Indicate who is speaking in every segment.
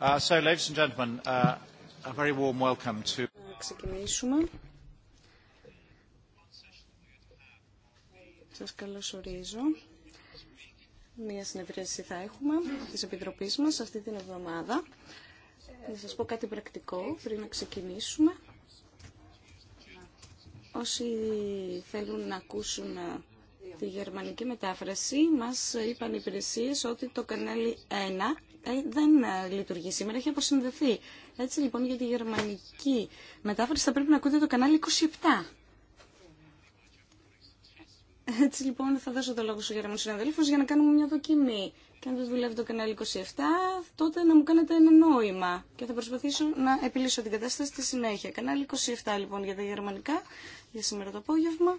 Speaker 1: Uh, uh, ξεκινήσουμε. Σας καλωσορίζω.
Speaker 2: Μία συνεδρίαση θα έχουμε της Επιτροπής μας αυτή την εβδομάδα. Να σας πω κάτι πρακτικό πριν να ξεκινήσουμε. Όσοι θέλουν να ακούσουν ε, τη γερμανική μετάφραση, μας είπαν οι ότι το κανάλι 1 ε, δεν ε, λειτουργεί σήμερα, έχει αποσυνδεθεί. Έτσι λοιπόν για τη γερμανική μετάφραση θα πρέπει να ακούτε το κανάλι 27. Έτσι λοιπόν θα δώσω το λόγο στους γερμανούς συναδέλφους για να κάνουμε μια δοκιμή. Και αν δεν δουλεύει το κανάλι 27, τότε να μου κάνετε ένα νόημα και θα προσπαθήσω να επιλύσω την κατάσταση στη συνέχεια. Κανάλι 27 λοιπόν για τα γερμανικά, για σήμερα το απόγευμα.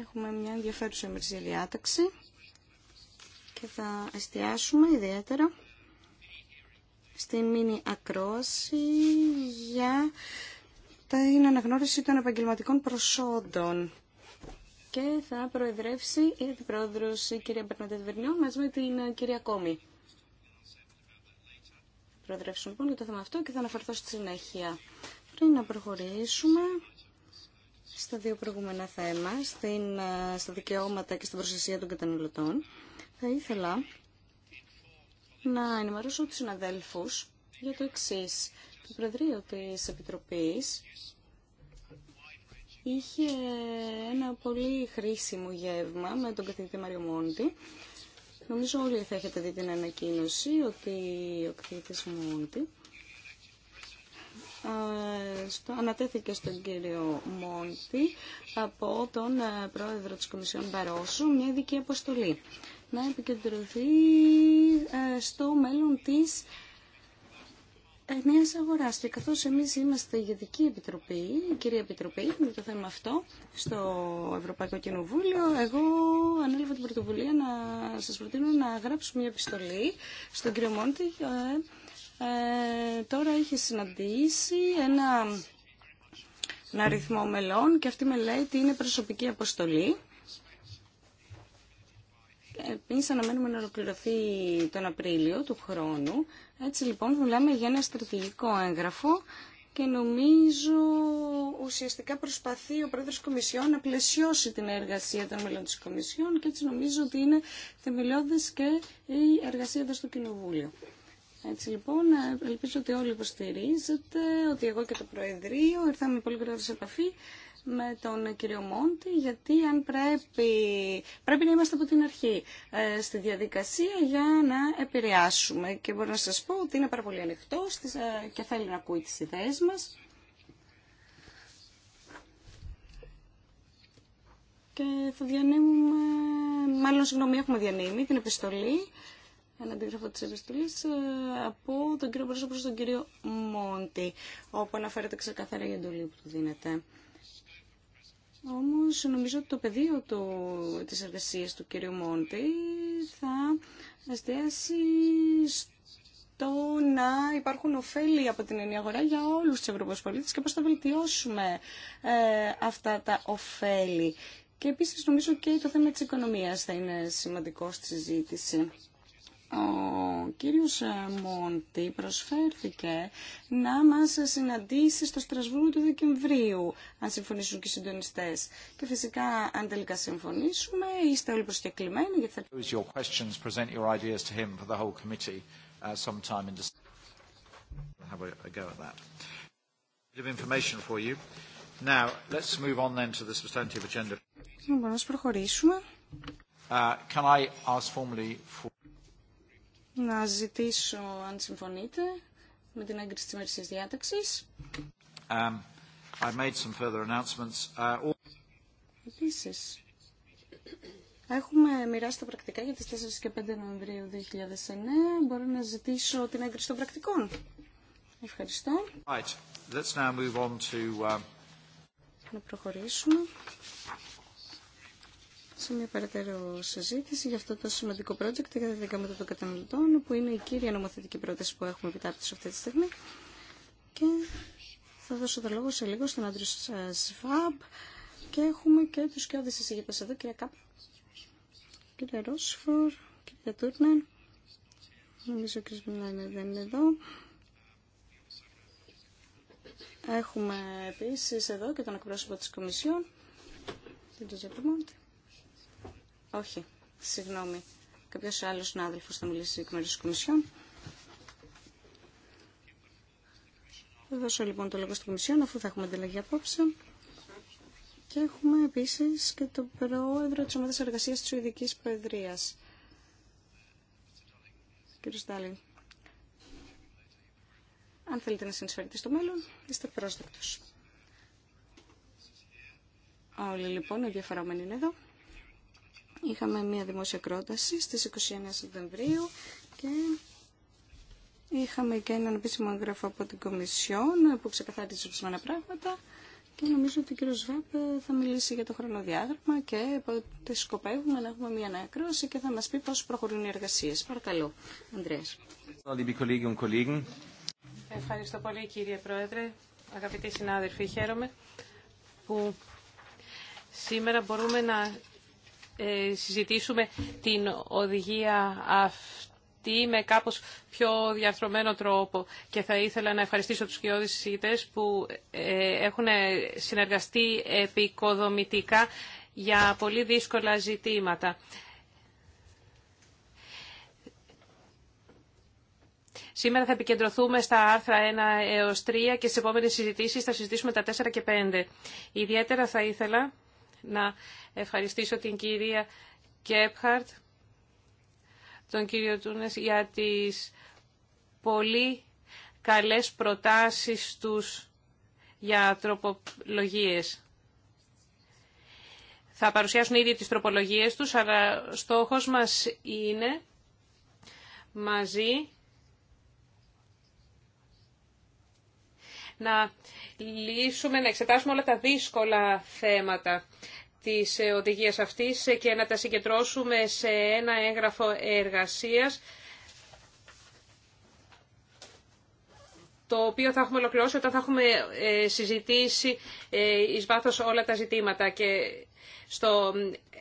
Speaker 2: Έχουμε μια ενδιαφέρουσα ημερική διάταξη και θα εστιάσουμε ιδιαίτερα στη μήνυ ακρόαση για την αναγνώριση των επαγγελματικών προσόντων. Και θα προεδρεύσει η Αντιπρόεδρος η κυρία Μπερνατέ Βερνιό μαζί με την ε, κυρία Κόμη. Προεδρεύσουμε λοιπόν για το θέμα αυτό και θα αναφερθώ στη συνέχεια. Πριν να προχωρήσουμε στα δύο προηγούμενα θέματα, ε, στα δικαιώματα και στην προστασία των καταναλωτών. Θα ήθελα να ενημερώσω τους συναδέλφους για το εξή Το Προεδρείο της Επιτροπής είχε ένα πολύ χρήσιμο γεύμα με τον καθηγητή Μάριο Μόντι. Νομίζω όλοι θα έχετε δει την ανακοίνωση ότι ο καθηγητής Μόντι ε, ανατέθηκε στον κύριο Μόντι από τον ε, πρόεδρο της Κομισιόν Μπαρόσου μια ειδική αποστολή να επικεντρωθεί ε, στο μέλλον της ε, νέας αγοράς. Και καθώς εμείς είμαστε η Ειδική Επιτροπή, η κυρία Επιτροπή, με το θέμα αυτό, στο Ευρωπαϊκό Κοινοβούλιο, εγώ ανέλαβα την πρωτοβουλία να σας προτείνω να γράψουμε μια επιστολή στον κύριο Μόντι. Ε, τώρα έχει συναντήσει ένα, ένα αριθμό μελών και αυτή λέει μελέτη είναι προσωπική αποστολή Εμεί αναμένουμε να ολοκληρωθεί τον Απρίλιο του χρόνου. Έτσι λοιπόν μιλάμε για ένα στρατηγικό έγγραφο και νομίζω ουσιαστικά προσπαθεί ο πρόεδρος Κομισιών Κομισιόν να πλαισιώσει την εργασία των μελών της Κομισιόν και έτσι νομίζω ότι είναι θεμελιώδες και η εργασία εδώ στο Κοινοβούλιο. Έτσι λοιπόν, ελπίζω ότι όλοι υποστηρίζετε ότι εγώ και το Προεδρείο ήρθαμε πολύ γρήγορα σε επαφή με τον κύριο Μόντι, γιατί αν πρέπει, πρέπει να είμαστε από την αρχή ε, στη διαδικασία για να επηρεάσουμε. Και μπορώ να σας πω ότι είναι πάρα πολύ ανοιχτό ε, και θέλει να ακούει τις ιδέες μας. Και θα διανύμουμε, μάλλον συγγνώμη, έχουμε διανύμει την επιστολή, ένα αντίγραφο της επιστολής, ε, από τον κύριο προς τον κύριο Μόντι, όπου αναφέρεται ξεκαθαρά η εντολή που του δίνεται. Όμως νομίζω ότι το πεδίο το, της εργασίας του κ. Μόντι θα εστιάσει στο να υπάρχουν ωφέλη από την ενιαγορά αγορά για όλους τους Ευρωπαϊκούς πολίτες και πώς θα βελτιώσουμε ε, αυτά τα ωφέλη. Και επίσης νομίζω και το θέμα της οικονομίας θα είναι σημαντικό στη συζήτηση ο κύριος ε, Μόντι προσφέρθηκε να μας συναντήσει στο Στρασβούργο του Δεκεμβρίου, αν συμφωνήσουν και οι συντονιστές. Και φυσικά, αν τελικά συμφωνήσουμε, είστε όλοι προσκεκλημένοι. Γιατί θα...
Speaker 1: μπορούμε uh,
Speaker 2: λοιπόν, να προχωρήσουμε.
Speaker 1: Uh, can I ask formally for
Speaker 2: να ζητήσω, αν συμφωνείτε, με την έγκριση της της διάταξης.
Speaker 1: Um, Uh, Επίσης,
Speaker 2: έχουμε μοιράσει τα πρακτικά για τις 4 και 5 Νοεμβρίου 2009. Μπορώ να ζητήσω την έγκριση των πρακτικών. Ευχαριστώ.
Speaker 1: Right. Let's now move on to, uh...
Speaker 2: Να προχωρήσουμε σε μια περαιτέρω συζήτηση για αυτό το σημαντικό project για τα δικαιώματα των καταναλωτών, που είναι η κύρια νομοθετική πρόταση που έχουμε επιτάπτει σε αυτή τη στιγμή. Και θα δώσω το λόγο σε λίγο στον Άντριο ε, Σφαμπ και έχουμε και τους και τη εδώ, κυρία Κάπ, κύριε Ρόσφορ, κύριε Τούρνερ, νομίζω ο κ. Μιλάνε δεν είναι εδώ. Έχουμε επίσης εδώ και τον εκπρόσωπο της Κομισιόν, την Τζοζέπη Μόντι. Όχι, συγγνώμη. Κάποιος άλλος συνάδελφος θα μιλήσει εκ μέρου της Κομισιόν. Θα δώσω λοιπόν το λόγο στην Κομισιόν αφού θα έχουμε ανταλλαγή απόψε. Και έχουμε επίσης και τον πρόεδρο της ομάδας εργασίας τη Σουηδικής Προεδρίας. Κύριε Στάλιν, αν θέλετε να συνεισφέρετε στο μέλλον, είστε πρόσδεκτος. Όλοι λοιπόν οι ενδιαφερόμενοι είναι εδώ. Είχαμε μία δημόσια κρόταση στις 29 Σεπτεμβρίου και είχαμε και έναν επίσημο έγγραφο από την Κομισιόν που ξεκαθάρισε ορισμένα πράγματα και νομίζω ότι ο κύριος Σβάπ θα μιλήσει για το χρονοδιάγραμμα και πότε σκοπεύουμε να
Speaker 3: έχουμε μία ανακρόση και θα μας πει πώς προχωρούν οι εργασίες. Παρακαλώ, Ανδρέας. Ευχαριστώ πολύ κύριε Πρόεδρε, αγαπητοί συνάδελφοι. Χαίρομαι που σήμερα μπορούμε να ε, συζητήσουμε την οδηγία αυτή με κάπως πιο διαρθρωμένο τρόπο και θα ήθελα να ευχαριστήσω τους κοιόδης που ε, έχουν συνεργαστεί επικοδομητικά για πολύ δύσκολα ζητήματα. Σήμερα θα επικεντρωθούμε στα άρθρα 1 έως 3 και στις επόμενες συζητήσεις θα συζητήσουμε τα 4 και 5. Ιδιαίτερα θα ήθελα να ευχαριστήσω την κυρία Κέπχαρτ, τον κύριο Τούνες, για τις πολύ καλές προτάσεις τους για τροπολογίες. Θα παρουσιάσουν ήδη τις τροπολογίες τους, αλλά στόχος μας είναι μαζί να λύσουμε, να εξετάσουμε όλα τα δύσκολα θέματα της οδηγίας αυτής και να τα συγκεντρώσουμε σε ένα έγγραφο εργασίας το οποίο θα έχουμε ολοκληρώσει όταν θα έχουμε ε, συζητήσει ε, εις βάθος όλα τα ζητήματα. Και στο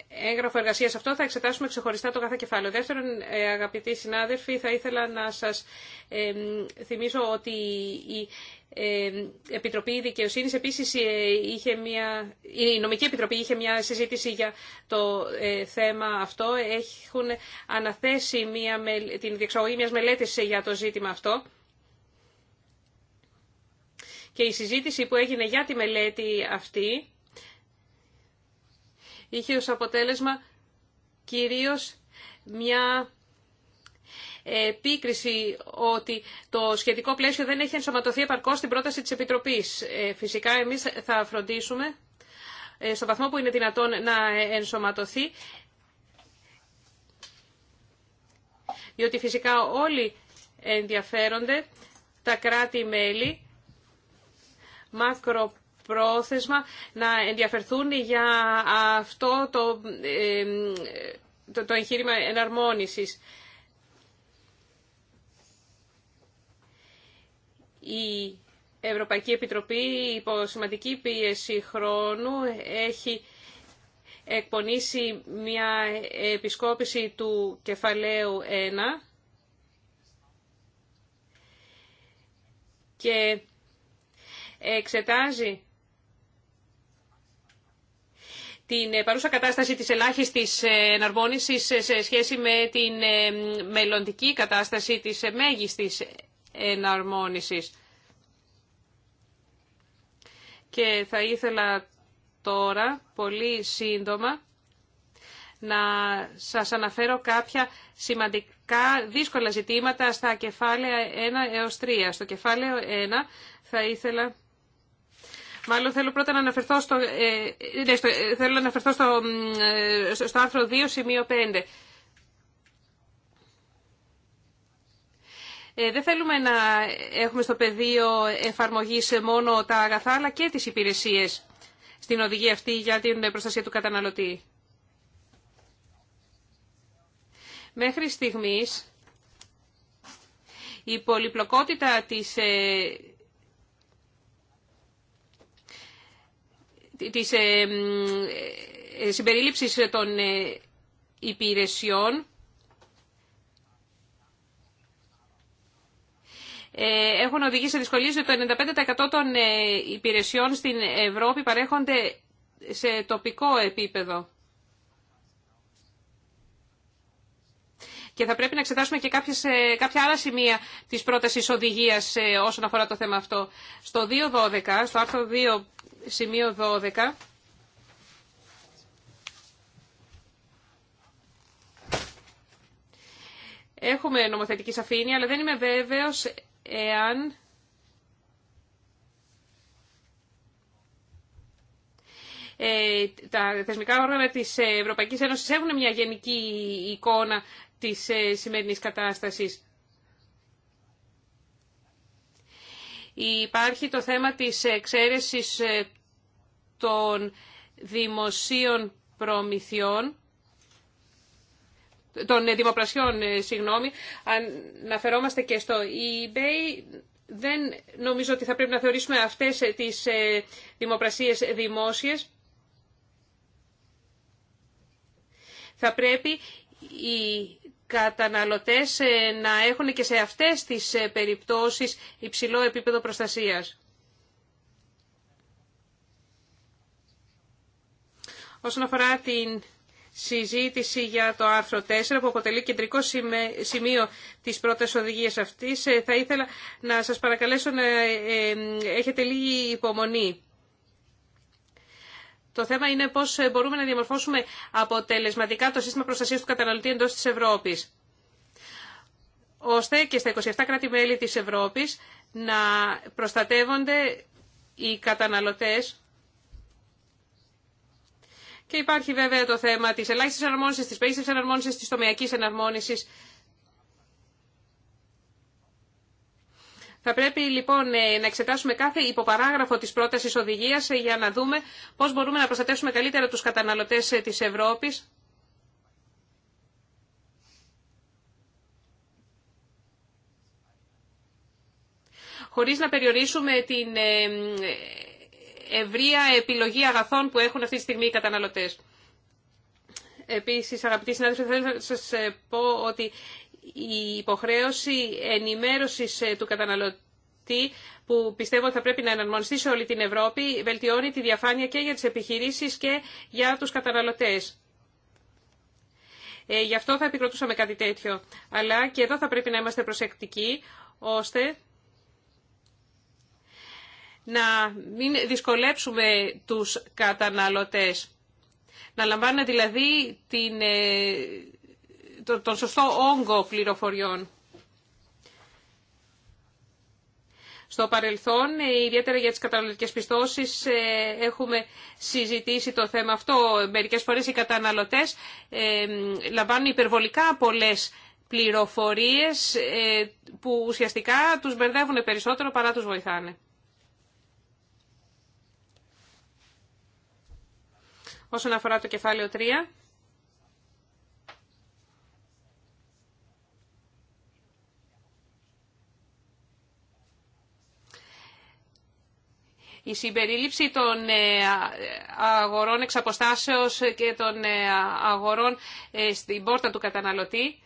Speaker 3: έγγραφο εργασία αυτό θα εξετάσουμε ξεχωριστά το κάθε κεφάλαιο. Δεύτερον, ε, αγαπητοί συνάδελφοι, θα ήθελα να σας θυμίσω ότι η Επιτροπή Δικαιοσύνη επίση ε, είχε μια. Η Νομική Επιτροπή είχε μια συζήτηση για το ε, θέμα αυτό. Έχουν αναθέσει μια, την διεξαγωγή μια μελέτη για το ζήτημα αυτό. Και η συζήτηση που έγινε για τη μελέτη αυτή είχε ως αποτέλεσμα κυρίως μια επίκριση ότι το σχετικό πλαίσιο δεν έχει ενσωματωθεί επαρκώς στην πρόταση της Επιτροπής. Ε, φυσικά εμείς θα φροντίσουμε ε, στο βαθμό που είναι δυνατόν να ενσωματωθεί διότι φυσικά όλοι ενδιαφέρονται τα κράτη-μέλη μακροπρόθεσμα πρόθεσμα να ενδιαφερθούν για αυτό το, το, το εγχείρημα εναρμόνισης. Η Ευρωπαϊκή Επιτροπή υπό σημαντική πίεση χρόνου έχει εκπονήσει μια επισκόπηση του κεφαλαίου 1 και εξετάζει την ε, παρούσα κατάσταση της ελάχιστης ε, εναρμόνισης ε, σε σχέση με την μελλοντική κατάσταση της μέγιστης εναρμόνισης. Και θα ήθελα τώρα, πολύ σύντομα, να σας αναφέρω κάποια σημαντικά δύσκολα ζητήματα στα κεφάλαια 1 έως 3. Στο κεφάλαιο 1 θα ήθελα Μάλλον θέλω πρώτα να αναφερθώ στο, ε, ναι, ε θέλω να αναφερθώ στο, ε, στο άρθρο 2, σημείο 5. Ε, δεν θέλουμε να έχουμε στο πεδίο σε μόνο τα αγαθά, αλλά και τις υπηρεσίες στην οδηγία αυτή για την προστασία του καταναλωτή. Μέχρι στιγμής, η πολυπλοκότητα της της ε, ε, συμπερίληψης των ε, υπηρεσιών έχουν οδηγήσει σε δυσκολίες ότι το 95% των υπηρεσιών στην Ευρώπη παρέχονται σε τοπικό επίπεδο. Και θα πρέπει να εξετάσουμε και κάποιες, κάποια άλλα σημεία της πρότασης οδηγίας όσον αφορά το θέμα αυτό. Στο 2.12, στο άρθρο 2 σημείο 12. Έχουμε νομοθετική σαφήνεια, αλλά δεν είμαι βέβαιος εάν ε, τα θεσμικά όργανα της Ευρωπαϊκής Ένωσης έχουν μια γενική εικόνα της ε, σημερινής κατάστασης. Υπάρχει το θέμα της εξαίρεσης ε, των δημοσίων προμηθειών, των ε, δημοπρασιών, ε, συγγνώμη, αναφερόμαστε και στο eBay. Δεν νομίζω ότι θα πρέπει να θεωρήσουμε αυτές τις δημοπρασίες δημόσιες. Θα πρέπει οι καταναλωτές ε, να έχουν και σε αυτές τις ε, περιπτώσεις υψηλό επίπεδο προστασίας. Όσον αφορά την συζήτηση για το άρθρο 4 που αποτελεί κεντρικό σημείο της πρώτης οδηγίας αυτής, ε, θα ήθελα να σας παρακαλέσω να έχετε λίγη υπομονή. Το θέμα είναι πώ ε, μπορούμε να διαμορφώσουμε αποτελεσματικά το σύστημα προστασία του καταναλωτή εντό τη Ευρώπη. ώστε και στα 27 κράτη-μέλη τη Ευρώπη να προστατεύονται οι καταναλωτέ. και υπάρχει βέβαια το θέμα τη ελάχιστη εναρμόνιση, τη περίστευσης εναρμόνιση, τη τομιακή εναρμόνιση. Θα πρέπει λοιπόν ε, να εξετάσουμε κάθε υποπαράγραφο της πρότασης οδηγίας ε, για να δούμε πώς μπορούμε να προστατεύσουμε καλύτερα τους καταναλωτές ε, της Ευρώπης. χωρίς να περιορίσουμε την ευρεία επιλογή αγαθών που έχουν αυτή τη στιγμή οι καταναλωτές. Επίσης, αγαπητοί συνάδελφοι, θα σας πω ότι η υποχρέωση ενημέρωσης ε, του καταναλωτή που πιστεύω ότι θα πρέπει να εναρμονιστεί σε όλη την Ευρώπη βελτιώνει τη διαφάνεια και για τις επιχειρήσεις και για τους καταναλωτές. Ε, γι' αυτό θα επικροτούσαμε κάτι τέτοιο. Αλλά και εδώ θα πρέπει να είμαστε προσεκτικοί ώστε να μην δυσκολέψουμε τους καταναλωτές. Να λαμβάνουν δηλαδή την ε, τον σωστό όγκο πληροφοριών. Στο παρελθόν, ε, ιδιαίτερα για τις καταναλωτικές πιστώσεις, ε, έχουμε συζητήσει το θέμα αυτό. Μερικές φορές οι καταναλωτές ε, λαμβάνουν υπερβολικά πολλές πληροφορίες που ουσιαστικά τους μπερδεύουν περισσότερο παρά τους βοηθάνε. Όσον αφορά το κεφάλαιο 3... Η συμπερίληψη των ε, αγορών εξ και των ε, αγορών ε, στην πόρτα του καταναλωτή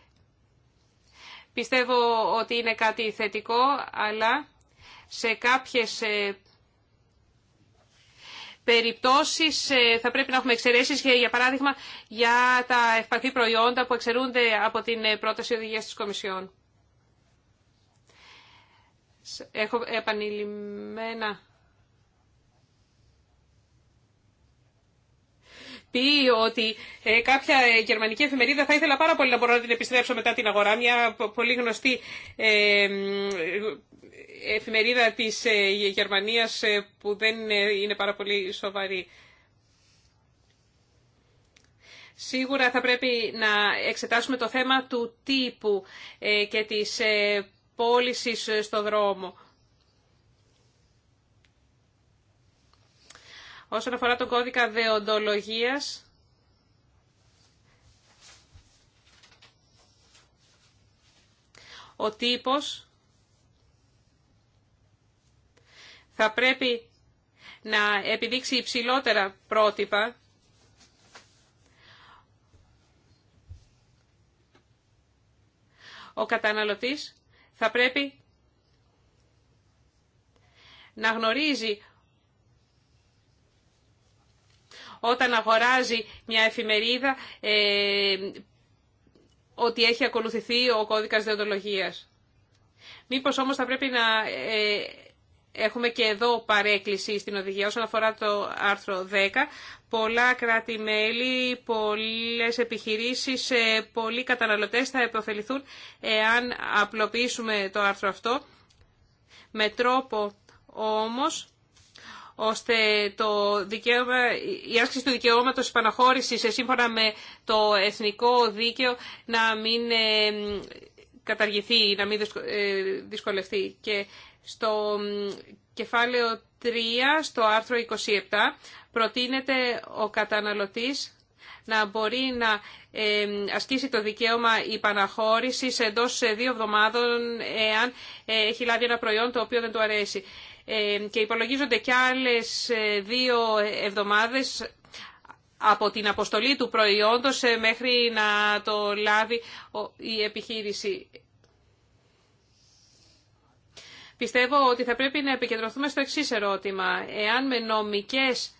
Speaker 3: πιστεύω ότι είναι κάτι θετικό, αλλά σε κάποιες περιπτώσεις θα πρέπει να έχουμε εξαιρέσεις και για παράδειγμα για τα ευπαθή προϊόντα που εξαιρούνται από την πρόταση οδηγίας της Κομισιόν. Έχω επανειλημμένα πει ότι ε, κάποια ε, γερμανική εφημερίδα θα ήθελα πάρα πολύ να μπορώ να την επιστρέψω μετά την αγορά. Μια πολύ γνωστή ε, εφημερίδα της Γερμανίας που δεν είναι πάρα πολύ σοβαρή. Σίγουρα θα πρέπει να εξετάσουμε το θέμα του τύπου και της πώληση στο δρόμο. Όσον αφορά τον κώδικα δεοντολογίας, ο τύπος θα πρέπει να επιδείξει υψηλότερα πρότυπα ο καταναλωτής θα πρέπει να γνωρίζει όταν αγοράζει μια εφημερίδα ε, ότι έχει ακολουθηθεί ο κώδικας διοντολογίας. Μήπως όμως θα πρέπει να ε, έχουμε και εδώ παρέκκληση στην οδηγία όσον αφορά το άρθρο 10. Πολλά κράτη-μέλη, πολλές επιχειρήσεις, ε, πολλοί καταναλωτές θα επωφεληθούν εάν απλοποιήσουμε το άρθρο αυτό με τρόπο όμως ώστε το δικαίωμα, η άσκηση του δικαιώματος επαναχώρησης ε, σύμφωνα με το εθνικό δίκαιο να μην ε, καταργηθεί, να μην ε, δυσκολευτεί. Και στο κεφάλαιο 3, στο άρθρο 27, προτείνεται ο καταναλωτής να μπορεί να ασκήσει το δικαίωμα υπαναχώρησης εντός δύο εβδομάδων εάν έχει λάβει ένα προϊόν το οποίο δεν του αρέσει και υπολογίζονται και άλλες ε, δύο εβδομάδες από την αποστολή του προϊόντος ε, μέχρι να το λάβει η επιχείρηση. Πιστεύω ότι θα πρέπει να επικεντρωθούμε στο εξής ερώτημα. Εάν με νομικές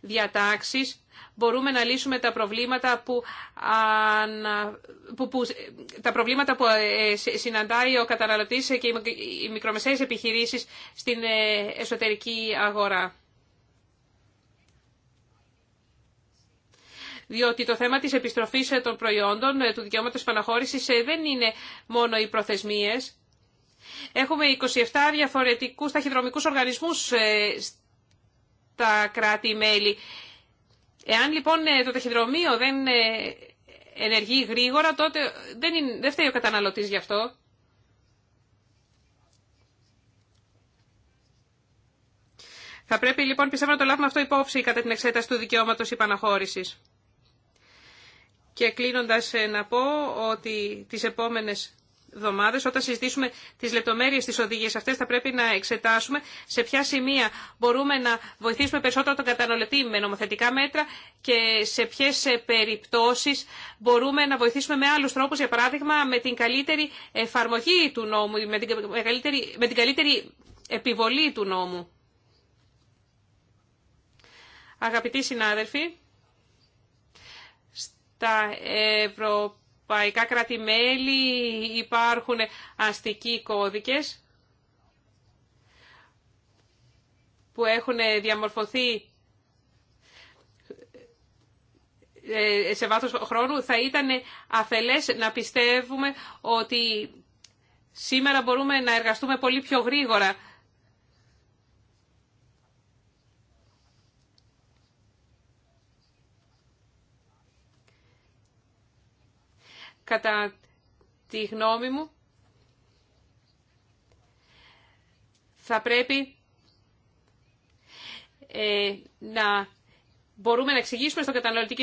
Speaker 3: διατάξεις μπορούμε να λύσουμε τα προβλήματα που, που, τα προβλήματα που ε, ε, συναντάει ο καταναλωτής και οι μικρομεσαίες επιχειρήσεις στην ε, εσωτερική αγορά. διότι το θέμα της επιστροφής των προϊόντων, του δικαιώματος παναχώρησης, δεν είναι μόνο οι προθεσμίες. Έχουμε 27 διαφορετικούς ταχυδρομικούς οργανισμούς στα κράτη-μέλη Εάν λοιπόν ε, το ταχυδρομείο δεν ε, ενεργεί γρήγορα, τότε δεν, είναι, δεν φταίει ο καταναλωτής γι' αυτό. Θα πρέπει λοιπόν πιστεύω να το λάβουμε αυτό υπόψη κατά την εξέταση του δικαιώματος υπαναχώρησης. Και κλείνοντας ε, να πω ότι τις επόμενες όταν συζητήσουμε τις λεπτομέρειες τη οδηγίας αυτές θα πρέπει να εξετάσουμε σε ποια σημεία μπορούμε να βοηθήσουμε περισσότερο τον καταναλωτή με νομοθετικά μέτρα και σε ποιες περιπτώσεις μπορούμε να βοηθήσουμε με άλλους τρόπους για παράδειγμα με την καλύτερη εφαρμογή του νόμου με την καλύτερη, με την καλύτερη επιβολή του νόμου. Αγαπητοί συνάδελφοι, στα Ευρωπαϊκά ευρωπαϊκά κράτη-μέλη υπάρχουν αστικοί κώδικες που έχουν διαμορφωθεί ε, σε βάθος χρόνου, θα ήταν αφελές να πιστεύουμε ότι σήμερα μπορούμε να εργαστούμε πολύ πιο γρήγορα κατά τη γνώμη μου, θα πρέπει ε, να μπορούμε να εξηγήσουμε στον καταναλωτή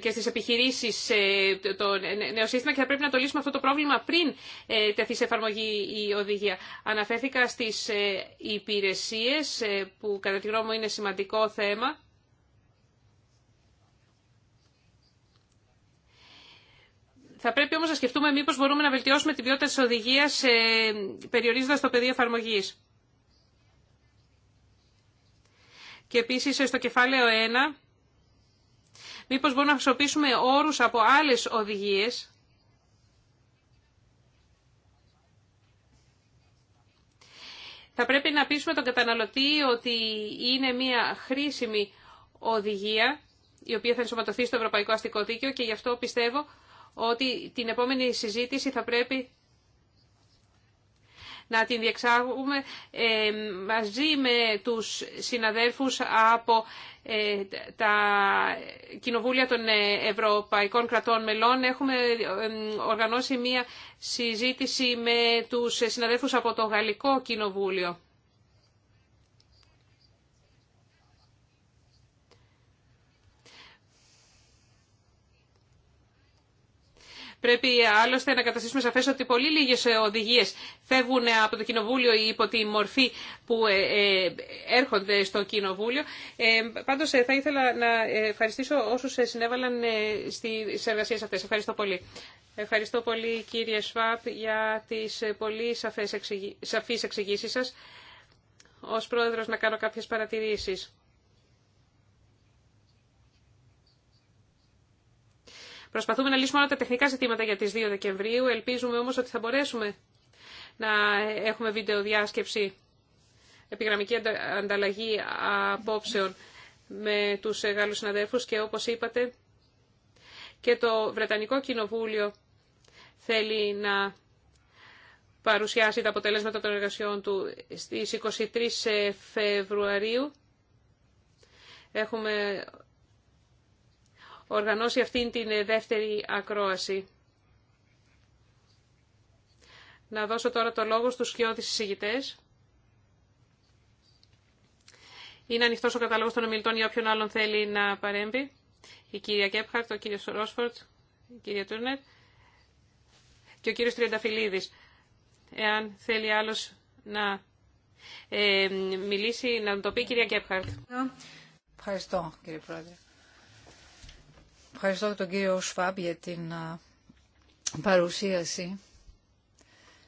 Speaker 3: και στις επιχειρήσεις ε, το νέο σύστημα και θα πρέπει να το λύσουμε αυτό το πρόβλημα πριν ε, τεθεί σε εφαρμογή η οδηγία. Αναφέρθηκα στις ε, υπηρεσίες που κατά τη γνώμη μου είναι σημαντικό θέμα. Θα πρέπει όμω να σκεφτούμε μήπω μπορούμε να βελτιώσουμε την ποιότητα της οδηγίας ε, περιορίζοντας το πεδίο εφαρμογή. Και επίση ε, στο κεφάλαιο 1, Μήπω μπορούμε να χρησιμοποιήσουμε όρους από άλλες οδηγίες, Θα πρέπει να πείσουμε τον καταναλωτή ότι είναι μια χρήσιμη οδηγία η οποία θα ενσωματωθεί στο Ευρωπαϊκό Αστικό Δίκαιο και γι' αυτό πιστεύω ότι την επόμενη συζήτηση θα πρέπει να την διεξάγουμε ε, μαζί με τους συναδέλφους από ε, τα κοινοβούλια των ε, Ευρωπαϊκών Κρατών Μελών. Έχουμε οργανώσει μία συζήτηση με τους συναδέλφους από το Γαλλικό Κοινοβούλιο. Πρέπει άλλωστε να καταστήσουμε σαφές ότι πολύ λίγες ε, οδηγίες φεύγουν ε, από το Κοινοβούλιο ή υπό τη μορφή που ε, έρχονται στο Κοινοβούλιο. Πάντως θα ήθελα να ευχαριστήσω όσους συνέβαλαν στις εργασίες αυτές. Ευχαριστώ πολύ. Ευχαριστώ πολύ κύριε Σβάπ για τις πολύ σαφείς εξηγήσεις σας. Ως πρόεδρος να κάνω κάποιες παρατηρήσεις. Προσπαθούμε να λύσουμε όλα τα τεχνικά ζητήματα για τις 2 Δεκεμβρίου. Ελπίζουμε όμως ότι θα μπορέσουμε να έχουμε βίντεο διάσκεψη, επιγραμμική ανταλλαγή απόψεων με τους Γάλλους συναδέλφους και όπως είπατε και το Βρετανικό Κοινοβούλιο θέλει να παρουσιάσει τα αποτελέσματα των εργασιών του στις 23 Φεβρουαρίου. Έχουμε οργανώσει αυτήν την ε, δεύτερη ακρόαση. Να δώσω τώρα το λόγο στους σκιώδεις συζητητές. Είναι ανοιχτό ο καταλόγος των ομιλητών για όποιον άλλον θέλει να παρέμβει. Η κυρία Κέπχαρτ, ο κυριο Ρόσφορτ, η κυρία Τούρνερ και ο κύριος Τριανταφυλλίδη. Εάν θέλει άλλος να ε, μιλήσει, να το πει η κυρία Κέπχαρτ.
Speaker 4: Ευχαριστώ κύριε Πρόεδρε. Ευχαριστώ τον κύριο Σφάμπ για την παρουσίαση.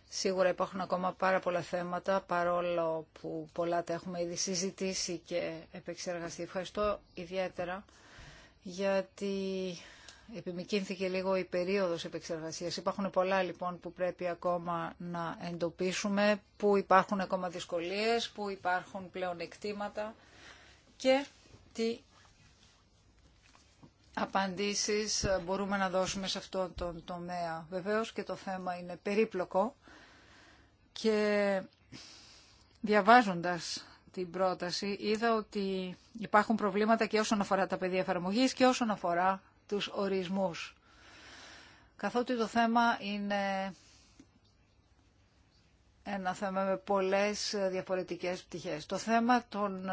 Speaker 4: Σίγουρα υπάρχουν ακόμα πάρα πολλά θέματα, παρόλο που πολλά τα έχουμε ήδη συζητήσει και επεξεργαστεί. Ευχαριστώ ιδιαίτερα γιατί επιμηκύνθηκε λίγο η περίοδος επεξεργασίας. Υπάρχουν πολλά λοιπόν που πρέπει ακόμα να εντοπίσουμε, που υπάρχουν ακόμα δυσκολίες, που υπάρχουν πλέον εκτήματα και τι απαντήσεις ε, μπορούμε να δώσουμε σε αυτό τον τομέα. Βεβαίως και το θέμα είναι περίπλοκο και διαβάζοντας την πρόταση είδα ότι υπάρχουν προβλήματα και όσον αφορά τα παιδιά εφαρμογής και όσον αφορά τους ορισμούς. Καθότι το θέμα είναι ένα θέμα με πολλές διαφορετικές πτυχές. Το θέμα των ε,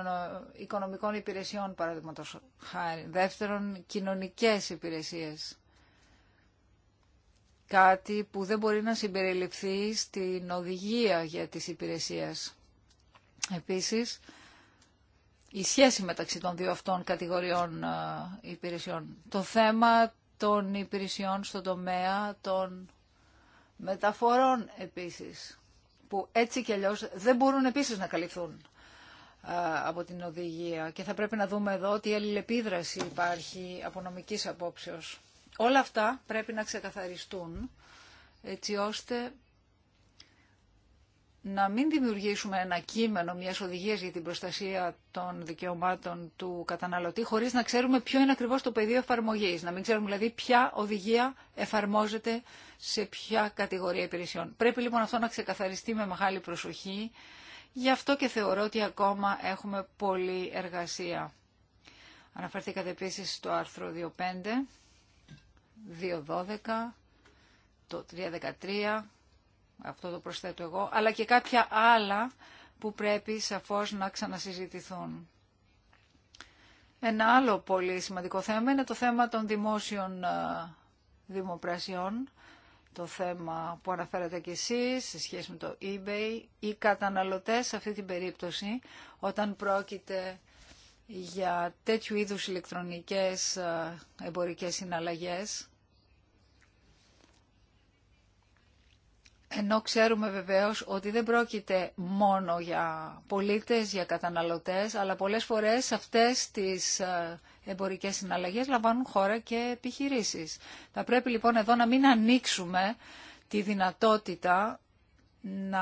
Speaker 4: οικονομικών υπηρεσιών, παραδείγματο χάρη. Δεύτερον, κοινωνικές υπηρεσίες. Κάτι που δεν μπορεί να συμπεριληφθεί στην οδηγία για τις υπηρεσίες. Επίσης, η σχέση μεταξύ των δύο αυτών κατηγοριών ε, υπηρεσιών. Το θέμα των υπηρεσιών στον τομέα των μεταφορών επίσης που έτσι και αλλιώς δεν μπορούν επίσης να καλυφθούν από την οδηγία και θα πρέπει να δούμε εδώ τι η αλληλεπίδραση υπάρχει από νομικής απόψεως. Όλα αυτά πρέπει να ξεκαθαριστούν έτσι ώστε να μην δημιουργήσουμε ένα κείμενο μιας οδηγίας για την προστασία των δικαιωμάτων του καταναλωτή χωρίς να ξέρουμε ποιο είναι ακριβώς το πεδίο εφαρμογής. Να μην ξέρουμε δηλαδή ποια οδηγία εφαρμόζεται σε ποια κατηγορία υπηρεσιών. Πρέπει λοιπόν αυτό να ξεκαθαριστεί με μεγάλη προσοχή. Γι' αυτό και θεωρώ ότι ακόμα έχουμε πολλή εργασία. Αναφερθήκατε επίσης στο άρθρο 2.5, 2.12, το 3.13 αυτό το προσθέτω εγώ, αλλά και κάποια άλλα που πρέπει σαφώς να ξανασυζητηθούν. Ένα άλλο πολύ σημαντικό θέμα είναι το θέμα των δημόσιων ε, δημοπρασιών, το θέμα που αναφέρατε κι εσείς σε σχέση με το eBay. Οι καταναλωτές σε αυτή την περίπτωση, όταν πρόκειται για τέτοιου είδους ηλεκτρονικές ε, εμπορικές συναλλαγές, Ενώ ξέρουμε βεβαίως ότι δεν πρόκειται μόνο για πολίτες, για καταναλωτές, αλλά πολλές φορές αυτές τις ε, εμπορικές συναλλαγές λαμβάνουν χώρα και επιχειρήσεις. Θα πρέπει λοιπόν εδώ να μην ανοίξουμε τη δυνατότητα να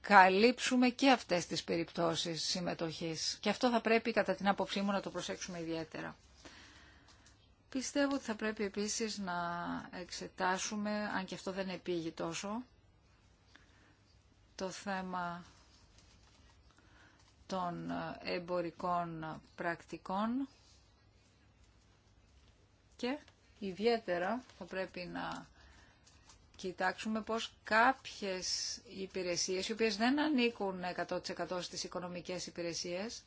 Speaker 4: καλύψουμε και αυτές τις περιπτώσεις συμμετοχής. Και αυτό θα πρέπει κατά την άποψή μου να το προσέξουμε ιδιαίτερα. Πιστεύω ότι θα πρέπει επίσης να εξετάσουμε, αν και αυτό δεν επήγει τόσο, το θέμα των εμπορικών πρακτικών και ιδιαίτερα θα πρέπει να κοιτάξουμε πως κάποιες υπηρεσίες, οι οποίες δεν ανήκουν 100% στις οικονομικές υπηρεσίες,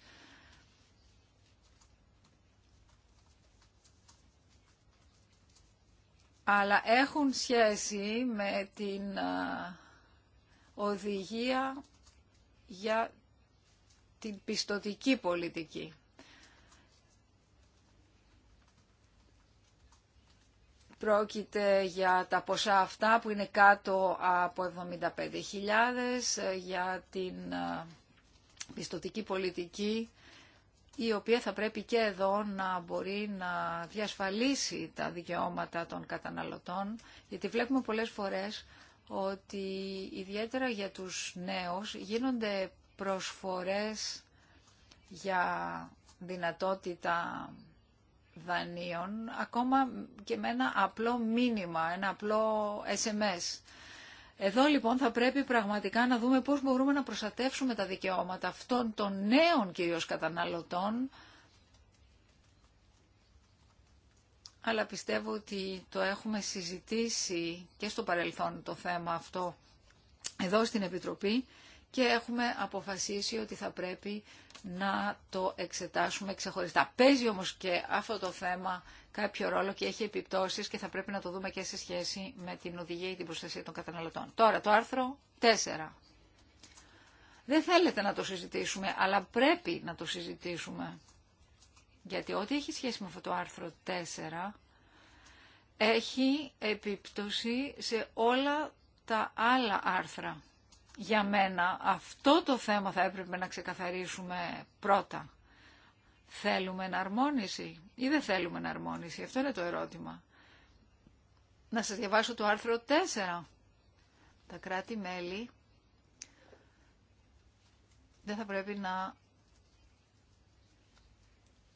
Speaker 4: αλλά έχουν σχέση με την οδηγία για την πιστοτική πολιτική. Πρόκειται για τα ποσά αυτά που είναι κάτω από 75.000, ε, για την πιστοτική πολιτική η οποία θα πρέπει και εδώ να μπορεί να διασφαλίσει τα δικαιώματα των καταναλωτών, γιατί βλέπουμε πολλές φορές ότι ιδιαίτερα για τους νέους γίνονται προσφορές για δυνατότητα δανείων, ακόμα και με ένα απλό μήνυμα, ένα απλό SMS. Εδώ λοιπόν θα πρέπει πραγματικά να δούμε πώς μπορούμε να προστατεύσουμε τα δικαιώματα αυτών των νέων κυρίως καταναλωτών, αλλά πιστεύω ότι το έχουμε συζητήσει και στο παρελθόν το θέμα αυτό εδώ στην Επιτροπή και έχουμε αποφασίσει ότι θα πρέπει να το εξετάσουμε ξεχωριστά. Παίζει όμως και αυτό το θέμα κάποιο ρόλο και έχει επιπτώσεις και θα πρέπει να το δούμε και σε σχέση με την οδηγία ή την προστασία των καταναλωτών. Τώρα το άρθρο 4. Δεν θέλετε να το συζητήσουμε, αλλά πρέπει να το συζητήσουμε. Γιατί ό,τι έχει σχέση με αυτό το άρθρο 4 έχει επίπτωση σε όλα τα άλλα άρθρα. Για μένα αυτό το θέμα θα έπρεπε να ξεκαθαρίσουμε πρώτα. Θέλουμε εναρμόνιση ή δεν θέλουμε εναρμόνιση. Αυτό είναι το ερώτημα. Να σας διαβάσω το άρθρο 4. Τα κράτη-μέλη δεν θα πρέπει να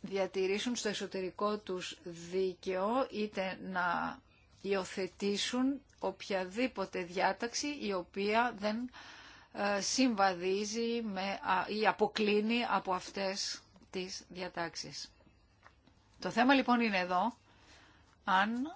Speaker 4: διατηρήσουν στο εσωτερικό τους δίκαιο είτε να υιοθετήσουν οποιαδήποτε διάταξη η οποία δεν ε, συμβαδίζει με, ή αποκλίνει από αυτές τις διατάξεις. Το θέμα λοιπόν είναι εδώ αν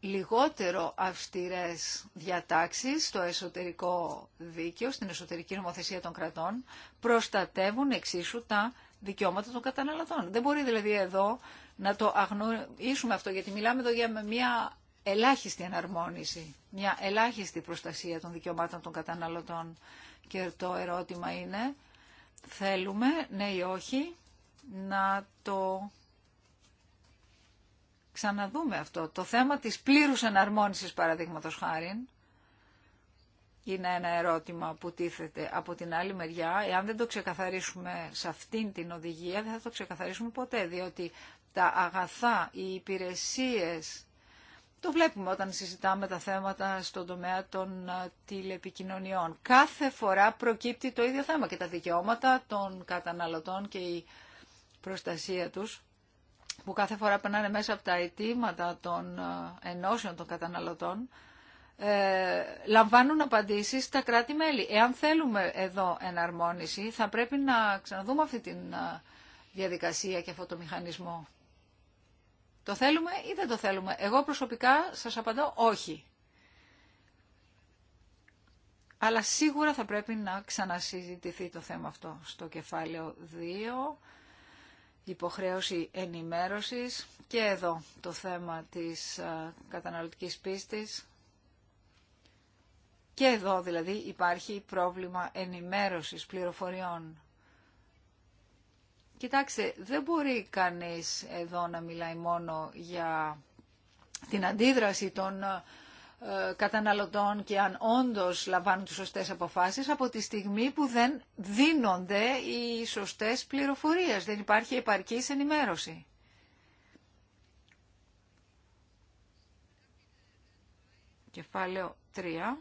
Speaker 4: λιγότερο αυστηρές διατάξεις στο εσωτερικό δίκαιο, στην εσωτερική νομοθεσία των κρατών, προστατεύουν εξίσου τα δικαιώματα των καταναλωτών. Δεν μπορεί δηλαδή εδώ να το αγνοήσουμε αυτό, γιατί μιλάμε εδώ για μια ελάχιστη εναρμόνιση, μια ελάχιστη προστασία των δικαιωμάτων των καταναλωτών. Και το ερώτημα είναι Θέλουμε, ναι ή όχι, να το ξαναδούμε αυτό. Το θέμα της πλήρους εναρμόνισης, παραδείγματος χάριν, είναι ένα ερώτημα που τίθεται από την άλλη μεριά. Εάν δεν το ξεκαθαρίσουμε σε αυτήν την οδηγία, δεν θα το ξεκαθαρίσουμε ποτέ, διότι τα αγαθά, οι υπηρεσίες το βλέπουμε όταν συζητάμε τα θέματα στον τομέα των ε, τηλεπικοινωνιών. Κάθε φορά προκύπτει το ίδιο θέμα και τα δικαιώματα των καταναλωτών και η προστασία τους που κάθε φορά περνάνε μέσα από τα αιτήματα των ε, ενώσεων των καταναλωτών ε, λαμβάνουν απαντήσεις Τα κράτη-μέλη. Εάν θέλουμε εδώ εναρμόνιση θα πρέπει να ξαναδούμε αυτή τη διαδικασία και αυτό το μηχανισμό. Το θέλουμε ή δεν το θέλουμε. Εγώ προσωπικά σας απαντώ όχι. Αλλά σίγουρα θα πρέπει να ξανασυζητηθεί το θέμα αυτό στο κεφάλαιο 2, υποχρέωση ενημέρωσης και εδώ το θέμα της καταναλωτικής πίστης. Και εδώ δηλαδή υπάρχει πρόβλημα ενημέρωσης πληροφοριών Κοιτάξτε, δεν μπορεί κανείς εδώ να μιλάει μόνο για την αντίδραση των ε, καταναλωτών και αν όντως λαμβάνουν τις σωστές αποφάσεις από τη στιγμή που δεν δίνονται οι σωστές πληροφορίες, δεν υπάρχει επαρκής ενημέρωση. Κεφάλαιο 3.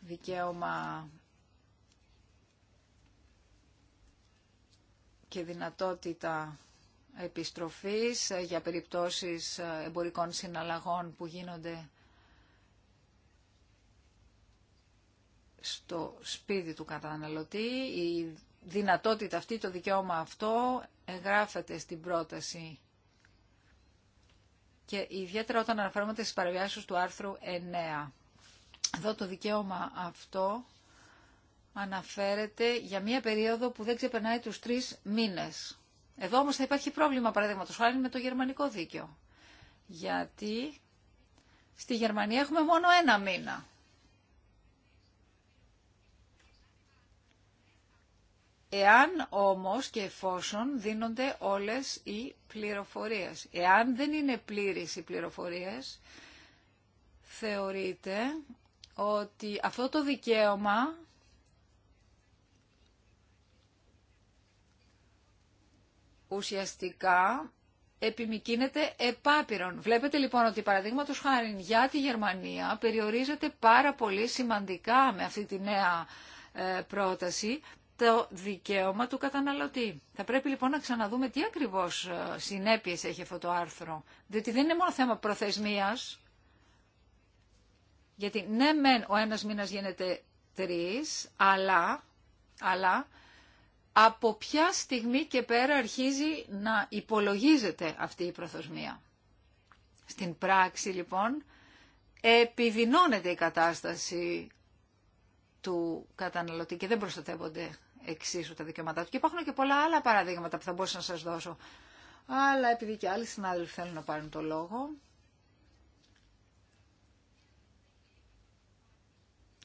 Speaker 4: Δικαίωμα και δυνατότητα επιστροφής ε, για περιπτώσεις ε, εμπορικών συναλλαγών που γίνονται στο σπίτι του καταναλωτή. Η δυνατότητα αυτή, το δικαίωμα αυτό εγγράφεται στην πρόταση και ιδιαίτερα όταν αναφέρομαι στις παραβιάσεις του άρθρου 9. Εδώ το δικαίωμα αυτό αναφέρεται για μία περίοδο που δεν ξεπερνάει τους τρει μήνες. Εδώ όμως θα υπάρχει πρόβλημα, παραδείγματος χάρη, με το γερμανικό δίκαιο. Γιατί στη Γερμανία έχουμε μόνο ένα μήνα. Εάν όμως και εφόσον δίνονται όλες οι πληροφορίες. Εάν δεν είναι πλήρης οι πληροφορίες, θεωρείται ότι αυτό το δικαίωμα ουσιαστικά επιμικίνεται επάπειρον. Βλέπετε λοιπόν ότι παραδείγματο χάρη για τη Γερμανία περιορίζεται πάρα πολύ σημαντικά με αυτή τη νέα ε, πρόταση το δικαίωμα του καταναλωτή. Θα πρέπει λοιπόν να ξαναδούμε τι ακριβώς ε, συνέπειες έχει αυτό το άρθρο. Διότι δεν είναι μόνο θέμα προθεσμίας, γιατί ναι μεν ο ένας μήνας γίνεται τρεις, αλλά, αλλά από ποια στιγμή και πέρα αρχίζει να υπολογίζεται αυτή η προθοσμία Στην πράξη λοιπόν επιδεινώνεται η κατάσταση του καταναλωτή και δεν προστατεύονται εξίσου τα δικαιώματά του. Και υπάρχουν και πολλά άλλα παραδείγματα που θα μπορούσα να σας δώσω. Αλλά επειδή και άλλοι συνάδελφοι θέλουν να πάρουν το λόγο,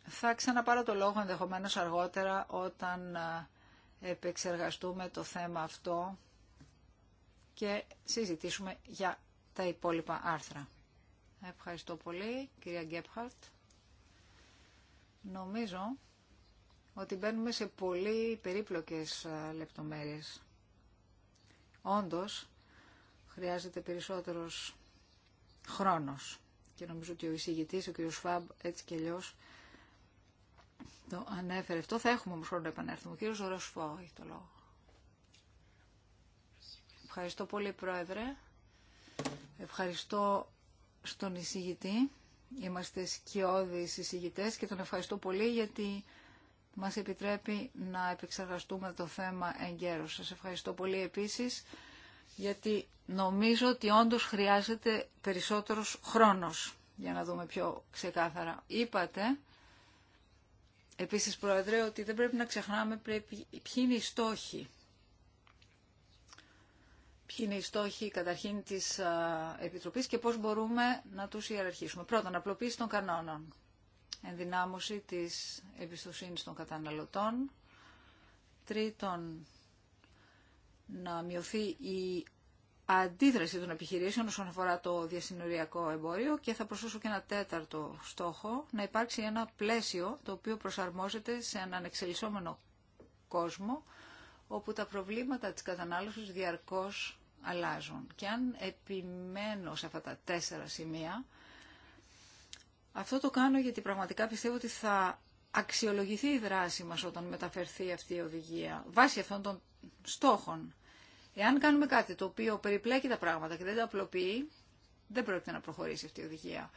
Speaker 4: θα ξαναπάρω το λόγο ενδεχομένως αργότερα όταν ε, επεξεργαστούμε το θέμα αυτό και συζητήσουμε για τα υπόλοιπα άρθρα. Ευχαριστώ πολύ, κυρία Γκέπχαρτ. Νομίζω ότι μπαίνουμε σε πολύ περίπλοκες λεπτομέρειες. Όντως, χρειάζεται περισσότερος χρόνος. Και νομίζω ότι ο εισηγητής, ο κ. Σφάμπ, έτσι και αλλιώς, το ανέφερε αυτό. Θα έχουμε όμως χρόνο να επανέλθουμε. Ο κύριος Ροσφό έχει το λόγο. Ευχαριστώ πολύ Πρόεδρε. Ευχαριστώ στον εισηγητή. Είμαστε σκιώδεις εισηγητές και τον ευχαριστώ πολύ γιατί μας επιτρέπει να επεξεργαστούμε το θέμα εγκαίρως. Σας ευχαριστώ πολύ επίσης γιατί νομίζω ότι όντως χρειάζεται περισσότερος χρόνος για να δούμε πιο ξεκάθαρα. Είπατε Επίσης, Πρόεδρε, ότι δεν πρέπει να ξεχνάμε πρέπει, ποιοι είναι οι στόχοι. Ποιοι είναι οι καταρχήν της Επιτροπής και πώς μπορούμε να τους ιεραρχήσουμε. Πρώτον, απλοποίηση των κανόνων. Ενδυνάμωση της εμπιστοσύνης των καταναλωτών. Τρίτον, να μειωθεί η αντίδραση των επιχειρήσεων όσον αφορά το διασυνοριακό εμπόριο και θα προσθέσω και ένα τέταρτο στόχο, να υπάρξει ένα πλαίσιο το οποίο προσαρμόζεται σε έναν εξελισσόμενο κόσμο όπου τα προβλήματα της κατανάλωσης διαρκώς αλλάζουν. Και αν επιμένω σε αυτά τα τέσσερα σημεία, αυτό το κάνω γιατί πραγματικά πιστεύω ότι θα αξιολογηθεί η δράση μας όταν μεταφερθεί αυτή η οδηγία βάσει αυτών των στόχων. Εάν κάνουμε κάτι το οποίο περιπλέκει τα πράγματα και δεν τα απλοποιεί, δεν πρόκειται να προχωρήσει αυτή η οδηγία.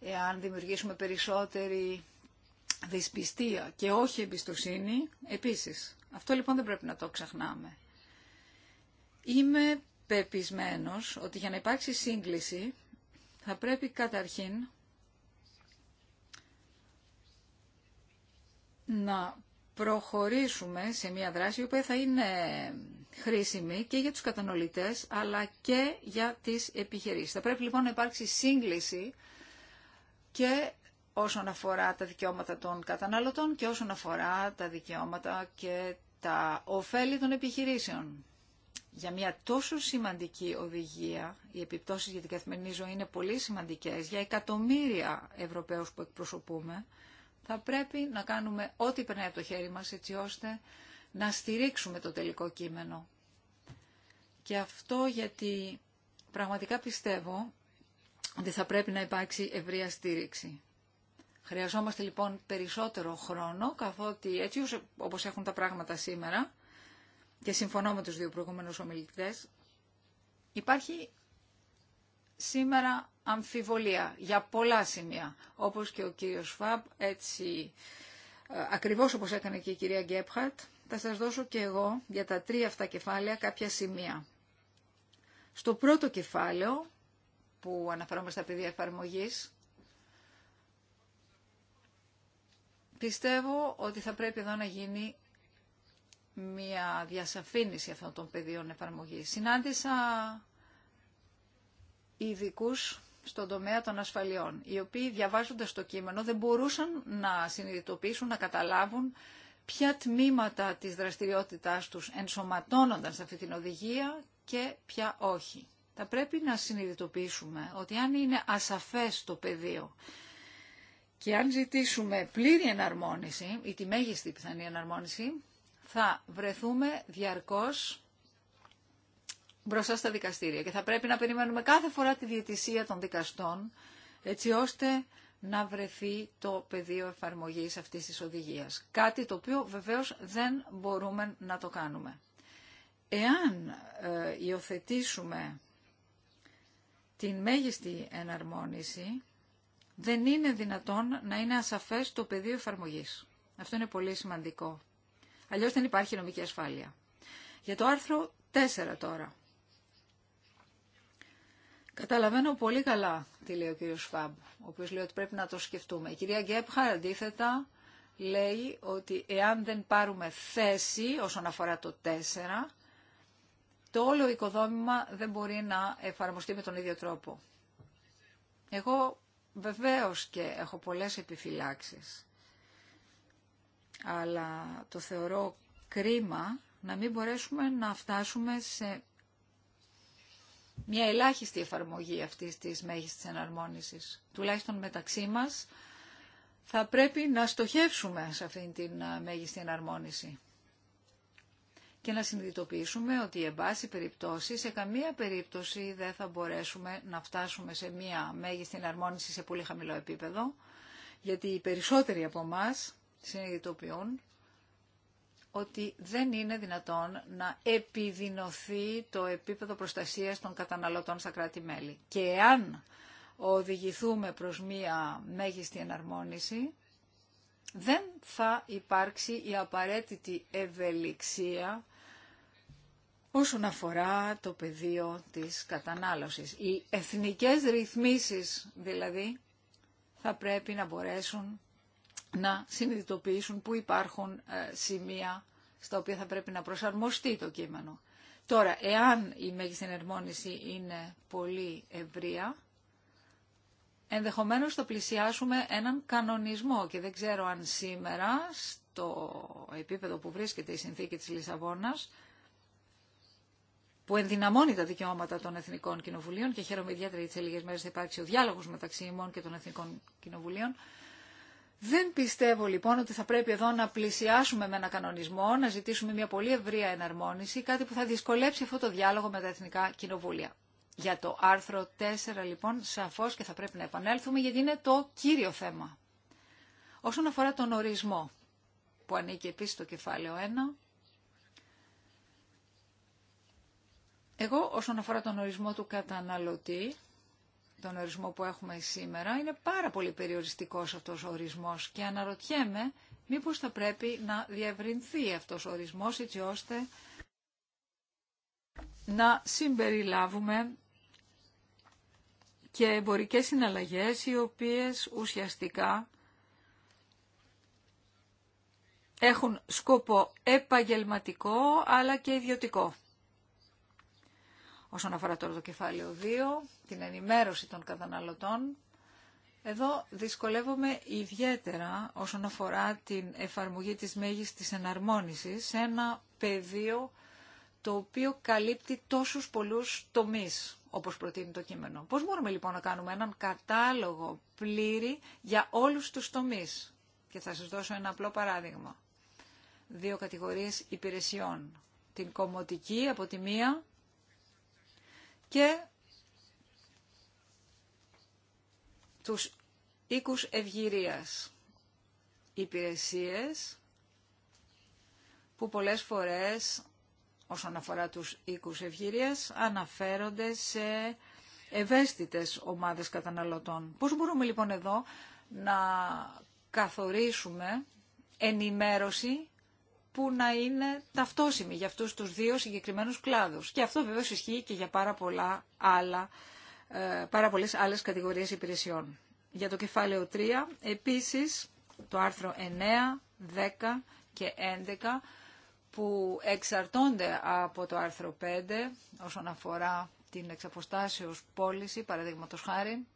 Speaker 4: Εάν δημιουργήσουμε περισσότερη δυσπιστία και όχι εμπιστοσύνη, επίσης. Αυτό λοιπόν δεν πρέπει να το ξεχνάμε. Είμαι πεπισμένος ότι για να υπάρξει σύγκληση θα πρέπει καταρχήν να προχωρήσουμε σε μια δράση που θα είναι χρήσιμη και για τους καταναλωτές αλλά και για τις επιχειρήσεις. Θα πρέπει λοιπόν να υπάρξει σύγκληση και όσον αφορά τα δικαιώματα των καταναλωτών και όσον αφορά τα δικαιώματα και τα ωφέλη των επιχειρήσεων. Για μια τόσο σημαντική οδηγία, οι επιπτώσεις για την καθημερινή ζωή είναι πολύ σημαντικές, για εκατομμύρια Ευρωπαίους που εκπροσωπούμε, θα πρέπει να κάνουμε ό,τι περνάει από το χέρι μας έτσι ώστε να στηρίξουμε το τελικό κείμενο. Και αυτό γιατί πραγματικά πιστεύω ότι θα πρέπει να υπάρξει ευρεία στήριξη. Χρειαζόμαστε λοιπόν περισσότερο χρόνο, καθότι έτσι όπως έχουν τα πράγματα σήμερα, και συμφωνώ με τους δύο προηγούμενους ομιλητές, υπάρχει σήμερα αμφιβολία για πολλά σημεία, όπως και ο κύριος Φαμπ, έτσι ε, ακριβώς όπως έκανε και η κυρία Γκέπχαρτ, θα σας δώσω και εγώ για τα τρία αυτά κεφάλαια κάποια σημεία. Στο πρώτο κεφάλαιο, που αναφέρομαι στα πεδία εφαρμογή. πιστεύω ότι θα πρέπει εδώ να γίνει μια διασαφήνιση αυτών των πεδίων εφαρμογή. Συνάντησα ειδικού στον τομέα των ασφαλιών, οι οποίοι διαβάζοντας το κείμενο δεν μπορούσαν να συνειδητοποιήσουν, να καταλάβουν ποια τμήματα της δραστηριότητάς τους ενσωματώνονταν σε αυτή την οδηγία και ποια όχι. Θα πρέπει να συνειδητοποιήσουμε ότι αν είναι ασαφές το πεδίο και αν ζητήσουμε πλήρη εναρμόνιση ή τη μέγιστη πιθανή εναρμόνιση, θα βρεθούμε διαρκώς μπροστά στα δικαστήρια και θα πρέπει να περιμένουμε κάθε φορά τη διαιτησία των δικαστών έτσι ώστε να βρεθεί το πεδίο εφαρμογής αυτής της οδηγίας. Κάτι το οποίο βεβαίως δεν μπορούμε να το κάνουμε. Εάν ε, υιοθετήσουμε την μέγιστη εναρμόνιση, δεν είναι δυνατόν να είναι ασαφές το πεδίο εφαρμογής. Αυτό είναι πολύ σημαντικό. Αλλιώς δεν υπάρχει νομική ασφάλεια. Για το άρθρο 4 τώρα. Καταλαβαίνω πολύ καλά τι λέει ο κύριος Φαμπ, ο οποίος λέει ότι πρέπει να το σκεφτούμε. Η κυρία Γκέπχαρ αντίθετα λέει ότι εάν δεν πάρουμε θέση όσον αφορά το 4, το όλο οικοδόμημα δεν μπορεί να εφαρμοστεί με τον ίδιο τρόπο. Εγώ βεβαίως και έχω πολλές επιφυλάξεις, αλλά το θεωρώ κρίμα να μην μπορέσουμε να φτάσουμε σε μια ελάχιστη εφαρμογή αυτής της μέγιστης εναρμόνισης. Τουλάχιστον μεταξύ μας θα πρέπει να στοχεύσουμε σε αυτήν την μέγιστη εναρμόνιση και να συνειδητοποιήσουμε ότι εν πάση περιπτώσει, σε καμία περίπτωση δεν θα μπορέσουμε να φτάσουμε σε μία μέγιστη εναρμόνιση σε πολύ χαμηλό επίπεδο, γιατί οι περισσότεροι από εμά συνειδητοποιούν ότι δεν είναι δυνατόν να επιδεινωθεί το επίπεδο προστασίας των καταναλωτών στα κράτη-μέλη. Και εάν οδηγηθούμε προς μία μέγιστη εναρμόνιση, δεν θα υπάρξει η απαραίτητη ευελιξία όσον αφορά το πεδίο της κατανάλωσης. Οι εθνικές ρυθμίσεις δηλαδή θα πρέπει να μπορέσουν να συνειδητοποιήσουν που υπάρχουν ε, σημεία στα οποία θα πρέπει να προσαρμοστεί το κείμενο. Τώρα, εάν η μέγιστη ενερμόνιση είναι πολύ ευρεία, ενδεχομένως θα πλησιάσουμε έναν κανονισμό και δεν ξέρω αν σήμερα, στο επίπεδο που βρίσκεται η συνθήκη της Λισαβόνας, που ενδυναμώνει τα δικαιώματα των Εθνικών Κοινοβουλίων και χαίρομαι ιδιαίτερα γιατί σε λίγε μέρε θα υπάρξει ο διάλογος μεταξύ ημών και των Εθνικών Κοινοβουλίων. Δεν πιστεύω λοιπόν ότι θα πρέπει εδώ να πλησιάσουμε με ένα κανονισμό, να ζητήσουμε μια πολύ ευρεία εναρμόνιση, κάτι που θα δυσκολέψει αυτό το διάλογο με τα εθνικά κοινοβούλια. Για το άρθρο 4 λοιπόν σαφώς και θα πρέπει να επανέλθουμε γιατί είναι το κύριο θέμα. Όσον αφορά τον ορισμό που ανήκει επίσης στο κεφάλαιο 1, εγώ όσον αφορά τον ορισμό του καταναλωτή τον ορισμό που έχουμε σήμερα. Είναι πάρα πολύ περιοριστικός αυτός ο ορισμός και αναρωτιέμαι μήπως θα πρέπει να διευρυνθεί αυτός ο ορισμός έτσι ώστε να συμπεριλάβουμε και εμπορικές συναλλαγές οι οποίες ουσιαστικά έχουν σκόπο επαγγελματικό αλλά και ιδιωτικό. Όσον αφορά τώρα το κεφάλαιο 2, την ενημέρωση των καταναλωτών, εδώ δυσκολεύομαι ιδιαίτερα όσον αφορά την εφαρμογή της μέγιστης εναρμόνισης σε ένα πεδίο το οποίο καλύπτει τόσους πολλούς τομείς, όπως προτείνει το κείμενο. Πώς μπορούμε λοιπόν να κάνουμε έναν κατάλογο πλήρη για όλους τους τομείς. Και θα σας δώσω ένα απλό παράδειγμα. Δύο κατηγορίες υπηρεσιών. Την κομμωτική από τη μία και τους οίκους ευγυρίας. Υπηρεσίες που πολλές φορές όσον αφορά τους οίκους ευγυρίας αναφέρονται σε ευαίσθητες ομάδες καταναλωτών. Πώς μπορούμε λοιπόν εδώ να καθορίσουμε ενημέρωση που να είναι ταυτόσιμη για αυτούς τους δύο συγκεκριμένους κλάδους. Και αυτό βεβαίως ισχύει και για πάρα, πολλά άλλα, ε, πάρα πολλές άλλες κατηγορίες υπηρεσιών. Για το κεφάλαιο 3, επίσης, το άρθρο 9, 10 και 11, που εξαρτώνται από το άρθρο 5 όσον αφορά την εξαποστάσεως πώληση, παραδείγματος χάρη,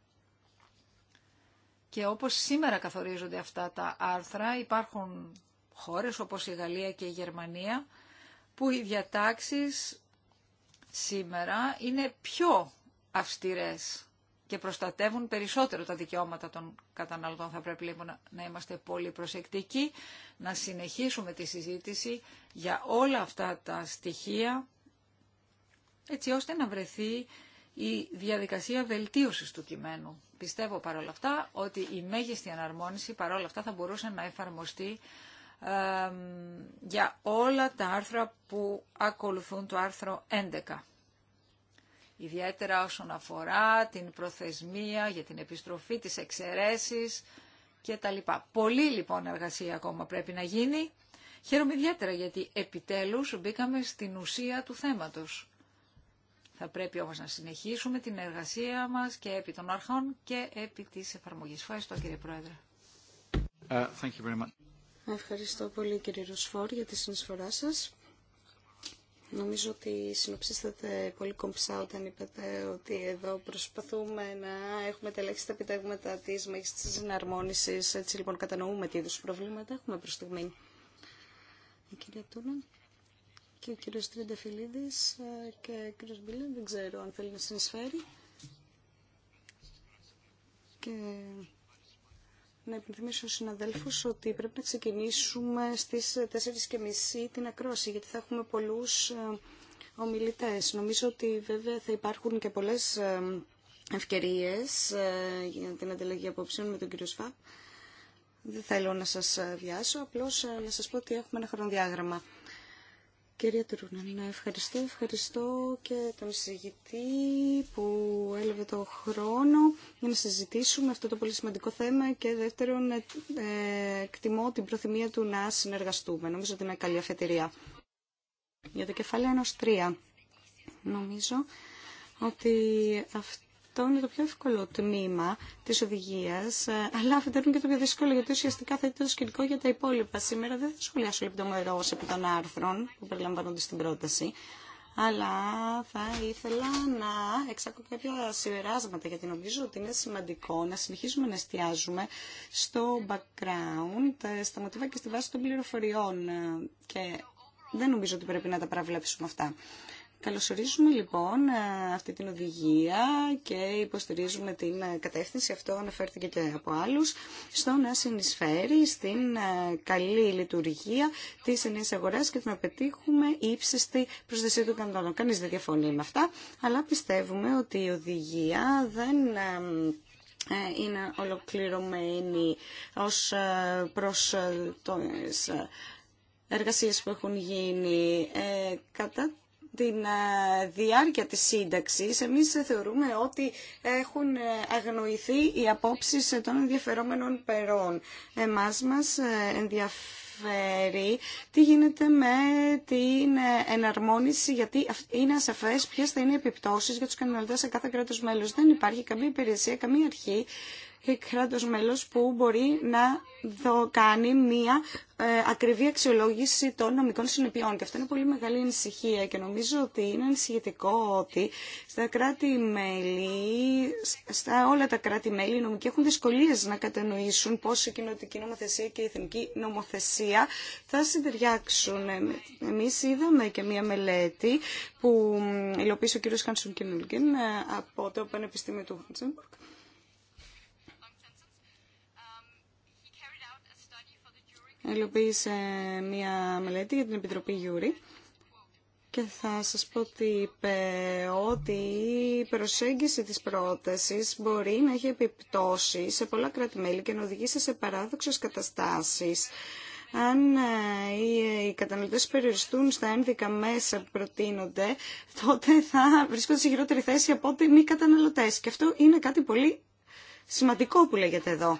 Speaker 4: και όπως σήμερα καθορίζονται αυτά τα άρθρα, υπάρχουν χώρες όπως η Γαλλία και η Γερμανία που οι διατάξεις σήμερα είναι πιο αυστηρές και προστατεύουν περισσότερο τα δικαιώματα των καταναλωτών. Θα πρέπει λοιπόν να είμαστε πολύ προσεκτικοί, να συνεχίσουμε τη συζήτηση για όλα αυτά τα στοιχεία, έτσι ώστε να βρεθεί η διαδικασία βελτίωσης του κειμένου. Πιστεύω παρόλα αυτά ότι η μέγιστη αναρμόνιση παρόλα αυτά θα μπορούσε να εφαρμοστεί για όλα τα άρθρα που ακολουθούν το άρθρο 11. Ιδιαίτερα όσον αφορά την προθεσμία για την επιστροφή της εξαιρέσεις και τα λοιπά. Πολύ λοιπόν εργασία ακόμα πρέπει να γίνει. Χαίρομαι ιδιαίτερα γιατί επιτέλους μπήκαμε στην ουσία του θέματος. Θα πρέπει όμως να συνεχίσουμε την εργασία μας και επί των αρχών και επί της εφαρμογής. Ευχαριστώ κύριε Πρόεδρε. Uh, Ευχαριστώ πολύ κύριε Ροσφόρ για τη συνεισφορά σας.
Speaker 2: Νομίζω ότι συνοψίσατε πολύ κομψά όταν είπατε ότι εδώ προσπαθούμε να έχουμε τελέξει τα επιτεύγματα της μέχρι της Έτσι λοιπόν κατανοούμε τι είδους προβλήματα έχουμε προς στιγμή. Η κυρία Τούνα και ο κύριος Τριανταφυλλίδης ε, και ο κύριος Μπίλεν δεν ξέρω αν θέλει να συνεισφέρει. Και να υπενθυμίσω στους συναδέλφους ότι πρέπει να ξεκινήσουμε στις 4.30 την ακρόση, γιατί θα έχουμε πολλούς ε, ομιλητές. Νομίζω ότι βέβαια θα υπάρχουν και πολλές ε, ευκαιρίες ε, για την ανταλλαγή απόψεων με τον κύριο Σφαπ. Δεν θέλω να σας βιάσω, απλώς να σας πω ότι έχουμε ένα χρονοδιάγραμμα. Κυρία να ευχαριστώ, ευχαριστώ και τον συζητητή που έλαβε το χρόνο για να συζητήσουμε αυτό το πολύ σημαντικό θέμα και δεύτερον ε, εκτιμώ την προθυμία του να συνεργαστούμε. Νομίζω ότι είναι καλή αφετηρία. Για το κεφάλαιο 1-3 νομίζω ότι αυτό αυτό είναι το πιο εύκολο τμήμα της οδηγία, ε, αλλά αυτό είναι και το πιο δύσκολο, γιατί ουσιαστικά θα το σκηνικό για τα υπόλοιπα. Σήμερα δεν θα σχολιάσω λεπτομερώ επί των άρθρων που περιλαμβάνονται στην πρόταση, αλλά θα ήθελα να εξάγω κάποια συμπεράσματα γιατί νομίζω ότι είναι σημαντικό να συνεχίσουμε να εστιάζουμε στο background, ε, στα μοτίβα και στη βάση των πληροφοριών ε, και δεν νομίζω ότι πρέπει να τα παραβλέψουμε αυτά. Καλωσορίζουμε λοιπόν ε, αυτή την οδηγία και υποστηρίζουμε την ε, κατεύθυνση, αυτό αναφέρθηκε και από άλλους, στο να συνεισφέρει στην ε, καλή λειτουργία της ενής αγοράς και να πετύχουμε ύψιστη προσδεσία του κανόνων. Κανείς δεν διαφωνεί με αυτά, αλλά πιστεύουμε ότι η οδηγία δεν είναι ολοκληρωμένη ως προς το εργασίες που έχουν γίνει. κατά την ε, διάρκεια της σύνταξης, εμείς θεωρούμε ότι έχουν ε, αγνοηθεί οι απόψεις των ενδιαφερόμενων περών. Εμάς μας ε, ενδιαφέρει τι γίνεται με την εναρμόνιση, γιατί είναι ασαφές ποιες θα είναι οι επιπτώσεις για τους κανονιστές σε κάθε κράτος μέλος. Δεν υπάρχει καμία υπηρεσία, καμία αρχή κράτος μέλος που μπορεί να δω, κάνει μία ε, ακριβή αξιολόγηση των νομικών συνεπειών. Και αυτό είναι πολύ μεγάλη ανησυχία και νομίζω ότι είναι ανησυχητικό ότι στα κράτη-μέλη, στα όλα τα κράτη-μέλη, οι νομικοί έχουν δυσκολίε να κατανοήσουν πώς η κοινωτική νομοθεσία και η εθνική νομοθεσία θα συντεριάξουν. Ε, εμεί είδαμε και μία μελέτη που υλοποίησε ο κ. Χάνσον Κινούλκιν ε, από το Πανεπιστήμιο του Χάντσεμπουργκ ελοποίησε μία μελέτη για την Επιτροπή Γιούρη και θα σας πω ότι είπε ότι η προσέγγιση της πρότασης μπορεί να έχει επιπτώσει σε πολλά κράτη-μέλη και να οδηγήσει σε παράδοξες καταστάσεις. Αν ε, ε, οι καταναλωτές περιοριστούν στα ένδικα μέσα που προτείνονται, τότε θα βρίσκονται σε χειρότερη θέση από ότι μη καταναλωτές. Και αυτό είναι κάτι πολύ σημαντικό που λέγεται εδώ.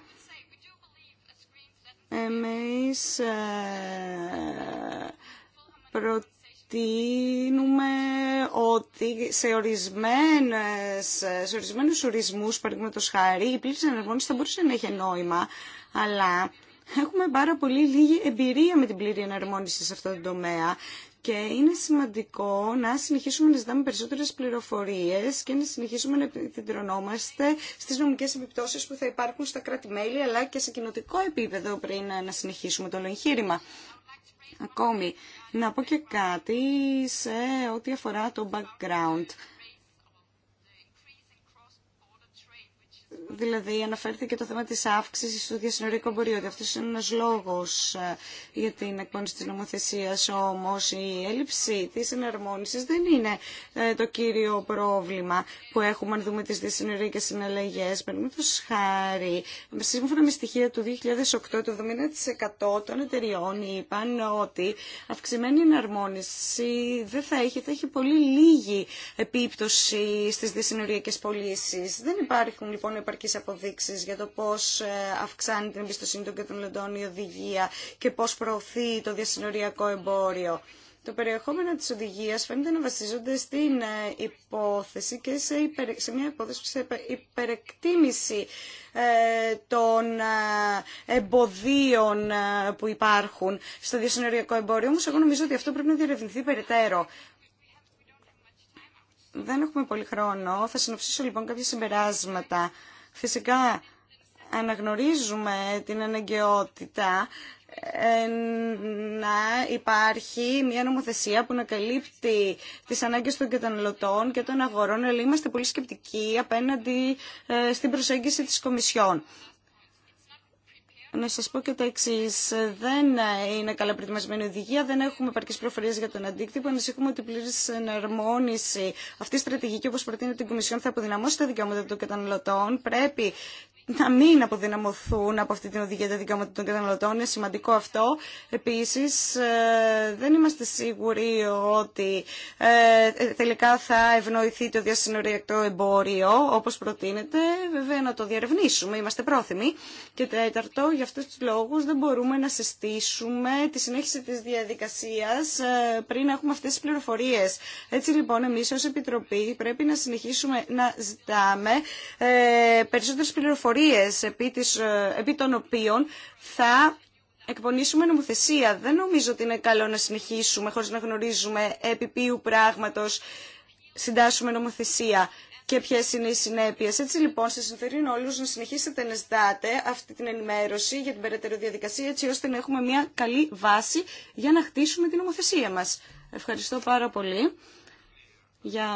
Speaker 2: Εμείς ε, προτείνουμε ότι σε, ορισμένες, σε ορισμένους ορισμούς, παραδείγματος χάρη, η πλήρης εναρμόνιση θα μπορούσε να έχει νόημα, αλλά έχουμε πάρα πολύ λίγη εμπειρία με την πλήρη εναρμόνιση σε αυτό το τομέα και είναι σημαντικό να συνεχίσουμε να ζητάμε περισσότερε πληροφορίε και να συνεχίσουμε να επικεντρωνόμαστε στι νομικέ επιπτώσει που θα υπάρχουν στα κράτη-μέλη αλλά και σε κοινοτικό επίπεδο πριν να συνεχίσουμε το εγχείρημα. Ακόμη, να πω και κάτι σε ό,τι αφορά το background. Δηλαδή αναφέρθηκε το θέμα της αύξησης του διασυνορικού εμπορίου, ότι αυτός είναι ένας λόγος ε, για την εκπόνηση της νομοθεσίας, όμως η έλλειψη της εναρμόνισης δεν είναι ε, το κύριο πρόβλημα που έχουμε αν δούμε τις διασυνορικές συναλλαγές. το χάρη, σύμφωνα με στοιχεία του 2008, το 70% των εταιριών είπαν ότι αυξημένη εναρμόνιση δεν θα έχει, έχει πολύ λίγη επίπτωση στις διασυνοριακές πωλήσει. Δεν υπάρχουν λοιπόν αποδείξεις για το πώς ε, αυξάνει την εμπιστοσύνη των καταναλωτών η οδηγία και πώς προωθεί το διασυνοριακό εμπόριο. Το περιεχόμενο της οδηγία φαίνεται να βασίζονται στην ε, υπόθεση και σε, υπερ, σε μια υπόθεση σε υπερεκτίμηση ε, των ε, εμποδίων που υπάρχουν στο διασυνοριακό εμπόριο. Όμως εγώ νομίζω ότι αυτό πρέπει να διερευνηθεί περαιτέρω. Δεν έχουμε πολύ χρόνο. Θα συνοψίσω λοιπόν κάποια συμπεράσματα. Φυσικά αναγνωρίζουμε την αναγκαιότητα ε, να υπάρχει μια νομοθεσία που να καλύπτει τις ανάγκες των καταναλωτών και των αγορών, αλλά είμαστε πολύ σκεπτικοί απέναντι ε, στην προσέγγιση της Κομισιόν. Να σα πω και το εξή. Δεν είναι καλά προετοιμασμένη η οδηγία, δεν έχουμε επαρκεί προφορίε για τον αντίκτυπο. Ανησυχούμε ότι η πλήρη εναρμόνιση αυτή η στρατηγική όπω προτείνει την Κομισιόν θα αποδυναμώσει τα δικαιώματα των καταναλωτών. Πρέπει να μην αποδυναμωθούν από αυτή την οδηγία τα δικαιώματα των καταναλωτών. Είναι σημαντικό αυτό. Επίσης, ε, δεν είμαστε σίγουροι ότι ε, τελικά θα ευνοηθεί το διασυνοριακτό εμπόριο, όπως προτείνεται. Βέβαια, να το διαρευνήσουμε. Είμαστε πρόθυμοι. Και τέταρτο, για αυτούς τους λόγους δεν μπορούμε να συστήσουμε τη συνέχιση της διαδικασίας ε, πριν έχουμε αυτές τις πληροφορίες. Έτσι, λοιπόν, εμείς ως Επιτροπή πρέπει να συνεχίσουμε να ζητάμε περισσότερες πληροφορίες πληροφορίες επί, της, ε, επί των οποίων θα εκπονήσουμε νομοθεσία. Δεν νομίζω ότι είναι καλό να συνεχίσουμε χωρίς να γνωρίζουμε επί ποιου πράγματος συντάσσουμε νομοθεσία και ποιε είναι οι συνέπειε. Έτσι λοιπόν, σα ενθαρρύνω όλου να συνεχίσετε να ζητάτε αυτή την ενημέρωση για την περαιτέρω διαδικασία, έτσι ώστε να έχουμε μια καλή βάση για να χτίσουμε την νομοθεσία μα. Ευχαριστώ πάρα πολύ για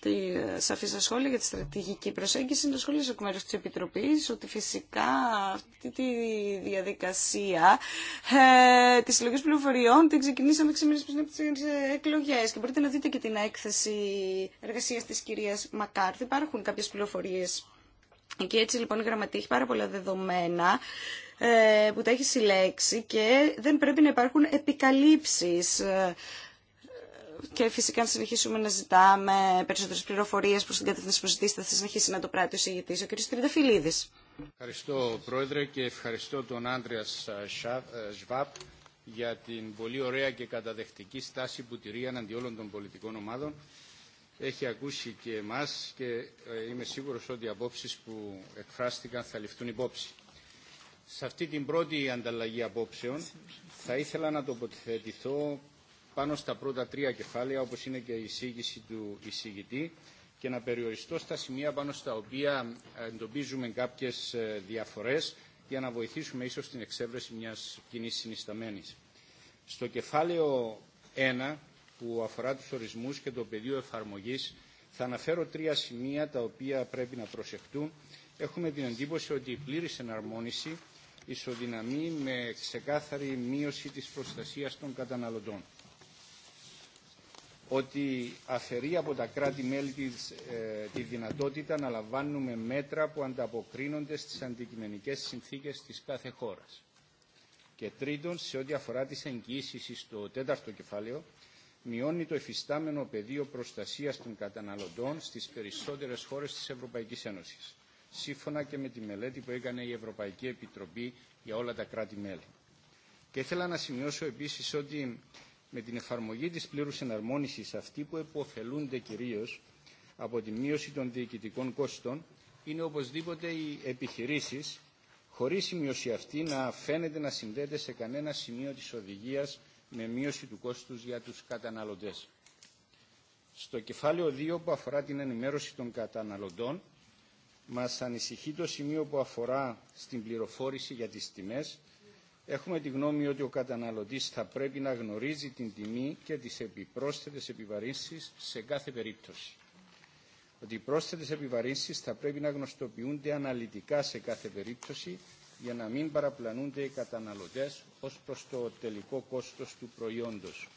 Speaker 2: τη σαφή σα σχόλια για τη στρατηγική προσέγγιση. Είναι σχόλια εκ μέρου της Επιτροπής ότι φυσικά αυτή τη διαδικασία ε, της συλλογή πληροφοριών την ξεκινήσαμε 6 μήνες πριν από τι εκλογές και μπορείτε να δείτε και την έκθεση εργασία τη κυρία Μακαρθ. Υπάρχουν κάποιε πληροφορίε. Και έτσι λοιπόν η γραμματεία έχει πάρα πολλά δεδομένα ε, που τα έχει συλλέξει και δεν πρέπει να υπάρχουν επικαλύψεις ε, και φυσικά αν συνεχίσουμε να ζητάμε περισσότερε πληροφορίε προς την κατεύθυνση που ζητήσετε θα συνεχίσει να το πράττει ο συγητής, ο κ.
Speaker 1: Ευχαριστώ Πρόεδρε και ευχαριστώ τον Άντρια ε, ε, Σβάπ για την πολύ ωραία και καταδεκτική στάση που τηρεί αντί όλων των πολιτικών ομάδων. Έχει ακούσει και εμά και ε, είμαι σίγουρο ότι οι απόψει που εκφράστηκαν θα ληφθούν υπόψη. Σε αυτή την πρώτη ανταλλαγή απόψεων θα ήθελα να τοποθετηθώ πάνω στα πρώτα τρία κεφάλαια, όπως είναι και η εισήγηση του εισηγητή, και να περιοριστώ στα σημεία πάνω στα οποία ε, εντοπίζουμε κάποιες ε, διαφορές για να βοηθήσουμε ίσως την εξέβρεση μιας κοινή συνισταμένης. Στο κεφάλαιο 1, που αφορά τους ορισμούς και το πεδίο εφαρμογής, θα αναφέρω τρία σημεία τα οποία πρέπει να προσεχτούν. Έχουμε την εντύπωση ότι η πλήρης εναρμόνιση ισοδυναμεί με ξεκάθαρη μείωση της προστασίας των καταναλωτών ότι αφαιρεί από τα κράτη-μέλη ε, τη δυνατότητα να λαμβάνουμε μέτρα που ανταποκρίνονται στις αντικειμενικές συνθήκες της κάθε χώρας. Και τρίτον, σε ό,τι αφορά τις εγγύησεις στο τέταρτο κεφάλαιο, μειώνει το εφιστάμενο πεδίο προστασίας των καταναλωτών στις περισσότερες χώρες της Ευρωπαϊκής Ένωσης, σύμφωνα και με τη μελέτη που έκανε η Ευρωπαϊκή Επιτροπή για όλα τα κράτη-μέλη. Και ήθελα να σημειώσω επίσης ότι με την εφαρμογή της πλήρους εναρμόνισης αυτοί που επωφελούνται κυρίως από τη μείωση των διοικητικών κόστων είναι οπωσδήποτε οι επιχειρήσεις χωρίς η μείωση αυτή να φαίνεται να συνδέεται σε κανένα σημείο της οδηγίας με μείωση του κόστους για τους καταναλωτές. Στο κεφάλαιο 2 που αφορά την ενημέρωση των καταναλωτών μας ανησυχεί το σημείο που αφορά στην πληροφόρηση για τις τιμές Έχουμε τη γνώμη ότι ο καταναλωτής θα πρέπει να γνωρίζει την τιμή και τις επιπρόσθετες επιβαρύνσεις σε κάθε περίπτωση. Ότι οι πρόσθετες επιβαρύνσεις θα πρέπει να γνωστοποιούνται αναλυτικά σε κάθε περίπτωση για να μην παραπλανούνται οι καταναλωτές ως προς το τελικό κόστος του προϊόντος.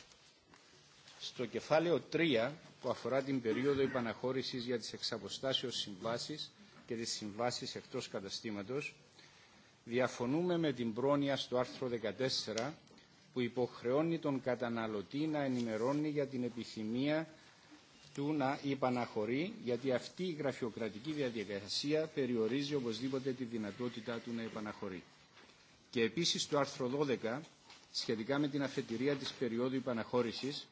Speaker 1: Στο κεφάλαιο 3, που αφορά την περίοδο υπαναχώρησης για τις εξαποστάσεως συμβάσεις και τις συμβάσεις εκτός καταστήματος, διαφωνούμε με την πρόνοια στο άρθρο 14 που υποχρεώνει τον καταναλωτή να ενημερώνει για την επιθυμία του να υπαναχωρεί, γιατί αυτή η γραφειοκρατική διαδικασία περιορίζει οπωσδήποτε τη δυνατότητά του να υπαναχωρεί. Και επίσης το άρθρο 12, σχετικά με την αφετηρία της περίοδου υπαναχώρησης,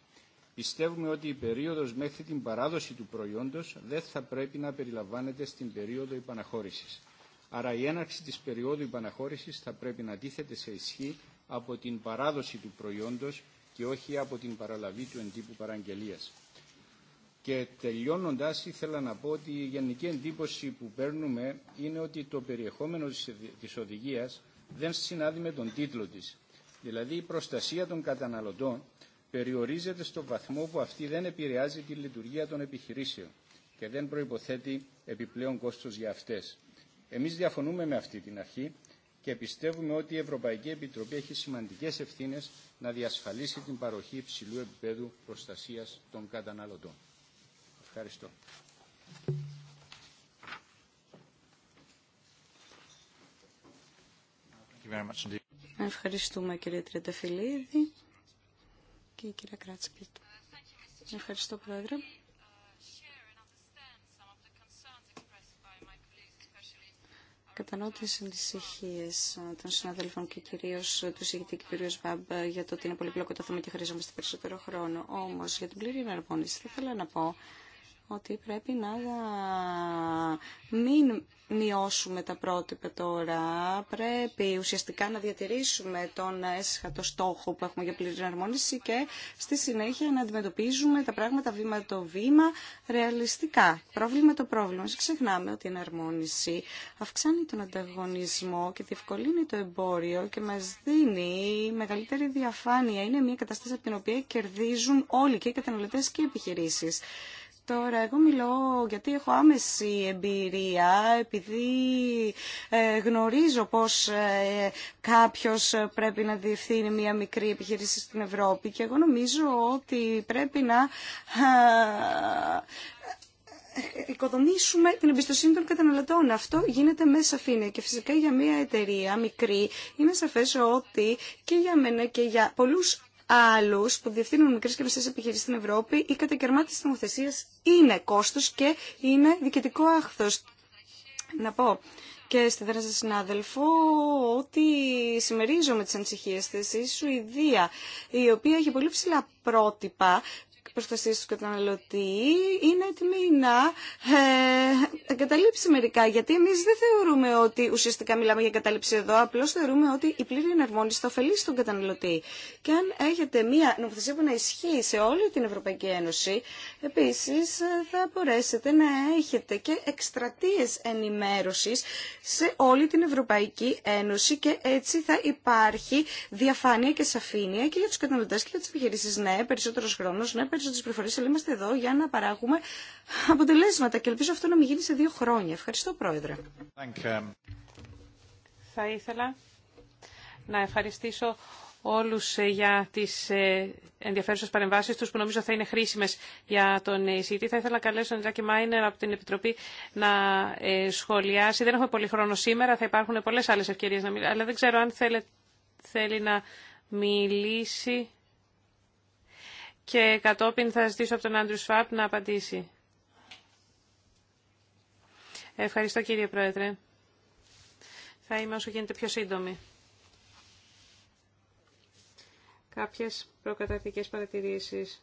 Speaker 1: πιστεύουμε ότι η περίοδος μέχρι την παράδοση του προϊόντος δεν θα πρέπει να περιλαμβάνεται στην περίοδο υπαναχώρησης. Άρα η έναρξη της περίοδου υπαναχώρησης θα πρέπει να τίθεται σε ισχύ από την παράδοση του προϊόντος και όχι από την παραλαβή του εντύπου παραγγελίας. Και τελειώνοντας ήθελα να πω ότι η γενική εντύπωση που παίρνουμε είναι ότι το περιεχόμενο της οδηγίας δεν συνάδει με τον τίτλο της. Δηλαδή η προστασία των καταναλωτών περιορίζεται στο βαθμό που αυτή δεν επηρεάζει τη λειτουργία των επιχειρήσεων και δεν προϋποθέτει επιπλέον κόστος για αυτές. Εμείς διαφωνούμε με αυτή την αρχή και πιστεύουμε ότι η Ευρωπαϊκή Επιτροπή έχει σημαντικές ευθύνες να διασφαλίσει την παροχή υψηλού επίπεδου προστασίας των καταναλωτών. Ευχαριστώ.
Speaker 2: Ευχαριστούμε κύριε Τριανταφυλλίδη και κύριε Κράτσπιτ. Ευχαριστώ Πρόεδρε. Κατανοώ τι ανησυχίε ε, των συναδέλφων και κυρίω ε, του ηγητή κ. Βαμπ για το ότι είναι πολύ πλόκο το θέμα και χρειαζόμαστε περισσότερο χρόνο. Όμω, για την πλήρη εναρμόνιση, θα ήθελα να πω ότι πρέπει να μην μειώσουμε τα πρότυπα τώρα. Πρέπει ουσιαστικά να διατηρήσουμε τον έσχατο στόχο που έχουμε για πλήρη εναρμόνιση και στη συνέχεια να αντιμετωπίζουμε τα πράγματα βήμα το βήμα ρεαλιστικά. Πρόβλημα το πρόβλημα. Σε ξεχνάμε ότι η εναρμόνιση αυξάνει τον ανταγωνισμό και διευκολύνει το εμπόριο και μας δίνει μεγαλύτερη διαφάνεια. Είναι μια κατάσταση από την οποία κερδίζουν όλοι και οι καταναλωτές και οι επιχειρήσεις. Τώρα, εγώ μιλώ γιατί έχω άμεση εμπειρία, επειδή ε, γνωρίζω πώς ε, κάποιος πρέπει να διευθύνει μια μικρή επιχείρηση στην Ευρώπη και εγώ νομίζω ότι πρέπει να οικοδομήσουμε την εμπιστοσύνη των καταναλωτών. Αυτό γίνεται με σαφήνεια και φυσικά για μια εταιρεία μικρή είναι σαφές ότι και για μένα και για πολλούς άλλου που διευθύνουν μικρέ και μεσαίε επιχειρήσει στην Ευρώπη, η κατακαιρμάτιση τη νομοθεσία είναι κόστο και είναι διοικητικό άχθο. Να πω και στη δράση συνάδελφο ότι συμμερίζομαι τι ανησυχίε τη. η Σουηδία η οποία έχει πολύ ψηλά πρότυπα Προστασία του καταναλωτή είναι έτοιμη να ε, εγκαταλείψει μερικά. Γιατί εμείς δεν θεωρούμε ότι ουσιαστικά μιλάμε για εγκαταλείψη εδώ, απλώς θεωρούμε ότι η πλήρη εναρμόνιση θα ωφελήσει τον καταναλωτή. Και αν έχετε μία νομοθεσία που να ισχύει σε όλη την Ευρωπαϊκή Ένωση, επίσης ε, θα μπορέσετε να έχετε και εκστρατείε ενημέρωσης σε όλη την Ευρωπαϊκή Ένωση και έτσι θα υπάρχει διαφάνεια και σαφήνεια και για τους καταναλωτές και για τις επιχειρήσει. Ναι, περισσότερος χρόνος, ναι, τι πληροφορίε, αλλά είμαστε εδώ για να παράγουμε αποτελέσματα και ελπίζω αυτό να μην γίνει σε δύο χρόνια. Ευχαριστώ, Πρόεδρε.
Speaker 3: Θα ήθελα να ευχαριστήσω όλους ε, για τις ε, ενδιαφέρουσες παρεμβάσεις τους που νομίζω θα είναι χρήσιμες για τον εισηγητή. Θα ήθελα να καλέσω τον Τζάκη Μάινερ από την Επιτροπή να ε, σχολιάσει. Δεν έχουμε πολύ χρόνο σήμερα, θα υπάρχουν πολλές άλλες ευκαιρίες να μιλήσει, αλλά δεν ξέρω αν θέλει να μιλήσει και κατόπιν θα ζητήσω από τον Άντρου Σφάπ να απαντήσει. Ευχαριστώ κύριε Πρόεδρε. Θα είμαι όσο γίνεται πιο σύντομη. Κάποιες προκαταρτικές παρατηρήσεις.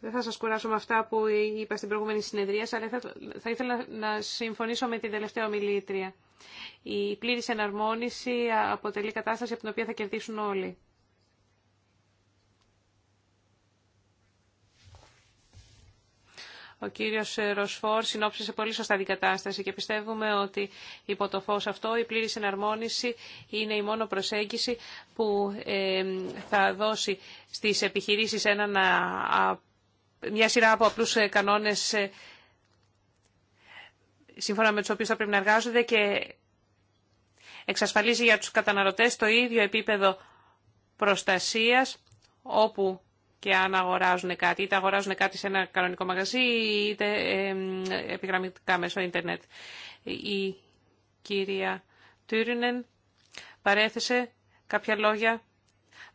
Speaker 3: Δεν θα σας κουράσω με αυτά που είπα στην προηγούμενη συνεδρία, αλλά θα, θα ήθελα να συμφωνήσω με την τελευταία ομιλήτρια. Η πλήρης εναρμόνιση αποτελεί κατάσταση από την οποία θα κερδίσουν όλοι. Ο κύριος Ροσφόρ συνόψισε πολύ σωστά την κατάσταση και πιστεύουμε ότι υπό το φως αυτό η πλήρης εναρμόνιση είναι η μόνο προσέγγιση που ε, θα δώσει στις επιχειρήσεις μια σειρά από απλούς ε, κανόνες ε, σύμφωνα με τους οποίους θα πρέπει να εργάζονται και εξασφαλίζει για τους καταναλωτές το ίδιο επίπεδο προστασίας όπου και αν αγοράζουν κάτι, είτε αγοράζουν κάτι σε ένα κανονικό μαγαζί, είτε επιγραμμικά μέσω ίντερνετ. Η κυρία Τούρινεν παρέθεσε κάποια λόγια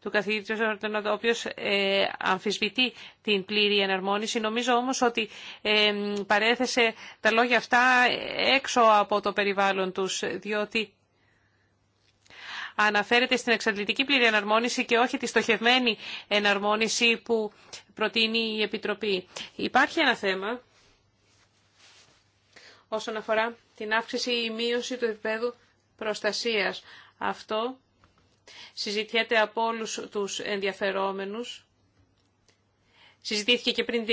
Speaker 3: του καθηγητή ο οποίο ε, αμφισβητεί την πλήρη εναρμόνιση. Νομίζω όμως ότι ε, παρέθεσε τα λόγια αυτά έξω από το περιβάλλον τους, διότι αναφέρεται στην εξαντλητική πλήρη εναρμόνιση και όχι τη στοχευμένη εναρμόνιση που προτείνει η Επιτροπή. Υπάρχει ένα θέμα όσον αφορά την αύξηση ή μείωση του επίπεδου προστασίας. Αυτό συζητιέται από όλους τους ενδιαφερόμενους. Συζητήθηκε και πριν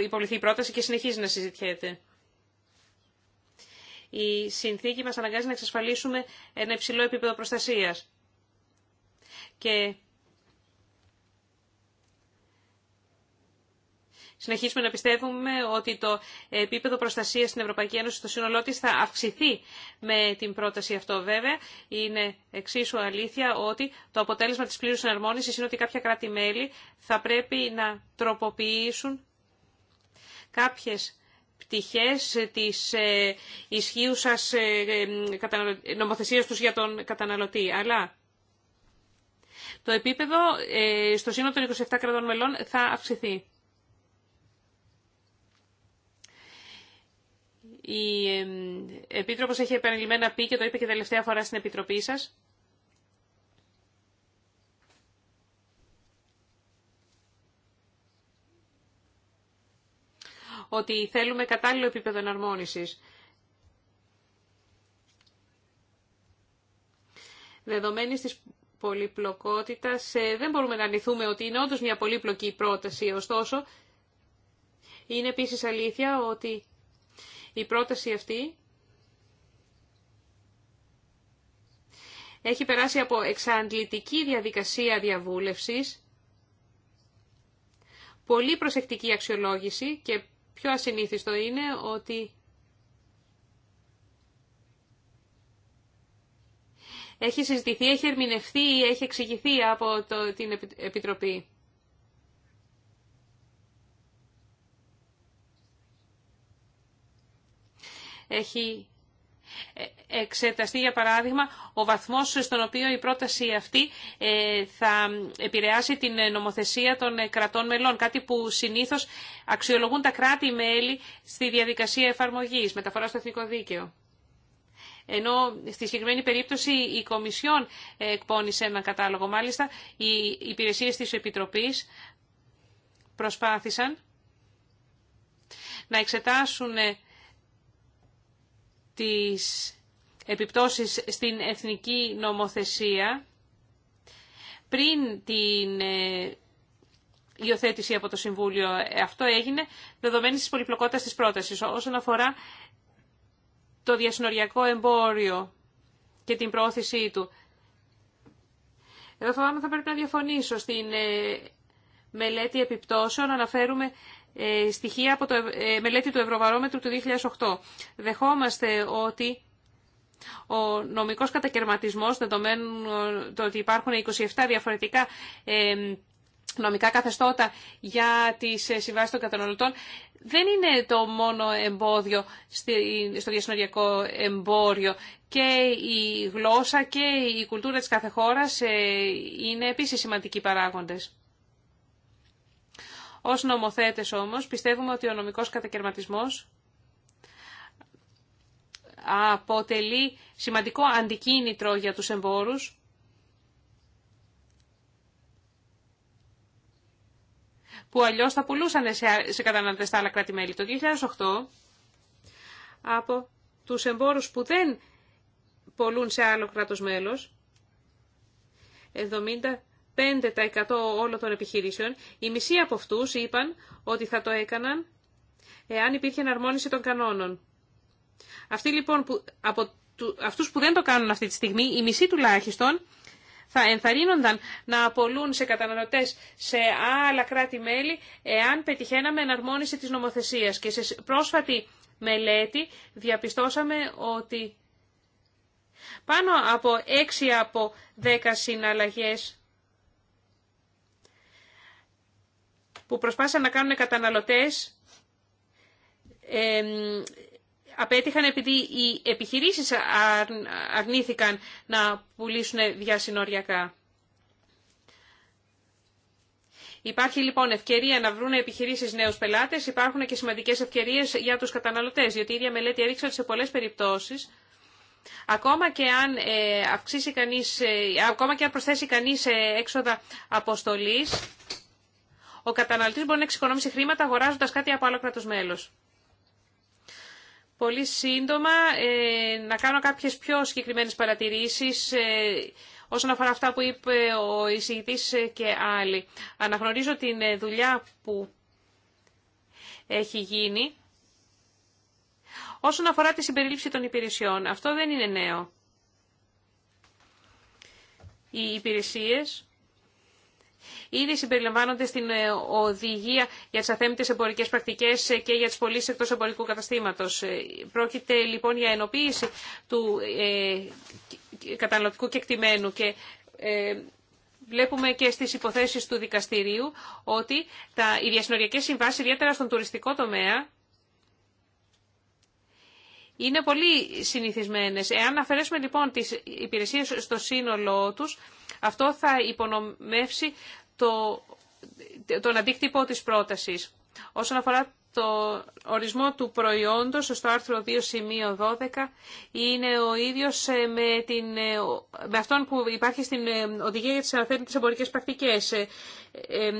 Speaker 3: υποβληθεί η πρόταση και συνεχίζει να συζητιέται. Η συνθήκη μας αναγκάζει να εξασφαλίσουμε ένα υψηλό επίπεδο προστασίας. Και συνεχίσουμε να πιστεύουμε ότι το επίπεδο προστασίας στην Ευρωπαϊκή Ένωση στο σύνολό της θα αυξηθεί με την πρόταση αυτό. Βέβαια, είναι εξίσου αλήθεια ότι το αποτέλεσμα της πλήρους εναρμόνισης είναι ότι κάποια κράτη-μέλη θα πρέπει να τροποποιήσουν κάποιες πτυχές της ε, ισχύουσας ε, ε, νομοθεσίας τους για τον καταναλωτή. Αλλά το επίπεδο στο σύνολο των 27 κρατών μελών θα αυξηθεί. Η Επίτροπος έχει επανειλημμένα πει και το είπε και τελευταία φορά στην Επιτροπή σας. ότι θέλουμε κατάλληλο επίπεδο εναρμόνισης. Δεδομένης της πολυπλοκότητας, ε, δεν μπορούμε να αρνηθούμε ότι είναι όντως μια πολύπλοκη πρόταση, ωστόσο, είναι επίσης αλήθεια ότι η πρόταση αυτή έχει περάσει από εξαντλητική διαδικασία διαβούλευσης, πολύ προσεκτική αξιολόγηση και πιο ασυνήθιστο είναι ότι έχει συζητηθεί, έχει ερμηνευθεί ή έχει εξηγηθεί από το, την Επιτροπή. έχει ε, εξεταστεί για παράδειγμα ο βαθμός στον οποίο η πρόταση αυτή ε, θα επηρεάσει την νομοθεσία των ε, κρατών μελών, κάτι που συνήθως αξιολογούν τα κράτη-μέλη στη διαδικασία εφαρμογής, μεταφορά στο εθνικό δίκαιο. Ενώ στη συγκεκριμένη περίπτωση η Κομισιόν εκπώνησε ένα κατάλογο. Μάλιστα, οι υπηρεσίες της Επιτροπής προσπάθησαν να εξετάσουν τις επιπτώσεις στην εθνική νομοθεσία πριν την ε, υιοθέτηση από το Συμβούλιο. Ε, αυτό έγινε δεδομένη της πολυπλοκότητα της πρότασης. Όσον αφορά το διασυνοριακό εμπόριο και την προώθησή του. Εδώ φοβάμαι θα πρέπει να διαφωνήσω. Στην ε, μελέτη επιπτώσεων αναφέρουμε ε, στοιχεία από το ε, μελέτη του Ευρωβαρόμετρου του 2008. Δεχόμαστε ότι ο νομικός κατακαιρματισμός, δεδομένου το ότι υπάρχουν 27 διαφορετικά ε, νομικά καθεστώτα για τις συμβάσεις των καταναλωτών, δεν είναι το μόνο εμπόδιο στο διασυνοριακό εμπόριο. Και η γλώσσα και η κουλτούρα της κάθε χώρας είναι επίσης σημαντικοί παράγοντες. Ω νομοθέτες όμως πιστεύουμε ότι ο νομικό κατακαιρματισμό αποτελεί σημαντικό αντικίνητρο για τους εμπόρους που αλλιώς θα πουλούσαν σε καταναλωτές στα άλλα κράτη-μέλη. Το 2008 από τους εμπόρους που δεν πολλούν σε άλλο κράτος μέλος 70 5% όλων των επιχειρήσεων, η μισοί από αυτούς είπαν ότι θα το έκαναν εάν υπήρχε εναρμόνιση των κανόνων. Αυτοί λοιπόν που, από του, αυτούς που δεν το κάνουν αυτή τη στιγμή, οι μισοί τουλάχιστον, θα ενθαρρύνονταν να απολούν σε καταναλωτές σε άλλα κράτη-μέλη εάν πετυχαίναμε εναρμόνιση της νομοθεσίας. Και σε πρόσφατη μελέτη διαπιστώσαμε ότι πάνω από 6 από 10 συναλλαγές που προσπάθησαν να κάνουν καταναλωτές απέτυχαν επειδή οι επιχειρήσεις αρνήθηκαν να πουλήσουν διασυνοριακά. Υπάρχει λοιπόν ευκαιρία να βρουν επιχειρήσεις νέους πελάτες, υπάρχουν και σημαντικές ευκαιρίες για τους καταναλωτές, διότι η ίδια μελέτη έδειξε ότι σε πολλές περιπτώσεις Ακόμα και αν, ε, αυξήσει κανείς, ε, ακόμα και αν προσθέσει κανείς ε, έξοδα αποστολής, ο καταναλωτή μπορεί να εξοικονομήσει χρήματα αγοράζοντας κάτι από άλλο κράτο μέλο. Πολύ σύντομα ε, να κάνω κάποιες πιο συγκεκριμένες παρατηρήσεις ε, όσον αφορά αυτά που είπε ο εισηγητής και άλλοι. Αναγνωρίζω την ε, δουλειά που έχει γίνει όσον αφορά τη συμπερίληψη των υπηρεσιών. Αυτό δεν είναι νέο. Οι υπηρεσίες ήδη συμπεριλαμβάνονται στην ε, οδηγία για τις αθέμητε εμπορικέ πρακτικέ ε, και για τις πωλήσει εκτός εμπορικού καταστήματος. Ε, πρόκειται λοιπόν για ενοποίηση του καταναλωτικού κεκτημένου και βλέπουμε και στις υποθέσεις του δικαστηρίου ότι τα, οι διασυνοριακές συμβάσεις, ιδιαίτερα στον τουριστικό τομέα, είναι πολύ συνηθισμένες. Εάν αφαιρέσουμε λοιπόν τις υπηρεσίες στο σύνολό τους, αυτό θα υπονομεύσει το, τον αντίκτυπο της πρότασης. Όσον αφορά το ορισμό του προϊόντος στο άρθρο 2 σημείο 12 είναι ο ίδιος ε, με, την, ε, με αυτόν που υπάρχει στην ε, οδηγία για τις αναθέτητες εμπορικές πρακτικές.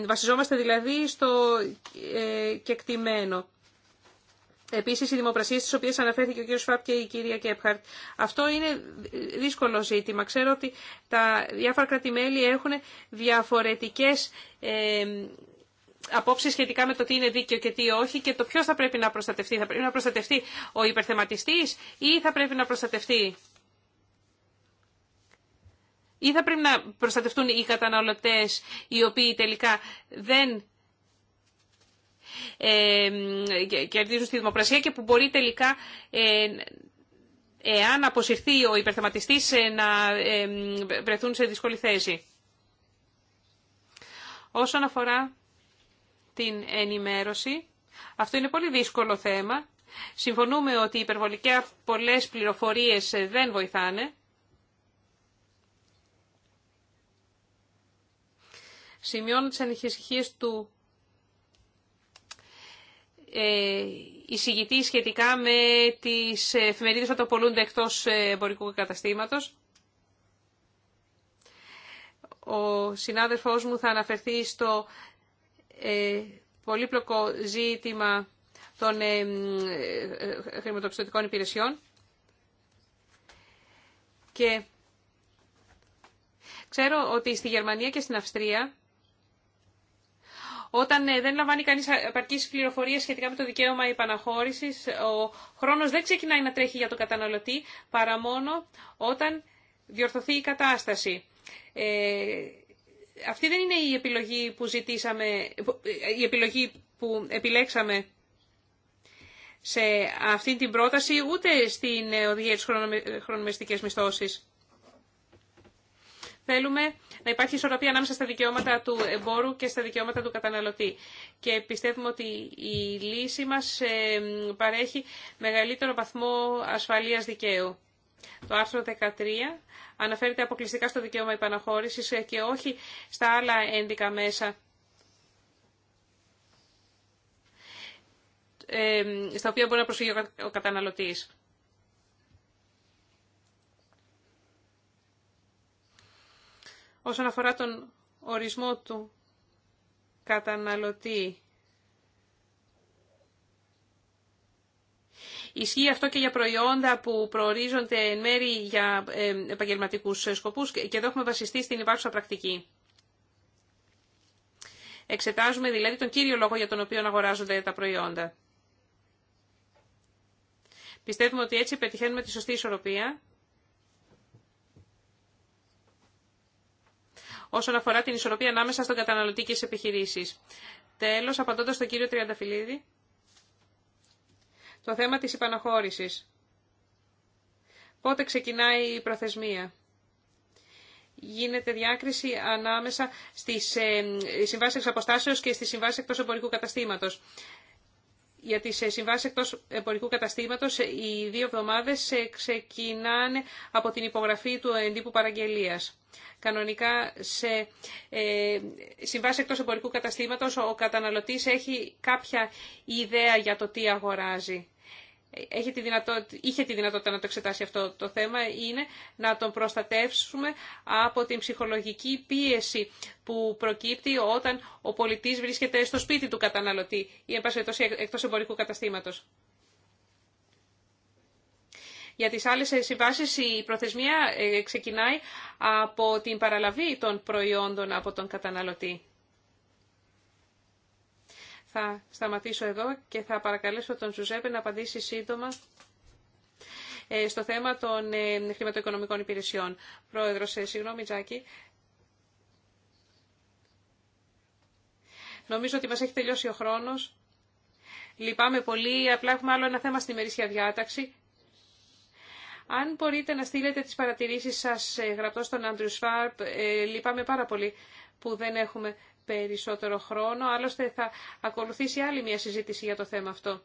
Speaker 3: Βασιζόμαστε δηλαδή στο κεκτημένο. Επίσης, οι δημοπρασίες στις οποίες αναφέρθηκε ο κ. Σφάπ και η κυρία Κέπχαρτ. Αυτό είναι δύσκολο ζήτημα. Ξέρω ότι τα διάφορα κράτη-μέλη έχουν διαφορετικές ε, απόψεις σχετικά με το τι είναι δίκαιο και τι όχι και το ποιο θα πρέπει να προστατευτεί. Θα πρέπει να προστατευτεί ο υπερθεματιστής ή θα πρέπει να προστατευτεί ή θα πρέπει να προστατευτούν οι καταναλωτές οι οποίοι τελικά δεν κερδίζουν στη δημοπρασία και που μπορεί τελικά ε, εάν αποσυρθεί ο υπερθεματιστής ε, να βρεθούν σε δύσκολη θέση. Όσον αφορά την ενημέρωση, αυτό είναι πολύ δύσκολο θέμα. Συμφωνούμε ότι οι υπερβολικά πολλές πληροφορίες ε, δεν βοηθάνε. Σημειώνω τις ανησυχίε του ε, εισηγητή σχετικά με τις εφημερίδες που απολούνται εκτός εμπορικού καταστήματος. Ο συνάδελφός μου θα αναφερθεί στο ε, πολύπλοκο ζήτημα των ε, ε, χρηματοπιστωτικών υπηρεσιών. Και ξέρω ότι στη Γερμανία και στην Αυστρία όταν ε, δεν λαμβάνει κανείς επαρκή πληροφορία σχετικά με το δικαίωμα επαναχώρηση, ο χρόνος δεν ξεκινάει να τρέχει για τον καταναλωτή, παρά μόνο όταν διορθωθεί η κατάσταση. Ε, αυτή δεν είναι η επιλογή που ζητήσαμε, ε, η επιλογή που επιλέξαμε σε αυτή την πρόταση, ούτε στην ε, οδηγία της χρονομεστικές μισθώσεις. Θέλουμε να υπάρχει ισορροπία ανάμεσα στα δικαιώματα του εμπόρου και στα δικαιώματα του καταναλωτή. Και πιστεύουμε ότι η λύση μας ε, παρέχει μεγαλύτερο βαθμό ασφαλείας δικαίου. Το άρθρο 13 αναφέρεται αποκλειστικά στο δικαίωμα υπαναχώρησης ε, και όχι στα άλλα ένδικα μέσα ε, στα οποία μπορεί να προσφύγει ο καταναλωτής. Όσον αφορά τον ορισμό του καταναλωτή, Ισχύει αυτό και για προϊόντα που προορίζονται εν μέρη για ε, επαγγελματικούς σκοπούς και εδώ έχουμε βασιστεί στην υπάρχουσα πρακτική. Εξετάζουμε δηλαδή τον κύριο λόγο για τον οποίο αγοράζονται τα προϊόντα. Πιστεύουμε ότι έτσι πετυχαίνουμε τη σωστή ισορροπία όσον αφορά την ισορροπία ανάμεσα στον καταναλωτή και τι επιχειρήσεις. Τέλος, απαντώντα στον κύριο Τριανταφυλλίδη, το θέμα της υπαναχώρηση. Πότε ξεκινάει η προθεσμία. Γίνεται διάκριση ανάμεσα στις ε, συμβάσεις εξ αποστάσεως και στις συμβάσεις εκτός εμπορικού καταστήματος για τις ε, συμβάσεις εκτός εμπορικού καταστήματος ε, οι δύο εβδομάδες ξεκινάνε από την υπογραφή του εντύπου παραγγελίας. Κανονικά σε ε, συμβάσει εκτός εμπορικού καταστήματος ο καταναλωτής έχει κάποια ιδέα για το τι αγοράζει. Έχει τη είχε τη δυνατότητα να το εξετάσει αυτό το θέμα, είναι να τον προστατεύσουμε από την ψυχολογική πίεση που προκύπτει όταν ο πολιτής βρίσκεται στο σπίτι του καταναλωτή ή εκτός εμπορικού καταστήματος. Για τις άλλες συμβάσεις η προθεσμία ε, ξεκινάει από την παραλαβή των προϊόντων από τον καταναλωτή. Θα σταματήσω εδώ και θα παρακαλέσω τον Ζουζέπε να απαντήσει σύντομα ε, στο θέμα των ε, χρηματοοικονομικών υπηρεσιών. Πρόεδρος, συγγνώμη Τζάκη. Νομίζω ότι μας έχει τελειώσει ο χρόνος. Λυπάμαι πολύ. Απλά έχουμε άλλο ένα θέμα στην ημερήσια διάταξη. Αν μπορείτε να στείλετε τις παρατηρήσεις σας ε, γραπτό στον Άντριου Σφάρπ, ε, λυπάμαι πάρα πολύ που δεν έχουμε περισσότερο χρόνο. Άλλωστε θα ακολουθήσει άλλη μια συζήτηση για το θέμα αυτό.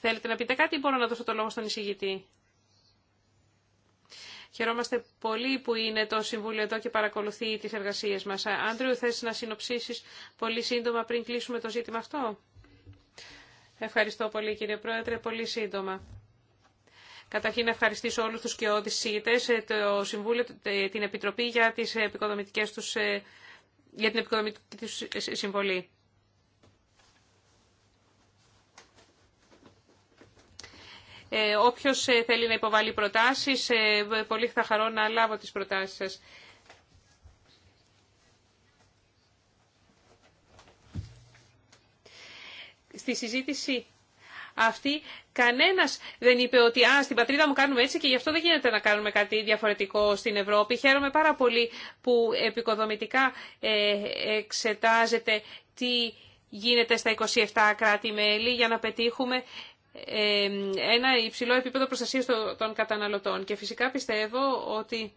Speaker 3: Θέλετε να πείτε κάτι ή μπορώ να δώσω το λόγο στον εισηγητή. Χαιρόμαστε πολύ που είναι το Συμβούλιο εδώ και παρακολουθεί τις εργασίες μας. Άντριου, θες να συνοψίσεις πολύ σύντομα πριν κλείσουμε το ζήτημα αυτό. Ευχαριστώ πολύ κύριε Πρόεδρε, πολύ σύντομα. Καταρχήν να ευχαριστήσω όλους τους και συγγητέ, ε, το Συμβούλιο, την Επιτροπή για, τις τους, ε, για την επικοδομητική τους ε, συμβολή. Ε, όποιος θέλει να υποβάλει προτάσεις, πολύ θα χαρώ να λάβω τις προτάσεις σας. Στη συζήτηση αυτή κανένας δεν είπε ότι α, στην πατρίδα μου κάνουμε έτσι και γι' αυτό δεν γίνεται να κάνουμε κάτι διαφορετικό στην Ευρώπη. Χαίρομαι πάρα πολύ που επικοδομητικά ε, εξετάζεται τι γίνεται στα 27 κράτη-μέλη για να πετύχουμε ε, ένα υψηλό επίπεδο προστασία των καταναλωτών. Και φυσικά πιστεύω ότι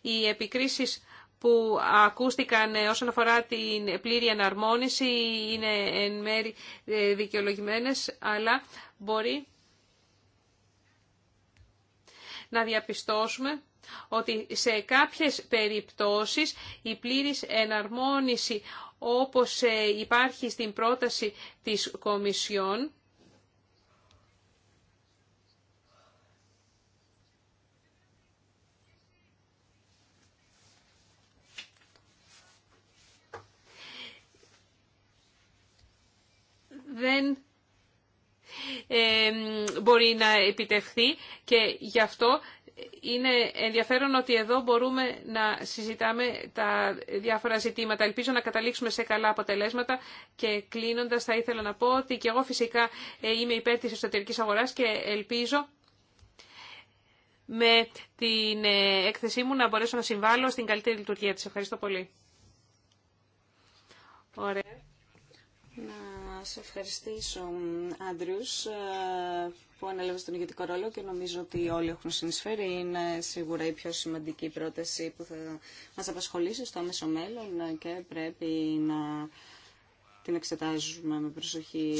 Speaker 3: οι επικρίσεις που ακούστηκαν ε, όσον αφορά την πλήρη εναρμόνιση είναι εν μέρη ε, δικαιολογημένες, αλλά μπορεί να διαπιστώσουμε ότι σε κάποιες περιπτώσεις η πλήρης εναρμόνιση όπως ε, υπάρχει στην πρόταση της Κομισιόν δεν μπορεί να επιτευχθεί και γι' αυτό είναι ενδιαφέρον ότι εδώ μπορούμε να συζητάμε τα διάφορα ζητήματα. Ελπίζω να καταλήξουμε σε καλά αποτελέσματα και κλείνοντας θα ήθελα να πω ότι και εγώ φυσικά ε, είμαι υπέρ της εσωτερικής αγοράς και ελπίζω με την ε, έκθεσή μου να μπορέσω να συμβάλλω στην καλύτερη λειτουργία της. Ευχαριστώ πολύ. Ωραία
Speaker 2: σε ευχαριστήσω, Άντριου, ε, που ανέλαβε τον ηγετικό ρόλο και νομίζω ότι όλοι έχουν συνεισφέρει. Είναι σίγουρα η πιο σημαντική πρόταση που θα μας απασχολήσει στο άμεσο μέλλον και πρέπει να την εξετάζουμε με προσοχή.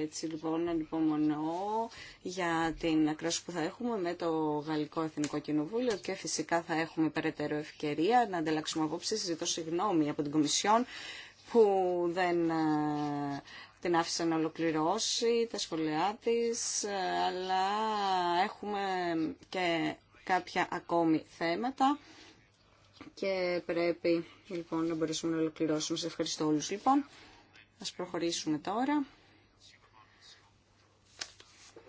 Speaker 2: Έτσι λοιπόν ανυπομονώ για την ακρόαση που θα έχουμε με το Γαλλικό Εθνικό Κοινοβούλιο και φυσικά θα έχουμε περαιτέρω ευκαιρία να ανταλλάξουμε απόψει Ζητώ συγγνώμη από την Κομισιόν που δεν ε, την άφησα να ολοκληρώσει τα σχολεία της, ε, αλλά έχουμε και κάποια ακόμη θέματα και πρέπει λοιπόν να μπορέσουμε να ολοκληρώσουμε. Σε ευχαριστώ όλους λοιπόν. Ας προχωρήσουμε τώρα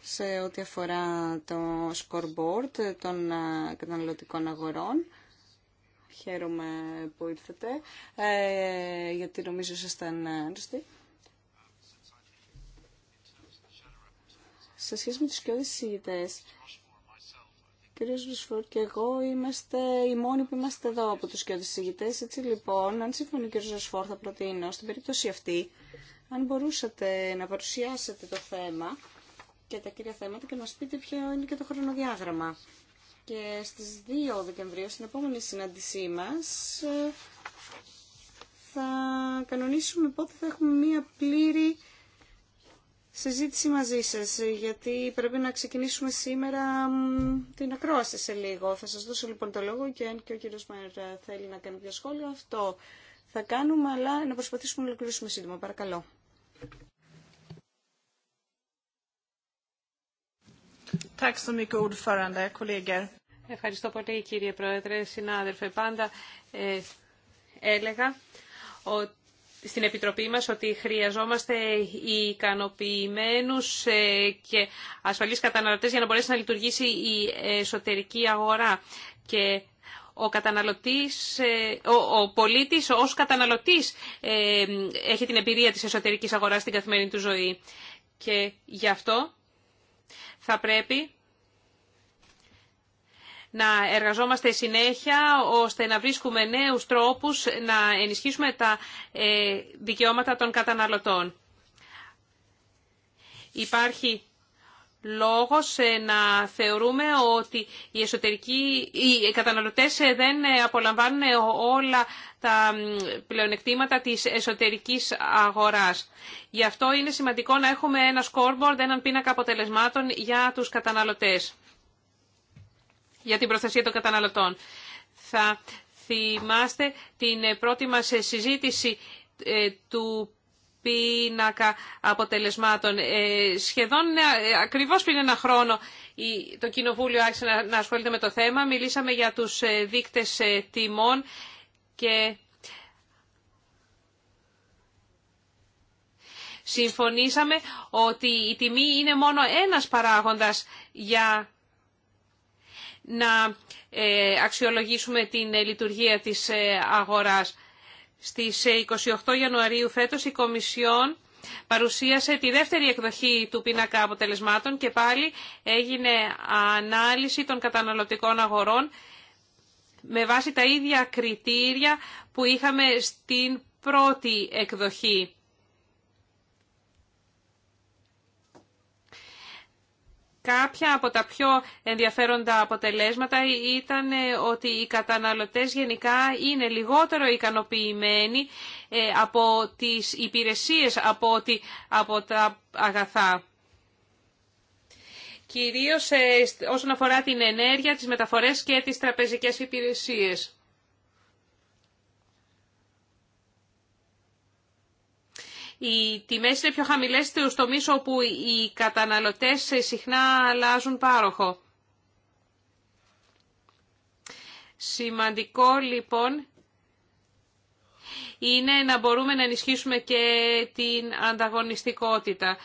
Speaker 2: σε ό,τι αφορά το scoreboard των ε, καταναλωτικών αγορών. Χαίρομαι που ήρθατε, ε, γιατί νομίζω ήσασταν άρρωστοι. σε σχέση με τους πιο εισηγητές, κύριο Ρουσφόρ και εγώ είμαστε οι μόνοι που είμαστε εδώ από τους και οδησηγητές. Έτσι λοιπόν, αν συμφωνεί ο κύριος θα προτείνω στην περίπτωση αυτή, αν μπορούσατε να παρουσιάσετε το θέμα και τα κύρια θέματα και να μας πείτε ποιο είναι και το χρονοδιάγραμμα. Και στις 2 Δεκεμβρίου, στην επόμενη συνάντησή μας, θα κανονίσουμε πότε θα έχουμε μία πλήρη συζήτηση μαζί σας, γιατί πρέπει να ξεκινήσουμε σήμερα την ακρόαση σε λίγο. Θα σας δώσω λοιπόν το λόγο και αν και ο κύριος Μαερ ε, θέλει να κάνει πιο σχόλιο, αυτό θα κάνουμε, αλλά να προσπαθήσουμε να ολοκληρώσουμε σύντομα. Παρακαλώ.
Speaker 3: Ευχαριστώ πολύ κύριε Πρόεδρε, συνάδελφε. Πάντα ε, έλεγα ότι στην Επιτροπή μας ότι χρειαζόμαστε ικανοποιημένους ε, και ασφαλείς καταναλωτές για να μπορέσει να λειτουργήσει η εσωτερική αγορά. Και ο καταναλωτής, ε, ο, ο πολίτης ως καταναλωτής ε, έχει την εμπειρία της εσωτερικής αγοράς στην καθημερινή του ζωή. Και γι' αυτό θα πρέπει να εργαζόμαστε συνέχεια ώστε να βρίσκουμε νέους τρόπους να ενισχύσουμε τα ε, δικαιώματα των καταναλωτών. Υπάρχει λόγος ε, να θεωρούμε ότι οι, εσωτερικοί, οι καταναλωτές ε, δεν απολαμβάνουν όλα τα πλεονεκτήματα της εσωτερικής αγοράς. Γι' αυτό είναι σημαντικό να έχουμε ένα scoreboard, έναν πίνακα αποτελεσμάτων για τους καταναλωτές για την προστασία των καταναλωτών. Θα θυμάστε την πρώτη μας συζήτηση ε, του πίνακα αποτελεσμάτων. Ε, σχεδόν ε, ακριβώς πριν ένα χρόνο το Κοινοβούλιο άρχισε να ασχολείται με το θέμα. Μιλήσαμε για τους δείκτες τιμών και συμφωνήσαμε ότι η τιμή είναι μόνο ένας παράγοντας για να ε, αξιολογήσουμε την ε, λειτουργία της ε, αγοράς. Στις 28 Ιανουαρίου φέτος η Κομισιόν παρουσίασε τη δεύτερη εκδοχή του πίνακα αποτελεσμάτων και πάλι έγινε ανάλυση των καταναλωτικών αγορών με βάση τα ίδια κριτήρια που είχαμε στην πρώτη εκδοχή. Κάποια από τα πιο ενδιαφέροντα αποτελέσματα ήταν ε, ότι οι καταναλωτές γενικά είναι λιγότερο ικανοποιημένοι ε, από τις υπηρεσίες από, ότι, από τα αγαθά. Κυρίως ε, όσον αφορά την ενέργεια, τις μεταφορές και τις τραπεζικές υπηρεσίες. Οι τιμέ είναι πιο χαμηλές στο τομεί όπου οι καταναλωτές συχνά αλλάζουν πάροχο. Σημαντικό λοιπόν είναι να μπορούμε να ενισχύσουμε και την ανταγωνιστικότητα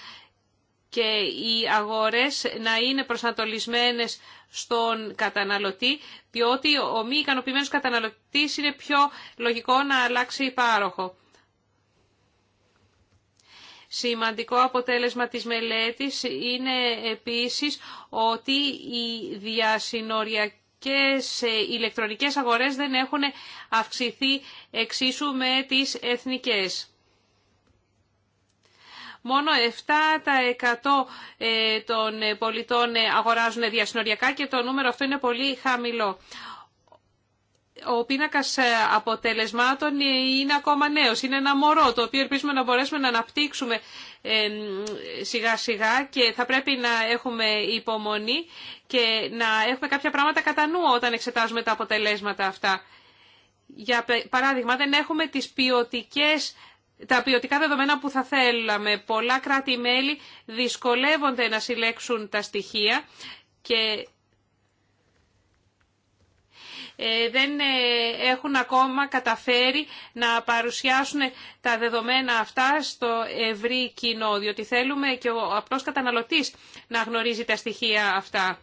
Speaker 3: και οι αγορές να είναι προσανατολισμένες στον καταναλωτή, διότι ο μη ικανοποιημένος καταναλωτής είναι πιο λογικό να αλλάξει πάροχο. Σημαντικό αποτέλεσμα της μελέτης είναι επίσης ότι οι διασυνοριακές ε, ηλεκτρονικές αγορές δεν έχουν αυξηθεί εξίσου με τις εθνικές. Μόνο 7% ε, των πολιτών αγοράζουν διασυνοριακά και το νούμερο αυτό είναι πολύ χαμηλό ο πίνακα ε, αποτελεσμάτων ε, είναι ακόμα νέος, είναι ένα μωρό το οποίο ελπίζουμε να μπορέσουμε να αναπτύξουμε ε, σιγά σιγά και θα πρέπει να έχουμε υπομονή και να έχουμε κάποια πράγματα κατά νου όταν εξετάζουμε τα αποτελέσματα αυτά. Για παράδειγμα δεν έχουμε τις ποιοτικές τα ποιοτικά δεδομένα που θα θέλαμε. Πολλά κράτη-μέλη δυσκολεύονται να συλλέξουν τα στοιχεία και ε, δεν ε, έχουν ακόμα καταφέρει να παρουσιάσουν τα δεδομένα αυτά στο ευρύ κοινό, διότι θέλουμε και ο απλός καταναλωτής να γνωρίζει τα στοιχεία αυτά.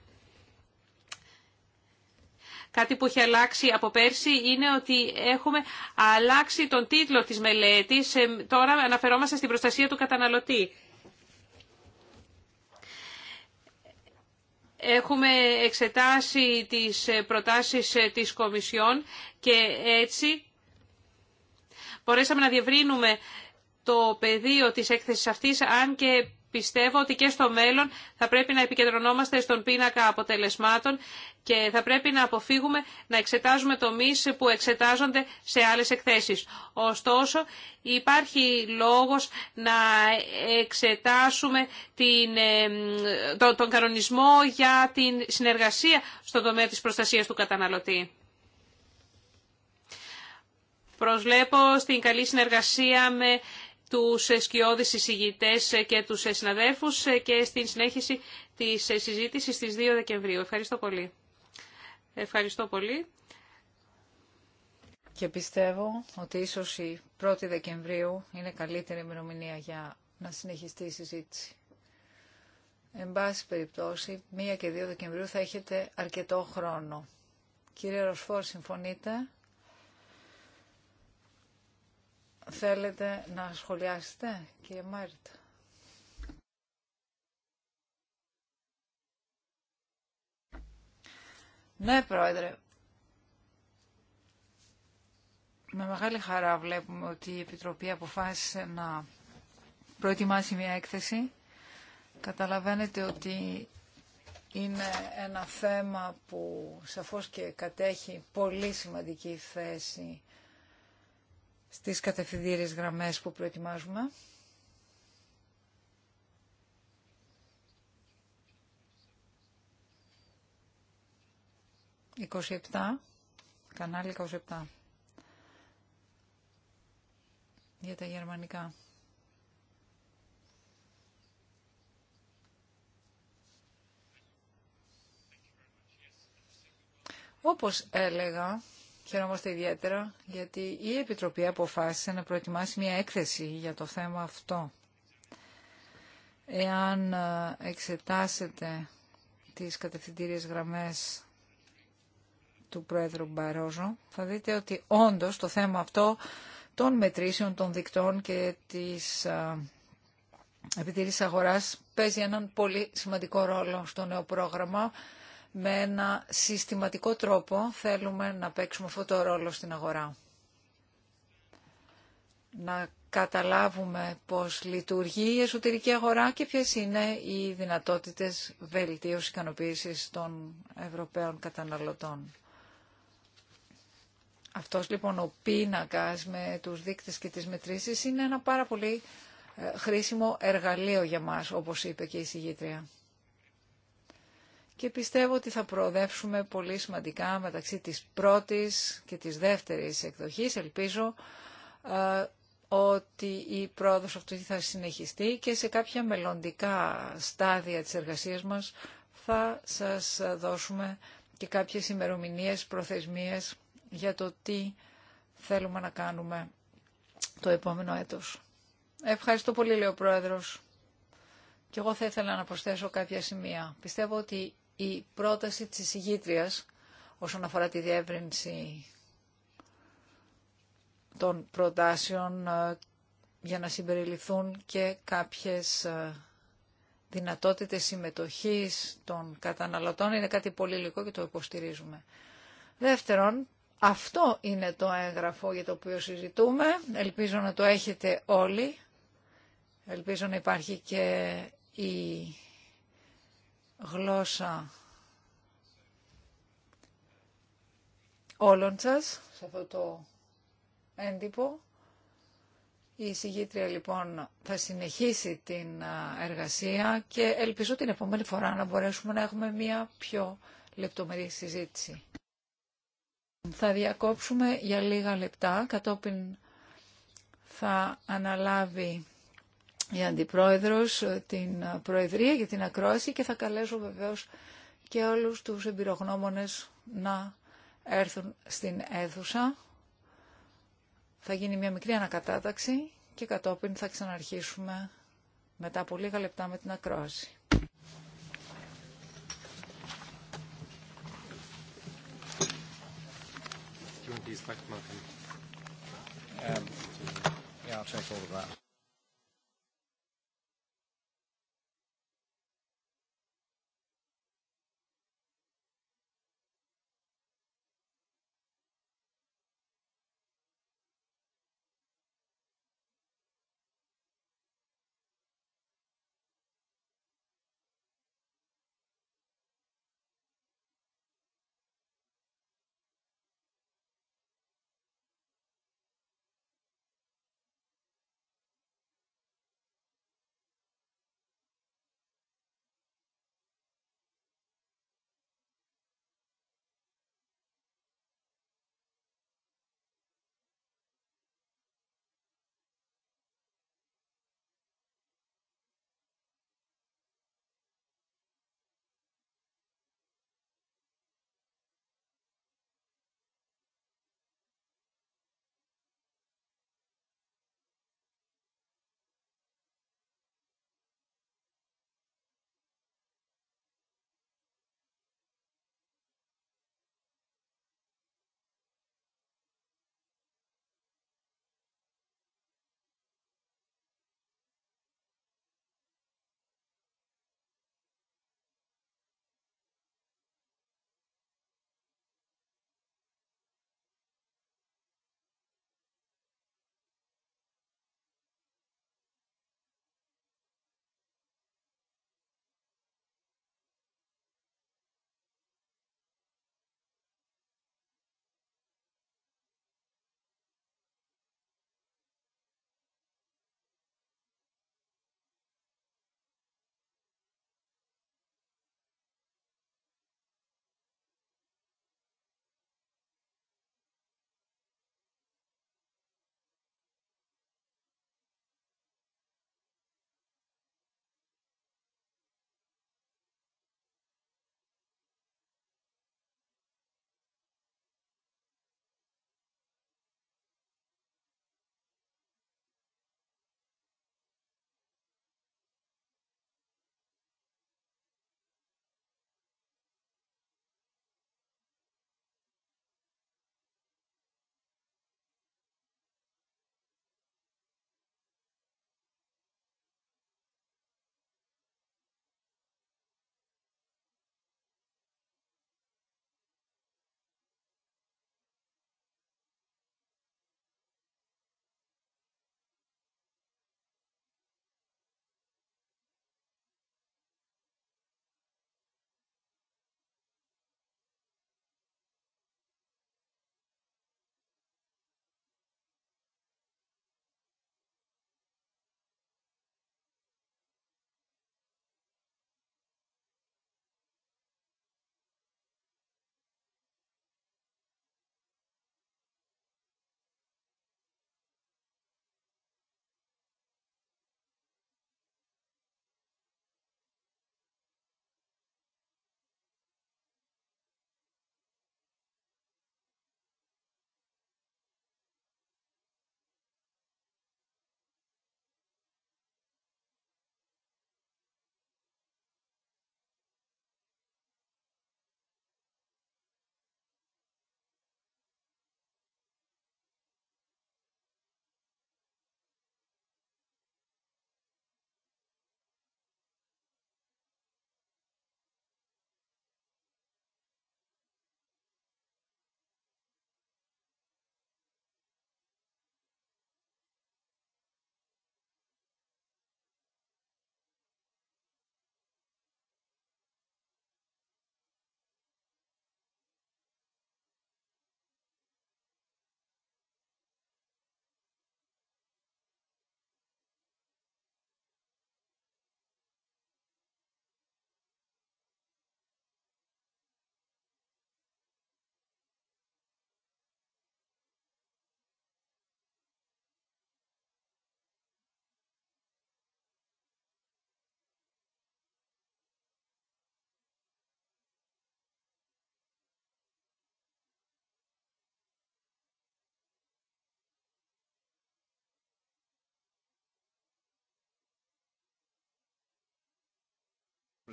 Speaker 3: Κάτι που έχει αλλάξει από πέρσι είναι ότι έχουμε αλλάξει τον τίτλο της μελέτης. Ε, τώρα αναφερόμαστε στην προστασία του καταναλωτή. Έχουμε εξετάσει τις ε, προτάσεις ε, της Κομισιόν και έτσι μπορέσαμε να διευρύνουμε το πεδίο της έκθεσης αυτής, αν και πιστεύω ότι και στο μέλλον θα πρέπει να επικεντρωνόμαστε στον πίνακα αποτελεσμάτων και θα πρέπει να αποφύγουμε να εξετάζουμε τομείς που εξετάζονται σε άλλες εκθέσεις. Ωστόσο, υπάρχει λόγος να εξετάσουμε την, ε, τον κανονισμό για την συνεργασία στον τομέα της προστασίας του καταναλωτή. Προσβλέπω στην καλή συνεργασία με τους σκιώδεις συζητητέ και τους συναδέλφους και στην συνέχιση της συζήτησης στις 2 Δεκεμβρίου. Ευχαριστώ πολύ.
Speaker 4: Ευχαριστώ πολύ. Και πιστεύω ότι ίσως η 1η Δεκεμβρίου είναι καλύτερη ημερομηνία για να συνεχιστεί η συζήτηση. Εν πάση περιπτώσει, 1 και 2 Δεκεμβρίου θα έχετε αρκετό χρόνο. Κύριε Ροσφόρ, συμφωνείτε. Θέλετε να σχολιάσετε, κύριε Μάρτ. Ναι, Πρόεδρε. Με μεγάλη χαρά βλέπουμε ότι η Επιτροπή αποφάσισε να προετοιμάσει μια έκθεση. Καταλαβαίνετε ότι είναι ένα θέμα που σαφώς και κατέχει πολύ σημαντική θέση στις κατευθυντήριες γραμμές που προετοιμάζουμε. «27», κανάλι 27, για τα γερμανικά. Όπως έλεγα, Χαιρόμαστε ιδιαίτερα γιατί η Επιτροπή αποφάσισε να προετοιμάσει μια έκθεση για το θέμα αυτό. Εάν ε, εξετάσετε τις κατευθυντήριες γραμμές του Πρόεδρου Μπαρόζο, θα δείτε ότι όντως το θέμα αυτό των μετρήσεων, των δικτών και της ε, επιτήρησης αγοράς παίζει έναν πολύ σημαντικό ρόλο στο νέο πρόγραμμα με ένα συστηματικό τρόπο θέλουμε να παίξουμε αυτό το ρόλο στην αγορά. Να καταλάβουμε πώς λειτουργεί η εσωτερική αγορά και ποιες είναι οι δυνατότητες βελτίωσης ικανοποίησης των Ευρωπαίων καταναλωτών. Αυτός λοιπόν ο πίνακας με τους δείκτες και τις μετρήσεις είναι ένα πάρα πολύ ε, χρήσιμο εργαλείο για μας, όπως είπε και η συγγήτρια και πιστεύω ότι θα προοδεύσουμε πολύ σημαντικά μεταξύ της πρώτης και της δεύτερης εκδοχής. Ελπίζω ε, ότι η πρόοδος αυτή θα συνεχιστεί και σε κάποια μελλοντικά στάδια της εργασίας μας θα σας δώσουμε και κάποιες ημερομηνίες, προθεσμίες για το τι θέλουμε να κάνουμε το επόμενο έτος. Ευχαριστώ πολύ, λέει ο Πρόεδρος. Και εγώ θα ήθελα να προσθέσω κάποια σημεία. Πιστεύω ότι η πρόταση της εισηγήτριας όσον αφορά τη διεύρυνση των προτάσεων ε, για να συμπεριληφθούν και κάποιες ε, δυνατότητες συμμετοχής των καταναλωτών είναι κάτι πολύ υλικό και το υποστηρίζουμε. Δεύτερον, αυτό είναι το έγγραφο για το οποίο συζητούμε. Ελπίζω να το έχετε όλοι. Ελπίζω να υπάρχει και η γλώσσα όλων σας, σε αυτό το έντυπο. Η συγγήτρια λοιπόν θα συνεχίσει την εργασία και ελπίζω την επόμενη φορά να μπορέσουμε να έχουμε μια πιο λεπτομερή συζήτηση. Θα διακόψουμε για λίγα λεπτά, κατόπιν θα αναλάβει η Αντιπρόεδρος ε, την ε, Προεδρία για την ακρόαση και θα καλέσω βεβαίως και όλους τους εμπειρογνώμονες να έρθουν στην αίθουσα. Θα γίνει μια μικρή ανακατάταξη και κατόπιν θα ξαναρχίσουμε μετά από λίγα λεπτά με την ακρόαση.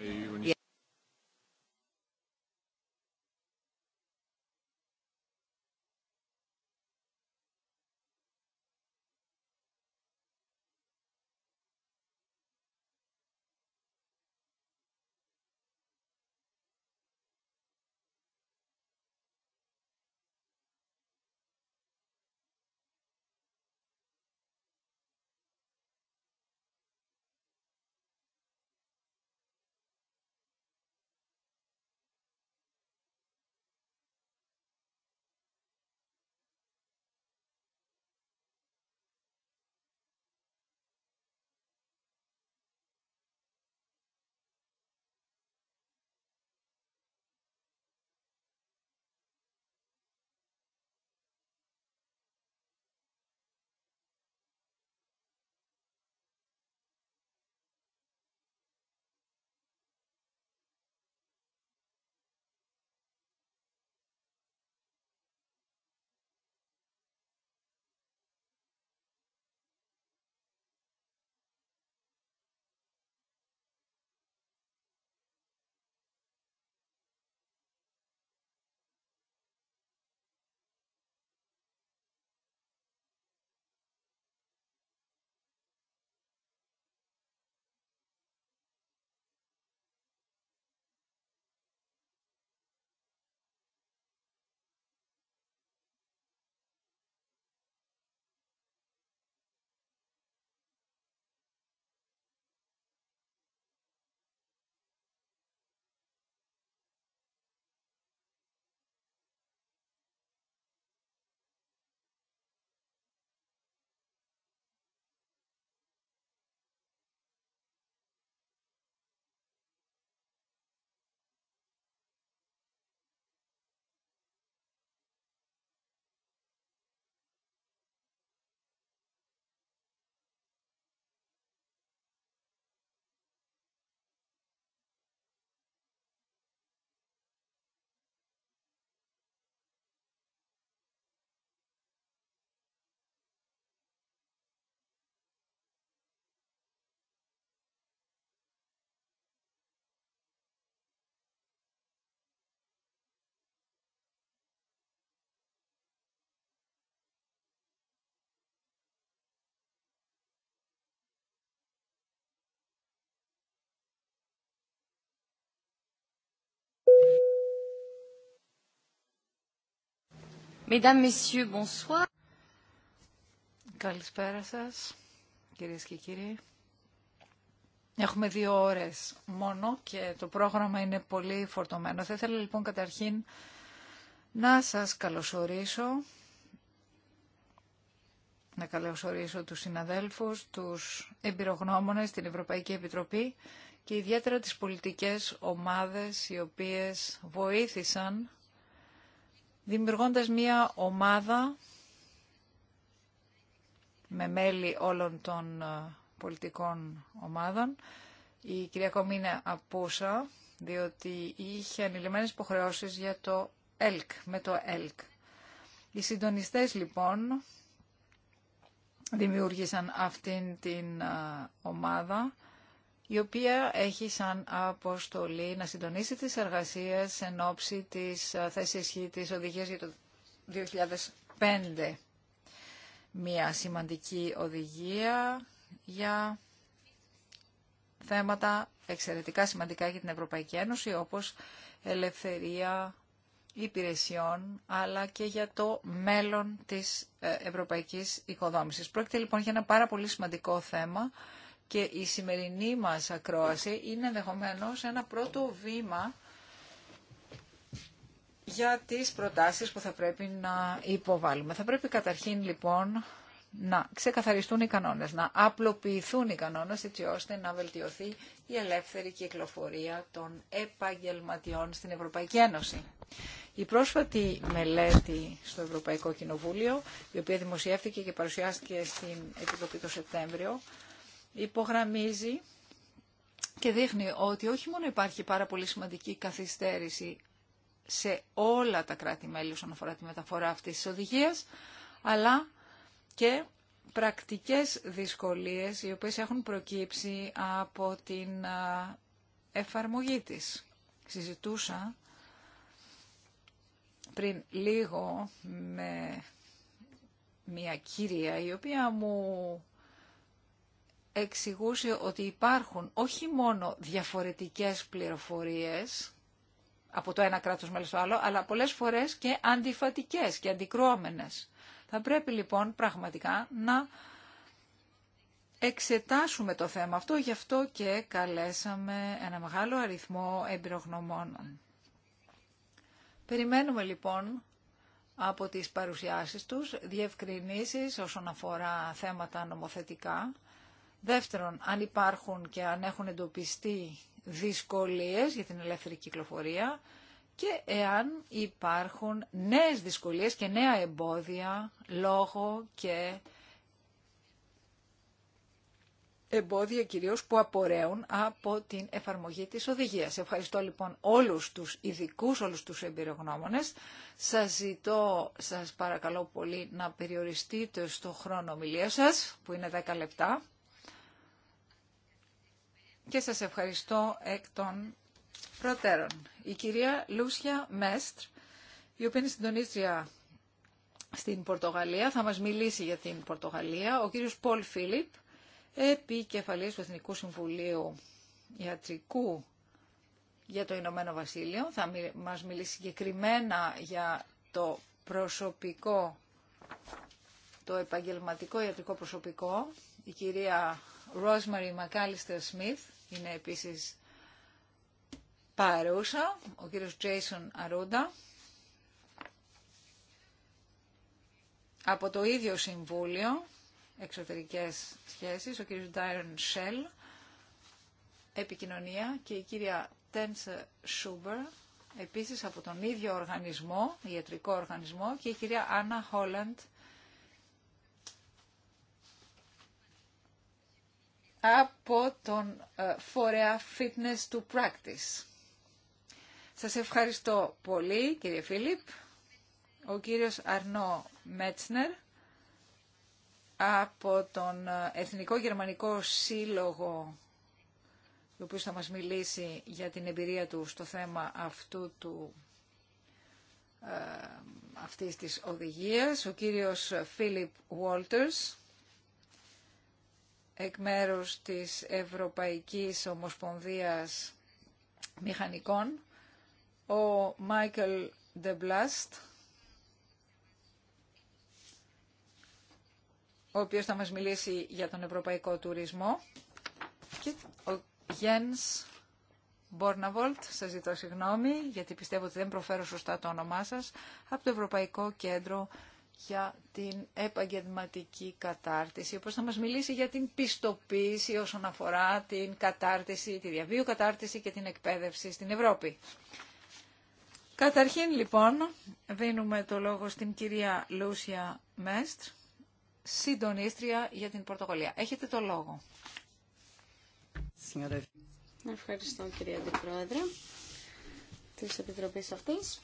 Speaker 4: Υπότιτλοι Authorwave Καλησπέρα σας, κυρίες και κύριοι. Έχουμε δύο ώρες μόνο και το πρόγραμμα είναι πολύ φορτωμένο. Θα ήθελα λοιπόν καταρχήν να σας καλωσορίσω, να καλωσορίσω τους συναδέλφους, τους εμπειρογνώμονες την Ευρωπαϊκή Επιτροπή και ιδιαίτερα τις πολιτικές ομάδες οι οποίες βοήθησαν δημιουργώντας μία ομάδα με μέλη όλων των ε, πολιτικών ομάδων. Η κυρία Κομίνα απούσα, διότι είχε ανηλυμένες υποχρεώσεις για το ΕΛΚ, με το ΕΛΚ. Οι συντονιστές λοιπόν δημιούργησαν αυτήν την ε, ομάδα η οποία έχει σαν αποστολή να συντονίσει τις εργασίες εν ώψη της θέσης ισχύ της οδηγίας για το 2005. Μια σημαντική οδηγία για θέματα εξαιρετικά σημαντικά για την Ευρωπαϊκή Ένωση, όπως ελευθερία υπηρεσιών, αλλά και για το μέλλον της ε, ευρωπαϊκής οικοδόμησης. Πρόκειται λοιπόν για ένα πάρα πολύ σημαντικό θέμα, και η σημερινή μας ακρόαση είναι ενδεχομένω ένα πρώτο βήμα για τις προτάσεις που θα πρέπει να υποβάλουμε. Θα πρέπει καταρχήν λοιπόν να ξεκαθαριστούν οι κανόνες, να απλοποιηθούν οι κανόνες έτσι ώστε να βελτιωθεί η ελεύθερη κυκλοφορία των επαγγελματιών στην Ευρωπαϊκή Ένωση. Η πρόσφατη μελέτη στο Ευρωπαϊκό Κοινοβούλιο, η οποία δημοσιεύτηκε και παρουσιάστηκε στην Επιτροπή το Σεπτέμβριο, υπογραμμίζει και δείχνει ότι όχι μόνο υπάρχει πάρα πολύ σημαντική καθυστέρηση σε όλα τα κράτη-μέλη όσον αφορά τη μεταφορά αυτής της οδηγίας, αλλά και πρακτικές δυσκολίες οι οποίες έχουν προκύψει από την εφαρμογή της. Συζητούσα πριν λίγο με μια κύρια η οποία μου εξηγούσε ότι υπάρχουν όχι μόνο διαφορετικές πληροφορίες από το ένα κράτος μέλος στο άλλο, αλλά πολλές φορές και αντιφατικές και αντικρουόμενες. Θα πρέπει λοιπόν πραγματικά να εξετάσουμε το θέμα αυτό, γι' αυτό και καλέσαμε ένα μεγάλο αριθμό εμπειρογνωμόνων. Περιμένουμε λοιπόν από τις παρουσιάσεις τους διευκρινήσεις όσον αφορά θέματα νομοθετικά Δεύτερον, αν υπάρχουν και αν έχουν εντοπιστεί δυσκολίες για την ελεύθερη κυκλοφορία και εάν υπάρχουν νέες δυσκολίες και νέα εμπόδια λόγω και εμπόδια κυρίως που απορρέουν από την εφαρμογή της οδηγίας. Ευχαριστώ λοιπόν όλους τους ειδικού, όλους τους εμπειρογνώμονες. Σας ζητώ, σας παρακαλώ πολύ να περιοριστείτε στο χρόνο ομιλία σας, που είναι 10 λεπτά και σας ευχαριστώ εκ των προτέρων. Η κυρία Λούσια Μέστρ, η οποία είναι συντονίστρια στην Πορτογαλία, θα μας μιλήσει για την Πορτογαλία. Ο κύριος Πολ Φίλιπ, επικεφαλής του Εθνικού Συμβουλίου Ιατρικού για το Ηνωμένο Βασίλειο, θα μας μιλήσει συγκεκριμένα για το προσωπικό, το επαγγελματικό ιατρικό προσωπικό, η κυρία Rosemary Μακάλιστερ Σμιθ, είναι επίσης παρούσα, ο κύριος Τζέισον Αρούντα. Από το ίδιο Συμβούλιο Εξωτερικές Σχέσεις, ο κύριος Ντάιρον Σέλ, Επικοινωνία και η κυρία Τένσε Σούμπερ, επίσης από τον ίδιο οργανισμό, ιατρικό οργανισμό, και η κυρία Άννα Χόλαντ, από τον ε, φορέα Fitness to Practice. Σας ευχαριστώ πολύ κύριε Φίλιπ. Ο κύριος Αρνό Μέτσνερ από τον ε, Εθνικό Γερμανικό Σύλλογο ο οποίος θα μας μιλήσει για την εμπειρία του στο θέμα αυτού του, ε, αυτής της οδηγίας, ο κύριος Φίλιπ Βόλτερς, εκ μέρους της Ευρωπαϊκής Ομοσπονδίας Μηχανικών, ο Μάικελ Ντεμπλάστ, ο οποίος θα μας μιλήσει για τον ευρωπαϊκό τουρισμό και ο Γιένς Μπορναβολτ, σα ζητώ συγγνώμη γιατί πιστεύω ότι δεν προφέρω σωστά το όνομά σας, από το Ευρωπαϊκό Κέντρο για την επαγγελματική κατάρτιση, όπως θα μας μιλήσει για την πιστοποίηση όσον αφορά την κατάρτιση, τη διαβίου κατάρτιση και την εκπαίδευση στην Ευρώπη. Καταρχήν λοιπόν δίνουμε το λόγο στην κυρία Λούσια Μέστ, συντονίστρια για την Πορτογαλία. Έχετε το λόγο. Ευχαριστώ κυρία Αντιπρόεδρε της Επιτροπής αυτής.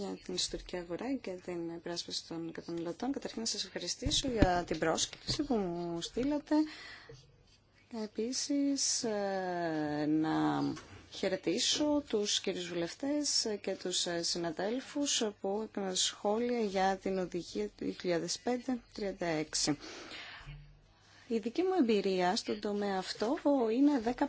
Speaker 2: για την ιστορική αγορά και την πράσπιση των καταναλωτών. Καταρχήν να σας ευχαριστήσω για την πρόσκληση που μου στείλατε. Επίσης, ε, να χαιρετήσω τους κύριους βουλευτές και τους συναδέλφους που έκαναν σχόλια για την οδηγία του 2005-36. Η δική μου εμπειρία στον τομέα αυτό είναι 15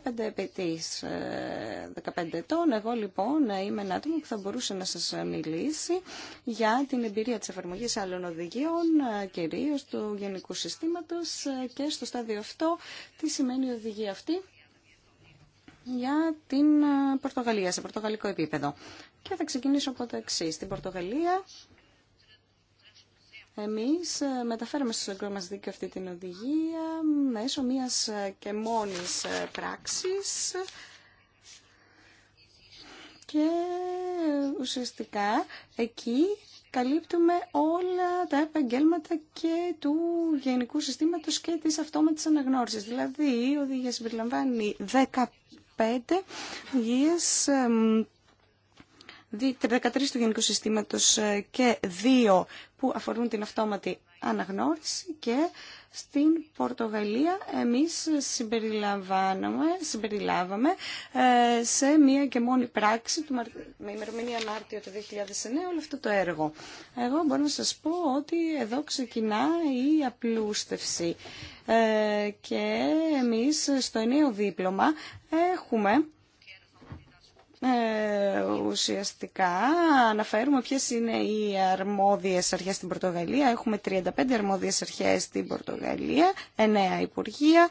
Speaker 2: 15 ε, ετών. Εγώ λοιπόν είμαι ένα άτομο που θα μπορούσε να σας μιλήσει για την εμπειρία της εφαρμογής άλλων οδηγίων, ε, κυρίως του γενικού συστήματος ε, και στο στάδιο αυτό τι σημαίνει η οδηγία αυτή για την Πορτογαλία, σε πορτογαλικό επίπεδο. Και θα ξεκινήσω από το εξή. Στην Πορτογαλία εμείς ε, μεταφέραμε στο σωστό μας δίκαιο αυτή την οδηγία μέσω μίας ε, και μόνης ε, πράξης και ουσιαστικά εκεί καλύπτουμε όλα τα επαγγέλματα και του γενικού συστήματος και της αυτόματης αναγνώρισης. Δηλαδή, η οδηγία συμπεριλαμβάνει 15 οδηγίες 13 του Γενικού Συστήματος ε, και 2 που αφορούν την αυτόματη αναγνώριση και στην Πορτογαλία εμείς συμπεριλαμβάνουμε συμπεριλάβαμε ε, σε μία και μόνη πράξη του, με ημερομηνία Μάρτιο του 2009 όλο αυτό το έργο. Εγώ μπορώ να σας πω ότι εδώ ξεκινά η απλούστευση ε, και εμείς στο νέο δίπλωμα έχουμε ε, ουσιαστικά αναφέρουμε ποιες είναι οι αρμόδιες αρχές στην Πορτογαλία. Έχουμε 35 αρμόδιες αρχές στην Πορτογαλία, 9 υπουργεία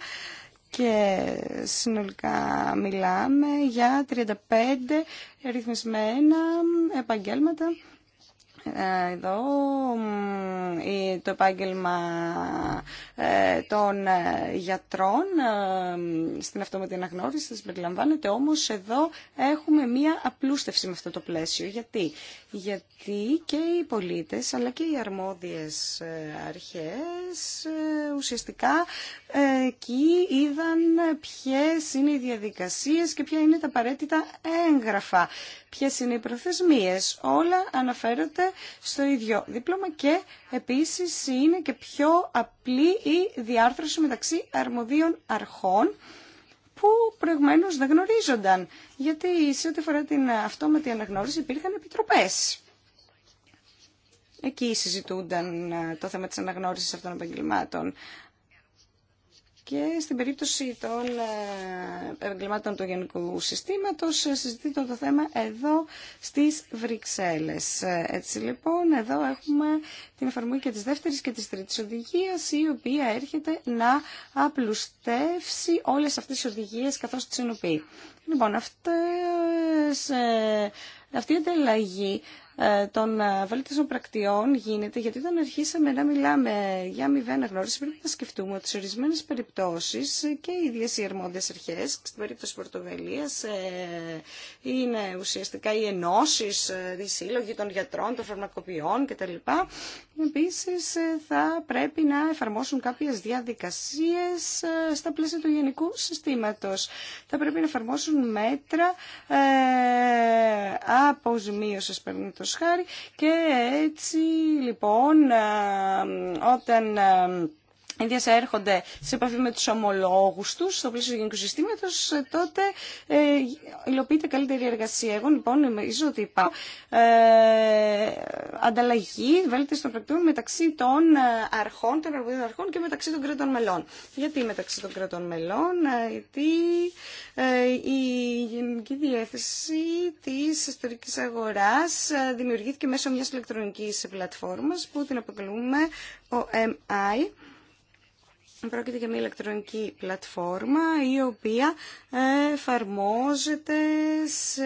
Speaker 2: και συνολικά μιλάμε για 35 ρυθμισμένα επαγγέλματα ε, εδώ το επάγγελμα ε, των ε, γιατρών στην αυτόματη αναγνώριση σας περιλαμβάνεται όμως εδώ έχουμε μία απλούστευση με αυτό το πλαίσιο γιατί, γιατί και οι πολίτες αλλά και οι αρμόδιες αρχές ουσιαστικά εκεί είδαν ποιες είναι οι διαδικασίες και ποια είναι τα απαραίτητα έγγραφα ποιες είναι οι προθεσμίες όλα αναφέρονται στο ίδιο δίπλωμα και επίσης είναι και πιο απλή η διάρθρωση μεταξύ αρμοδίων αρχών που προηγουμένως δεν γνωρίζονταν, γιατί σε ό,τι φορά την αυτόματη αναγνώριση υπήρχαν επιτροπές. Εκεί συζητούνταν ε, το θέμα της αναγνώρισης αυτών των επαγγελμάτων. Και στην περίπτωση των ε, επαγγελμάτων του Γενικού Συστήματος ε, συζητείται το θέμα εδώ στις Βρυξέλλες. Ε, έτσι λοιπόν εδώ έχουμε την εφαρμογή και της δεύτερης και της τρίτης οδηγίας η οποία έρχεται να απλουστεύσει όλες αυτές τις οδηγίες καθώς τις ενοποιεί. Λοιπόν, αυτές, αυτή η ανταλλαγή ε, των ε, βαλίτων πρακτιών γίνεται γιατί όταν αρχίσαμε να μιλάμε για μηδέν γνώριση πρέπει να σκεφτούμε ότι σε ορισμένε περιπτώσει ε, και οι ίδιε οι αρμόδιε αρχέ, στην περίπτωση Πορτογαλία, είναι ουσιαστικά οι ενώσει, οι σύλλογοι των γιατρών, των φαρμακοποιών κτλ. Επίση θα πρέπει να εφαρμόσουν κάποιε διαδικασίε στα πλαίσια του γενικού συστήματο. Θα πρέπει να εφαρμόσουν μέτρα αποζημίωση χάρη και έτσι λοιπόν ε, όταν ε, Ινδίας έρχονται σε επαφή με τους ομολόγους τους στο πλαίσιο του γενικού συστήματος, ε, τότε ε, υλοποιείται καλύτερη εργασία. Εγώ λοιπόν νομίζω ότι υπάρχει ε, ανταλλαγή βέλτιση στον πρακτικών μεταξύ των ε, αρχών, των αρμοδίων αρχών και μεταξύ των κρατών μελών. Γιατί μεταξύ των κρατών μελών, ε, γιατί ε, η Γενική Διεύθυνση της Ιστορικής Αγοράς δημιουργήθηκε μέσω μιας ηλεκτρονικής πλατφόρμας που την αποκαλούμε OMI Πρόκειται για μια ηλεκτρονική πλατφόρμα η οποία εφαρμόζεται σε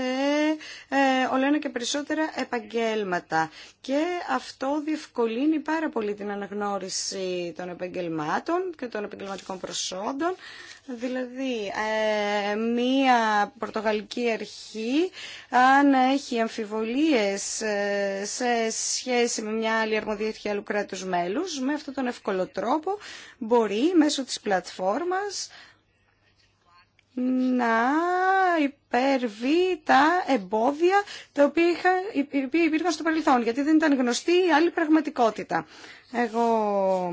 Speaker 2: ε, όλα ένα και περισσότερα επαγγέλματα και αυτό διευκολύνει πάρα πολύ την αναγνώριση των επαγγελμάτων και των επαγγελματικών προσόντων Δηλαδή, ε, μία πορτογαλική αρχή, αν έχει αμφιβολίες ε, σε σχέση με μια άλλη αρμοδία άλλου κράτους μέλους, με αυτόν τον εύκολο τρόπο μπορεί μέσω της πλατφόρμας να υπέρβει τα εμπόδια τα οποία, είχα, οποία υπήρχαν στο παρελθόν, γιατί δεν ήταν γνωστή η άλλη πραγματικότητα. Εγώ,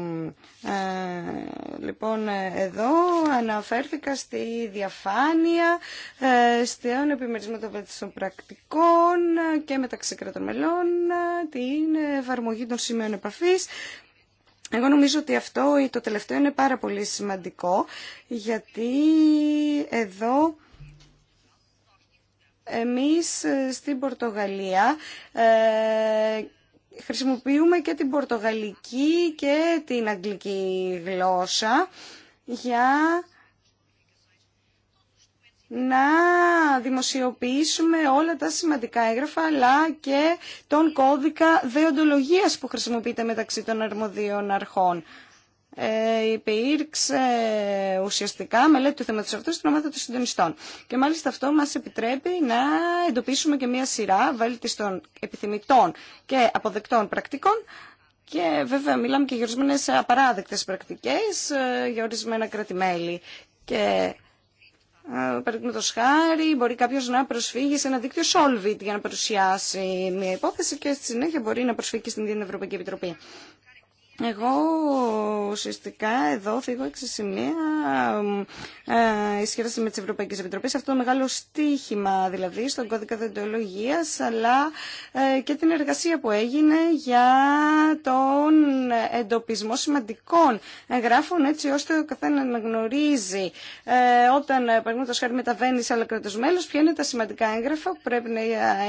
Speaker 2: ε, λοιπόν, εδώ αναφέρθηκα στη διαφάνεια, ε, στον επιμερισμό των πρακτικών και μεταξύ κρατών μελών, ε, την εφαρμογή των σημείων επαφής εγώ νομίζω ότι αυτό το τελευταίο είναι πάρα πολύ σημαντικό γιατί εδώ εμείς ε, στην Πορτογαλία ε, χρησιμοποιούμε και την πορτογαλική και την αγγλική γλώσσα για να δημοσιοποιήσουμε όλα τα σημαντικά έγγραφα αλλά και τον κώδικα δεοντολογίας που χρησιμοποιείται μεταξύ των αρμοδίων αρχών. Ε, υπήρξε ουσιαστικά μελέτη του θέματος αυτού στην ομάδα των συντονιστών. Και μάλιστα αυτό μας επιτρέπει να εντοπίσουμε και μια σειρά βέλτιστων επιθυμητών και αποδεκτών πρακτικών και βέβαια μιλάμε και για ορισμένε απαράδεκτες πρακτικές, ε, για ορισμένα κρατημέλη. Και Παραδείγματο χάρη, μπορεί κάποιο να προσφύγει σε ένα δίκτυο Solvit για να παρουσιάσει μια υπόθεση και στη συνέχεια μπορεί να προσφύγει στην Ευρωπαϊκή Επιτροπή. Εγώ ουσιαστικά εδώ φύγω έξι ε, ε, σημεία ε, σχέση με τις Ευρωπαϊκές Επιτροπές. Αυτό το μεγάλο στίχημα δηλαδή στον κώδικα διοντολογία αλλά ε, και την εργασία που έγινε για τον εντοπισμό σημαντικών εγγράφων έτσι ώστε ο καθένα να γνωρίζει ε, όταν παραδείγματος χάρη μεταβαίνει σε άλλο κράτος μέλος ποια είναι τα σημαντικά έγγραφα που πρέπει να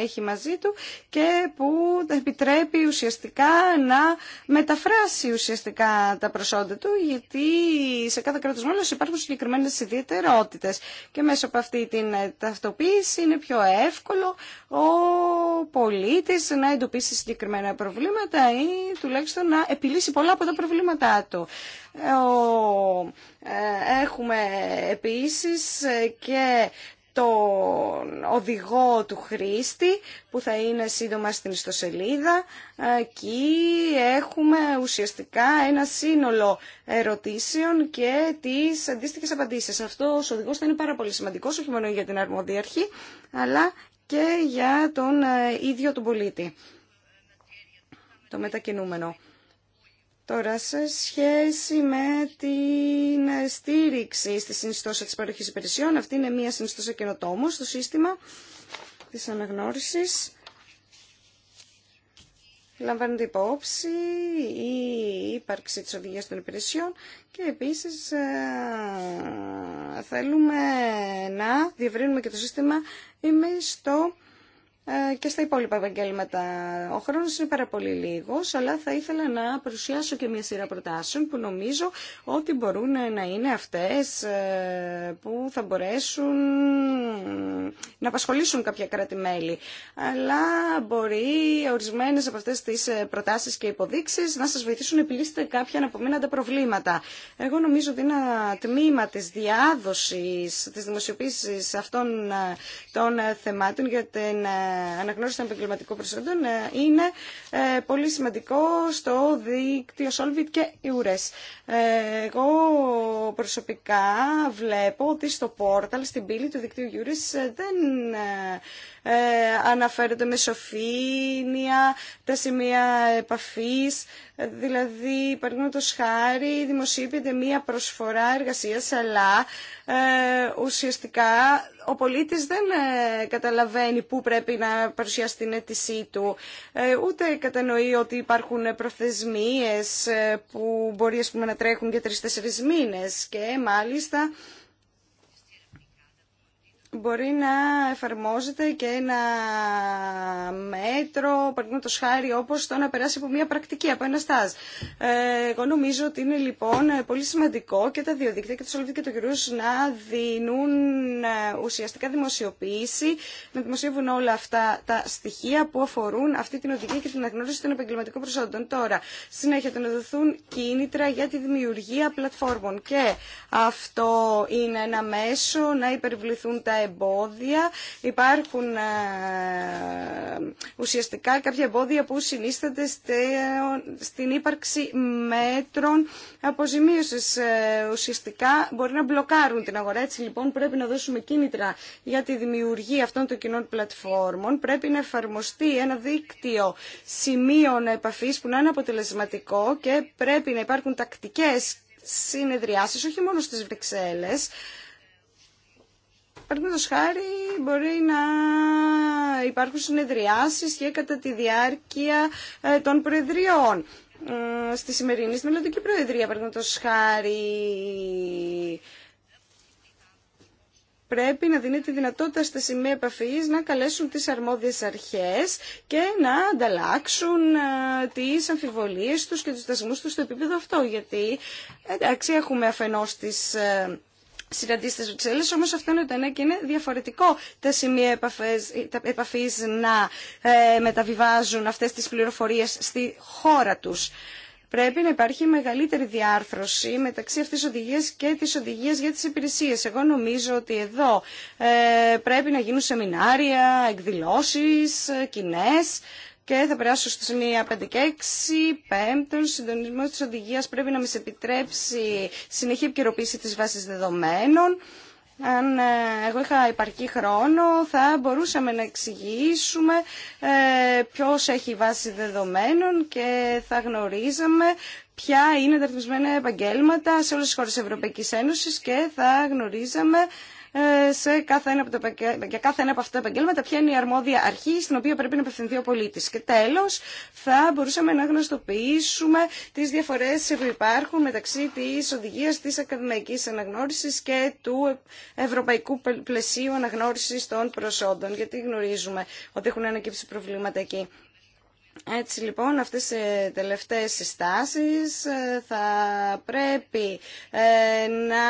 Speaker 2: έχει μαζί του και που επιτρέπει ουσιαστικά να μεταφράσει ουσιαστικά τα προσόντα του, γιατί σε κάθε κράτο μόνο υπάρχουν συγκεκριμένες ιδιαιτερότητε. Και μέσω από αυτή την ταυτοποίηση είναι πιο εύκολο ο πολίτης να εντοπίσει συγκεκριμένα προβλήματα ή τουλάχιστον να επιλύσει πολλά από τα προβλήματά του. Ε, έχουμε επίσης και τον οδηγό του χρήστη που θα είναι σύντομα στην ιστοσελίδα. και έχουμε ουσιαστικά ένα σύνολο ερωτήσεων και τις αντίστοιχες απαντήσεις. Αυτό ο οδηγός θα είναι πάρα πολύ σημαντικός όχι μόνο για την αρμόδια αλλά και για τον ε, ίδιο τον πολίτη, το μετακινούμενο. Τώρα, σε σχέση με την στήριξη στη συνιστόσα της παροχής υπηρεσιών, αυτή είναι μία συνιστόσα καινοτόμο στο σύστημα της αναγνώρισης. Λαμβάνεται υπόψη η ύπαρξη της οδηγίας των υπηρεσιών και επίσης θέλουμε να διευρύνουμε και το σύστημα είμαι στο ε, και στα υπόλοιπα επαγγέλματα. Ο χρόνο είναι πάρα πολύ λίγο, αλλά θα ήθελα να παρουσιάσω και μια σειρά προτάσεων που νομίζω ότι μπορούν να είναι αυτές ε, που θα μπορέσουν να απασχολήσουν κάποια κράτη-μέλη. Αλλά μπορεί ορισμένε από αυτέ τι ε, προτάσει και υποδείξει να σα βοηθήσουν να επιλύσετε κάποια αναπομείναντα προβλήματα. Εγώ νομίζω ότι ένα τμήμα τη διάδοση, τη δημοσιοποίηση αυτών των θεμάτων για την αναγνώριση των επαγγελματικών προσόντων ε, είναι ε, πολύ σημαντικό στο δίκτυο Solvit και EURES. Ε, εγώ προσωπικά βλέπω ότι στο πόρταλ, στην πύλη του δικτύου EURES δεν ε, αναφέρονται με σοφήνεια, τα σημεία επαφής, ε, δηλαδή παραδείγματο χάρη δημοσίευεται μία προσφορά εργασίας, αλλά ε, ουσιαστικά ο πολίτης δεν ε, καταλαβαίνει πού πρέπει να παρουσιάσει την αίτησή του, ούτε κατανοεί ότι υπάρχουν προθεσμίες που μπορεί να τρέχουν για τρει τεσσερις μήνες και μάλιστα μπορεί να εφαρμόζεται και ένα μέτρο, παραδείγματο χάρη, όπω το να περάσει από μια πρακτική, από ένα στάζ. εγώ νομίζω ότι είναι λοιπόν πολύ σημαντικό και τα δύο και το Solvit και το να δίνουν ε, ουσιαστικά δημοσιοποίηση, να δημοσιεύουν όλα αυτά τα στοιχεία που αφορούν αυτή την οδηγία και την αναγνώριση των επαγγελματικών προσόντων. Τώρα, συνέχεια το να δοθούν κίνητρα για τη δημιουργία πλατφόρμων και αυτό είναι ένα μέσο να υπερβληθούν τα εμπόδια. Υπάρχουν ε, ουσιαστικά κάποια εμπόδια που συνίσταται στην ύπαρξη μέτρων αποζημίωσης. Ε, ουσιαστικά μπορεί να μπλοκάρουν την αγορά. Έτσι λοιπόν πρέπει να δώσουμε κίνητρα για τη δημιουργία αυτών των κοινών πλατφόρμων. Πρέπει να εφαρμοστεί ένα δίκτυο σημείων επαφής που να είναι αποτελεσματικό και πρέπει να υπάρχουν τακτικές συνεδριάσεις, όχι μόνο στις Βρυξέλλες, Παραδείγματο χάρη μπορεί να υπάρχουν συνεδριάσει και κατά τη διάρκεια ε, των προεδριών. Ε, στη σημερινή, στη μελλοντική προεδρία, παραδείγματο χάρη, πρέπει να δίνει τη δυνατότητα στα σημεία επαφή να καλέσουν τις αρμόδιες αρχές και να ανταλλάξουν ε, τις αμφιβολίες τους και τους δασμούς τους στο επίπεδο αυτό. Γιατί, εντάξει, έχουμε αφενός τις συναντήσει στι Βρυξέλλε, όμως αυτό είναι το ένα και είναι διαφορετικό τα σημεία επαφή να ε, μεταβιβάζουν αυτές τις πληροφορίες στη χώρα τους. Πρέπει να υπάρχει μεγαλύτερη διάρθρωση μεταξύ αυτής της οδηγίας και της οδηγίας για τις υπηρεσίες. Εγώ νομίζω ότι εδώ ε, πρέπει να γίνουν σεμινάρια, εκδηλώσεις, ε, κοινέ και θα περάσω στο σημείο 5 και 6. Πέμπτον, συντονισμό τη οδηγία πρέπει να μα επιτρέψει συνεχή επικαιροποίηση τη βάση δεδομένων. Αν ε, εγώ είχα υπαρκή χρόνο, θα μπορούσαμε να εξηγήσουμε ε, ποιος έχει βάση δεδομένων και θα γνωρίζαμε ποια είναι τα ρυθμισμένα επαγγέλματα σε όλες τις χώρες της Ευρωπαϊκής Ένωσης και θα γνωρίζαμε ε, σε κάθε ένα από τα, για κάθε ένα από αυτά τα επαγγέλματα ποια είναι η αρμόδια αρχή στην οποία πρέπει να απευθυνθεί ο πολίτη. Και τέλο, θα μπορούσαμε να γνωστοποιήσουμε τι διαφορέ που υπάρχουν μεταξύ τη οδηγία τη ακαδημαϊκή αναγνώριση και του ευρωπαϊκού πλαισίου αναγνώριση των προσόντων. Γιατί γνωρίζουμε ότι έχουν ανακύψει προβλήματα εκεί. Έτσι λοιπόν αυτές οι ε, τελευταίες συστάσεις ε, θα πρέπει ε, να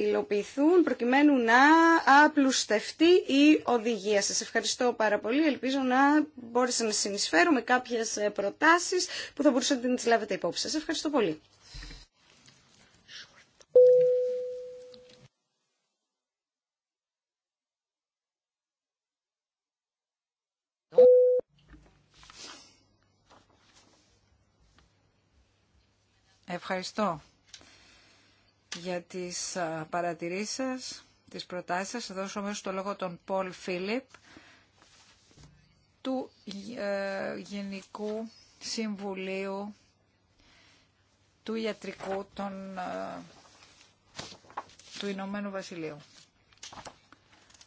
Speaker 2: υλοποιηθούν προκειμένου να απλουστευτεί η οδηγία. Σας ευχαριστώ πάρα πολύ. Ελπίζω να μπόρεσα να συνεισφέρω με κάποιες προτάσεις που θα μπορούσατε να τις λάβετε υπόψη σας. Ευχαριστώ πολύ.
Speaker 4: Ευχαριστώ για τις παρατηρήσεις σας, τις προτάσεις σας. Θα δώσω μέσα στο λόγο τον Πολ Φίλιπ, του ε, Γενικού Συμβουλίου του Ιατρικού των, ε, του Ηνωμένου Βασιλείου.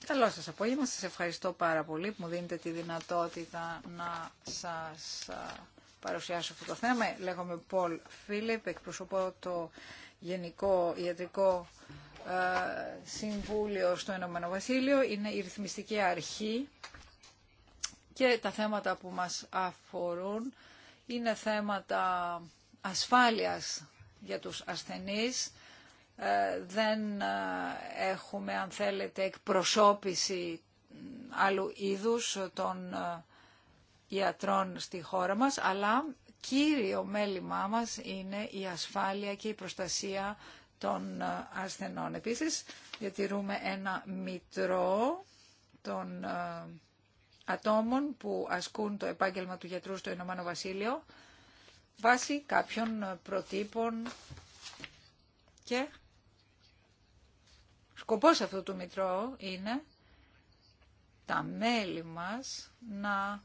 Speaker 4: Καλό σας απόγευμα, σας ευχαριστώ πάρα πολύ που μου δίνετε τη δυνατότητα να σας παρουσιάσω αυτό το θέμα. Λέγομαι Πολ Φίλιπ, εκπροσωπώ το Γενικό Ιατρικό ε, Συμβούλιο στο Ηνωμένο Βασίλειο. Είναι η ρυθμιστική αρχή και τα θέματα που μας αφορούν είναι θέματα ασφάλειας για τους ασθενείς. Ε, δεν ε, έχουμε, αν θέλετε, εκπροσώπηση άλλου είδους των ιατρών στη χώρα μας, αλλά κύριο μέλημά μας είναι η ασφάλεια και η προστασία των ε, ασθενών. Επίσης, διατηρούμε ένα μητρό των ε, ατόμων που ασκούν το επάγγελμα του γιατρού στο Ηνωμένο Βασίλειο βάσει κάποιων ε, προτύπων και σκοπός αυτού του Μητρώου είναι τα μέλη μας να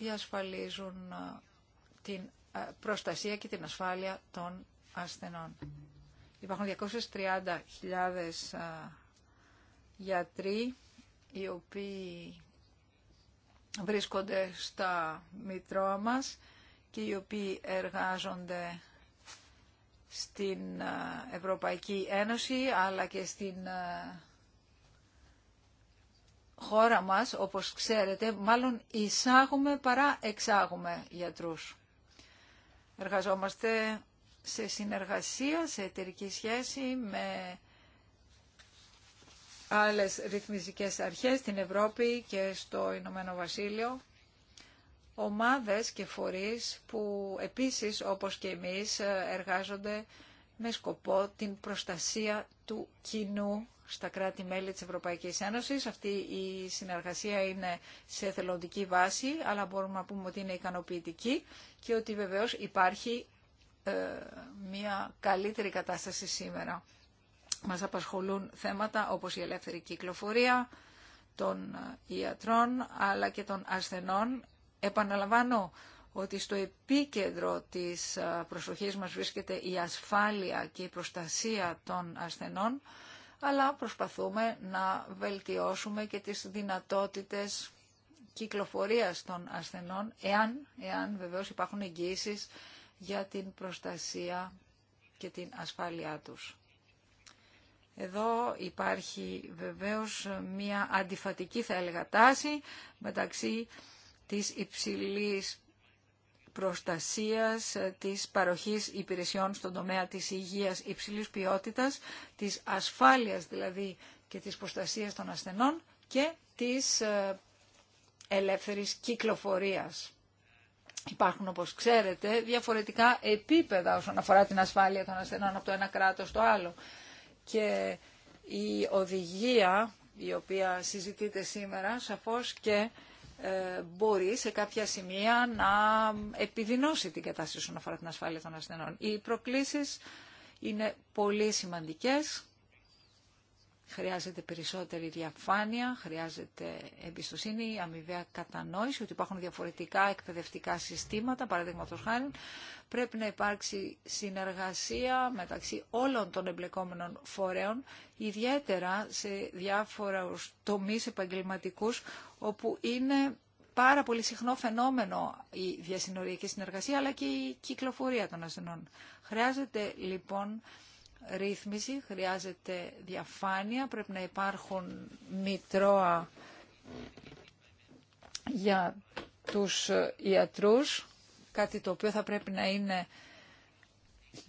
Speaker 4: διασφαλίζουν ε, την ε, προστασία και την ασφάλεια των ασθενών. Υπάρχουν 230.000 ε, γιατροί οι οποίοι βρίσκονται στα μητρώα μας και οι οποίοι εργάζονται στην Ευρωπαϊκή Ένωση αλλά και στην χώρα μας, όπως ξέρετε, μάλλον εισάγουμε παρά εξάγουμε γιατρούς. Εργαζόμαστε σε συνεργασία, σε εταιρική σχέση με άλλες ρυθμιστικές αρχές στην Ευρώπη και στο Ηνωμένο Βασίλειο, ομάδες και φορείς που επίσης, όπως και εμείς, εργάζονται με σκοπό την προστασία του κοινού στα κράτη-μέλη της Ευρωπαϊκής Ένωσης. Αυτή η συνεργασία είναι σε θελοντική βάση, αλλά μπορούμε να πούμε ότι είναι ικανοποιητική και ότι βεβαίως υπάρχει ε, μια καλύτερη κατάσταση σήμερα. Μας απασχολούν θέματα όπως η ελεύθερη κυκλοφορία των ε, ιατρών αλλά και των ασθενών. Επαναλαμβάνω ότι στο επίκεντρο της προσοχής μας βρίσκεται η ασφάλεια και η προστασία των ασθενών, αλλά προσπαθούμε να βελτιώσουμε και τις δυνατότητες κυκλοφορίας των ασθενών, εάν, εάν βεβαίως υπάρχουν εγγύησεις για την προστασία και την ασφάλειά τους. Εδώ υπάρχει βεβαίως μια αντιφατική θα έλεγα τάση μεταξύ της υψηλής προστασίας της παροχής υπηρεσιών στον τομέα της υγείας υψηλής ποιότητας, της ασφάλειας δηλαδή και της προστασίας των ασθενών και της ε, ελεύθερης κυκλοφορίας. Υπάρχουν, όπως ξέρετε, διαφορετικά επίπεδα όσον αφορά την ασφάλεια των ασθενών από το ένα κράτος στο άλλο. Και η οδηγία η οποία συζητείται σήμερα σαφώς και ε, μπορεί σε κάποια σημεία να επιδεινώσει την κατάσταση όσον αφορά την ασφάλεια των ασθενών. Οι προκλήσεις είναι πολύ σημαντικές Χρειάζεται περισσότερη διαφάνεια, χρειάζεται εμπιστοσύνη, αμοιβαία κατανόηση ότι υπάρχουν διαφορετικά εκπαιδευτικά συστήματα, παραδείγματο χάρη. Πρέπει να υπάρξει συνεργασία μεταξύ όλων των εμπλεκόμενων φορέων, ιδιαίτερα σε διάφορους τομείς επαγγελματικούς, όπου είναι πάρα πολύ συχνό φαινόμενο η διασυνοριακή συνεργασία, αλλά και η κυκλοφορία των ασθενών. Χρειάζεται λοιπόν ρύθμιση, χρειάζεται διαφάνεια, πρέπει να υπάρχουν μητρώα για τους ιατρούς, κάτι το οποίο θα πρέπει να είναι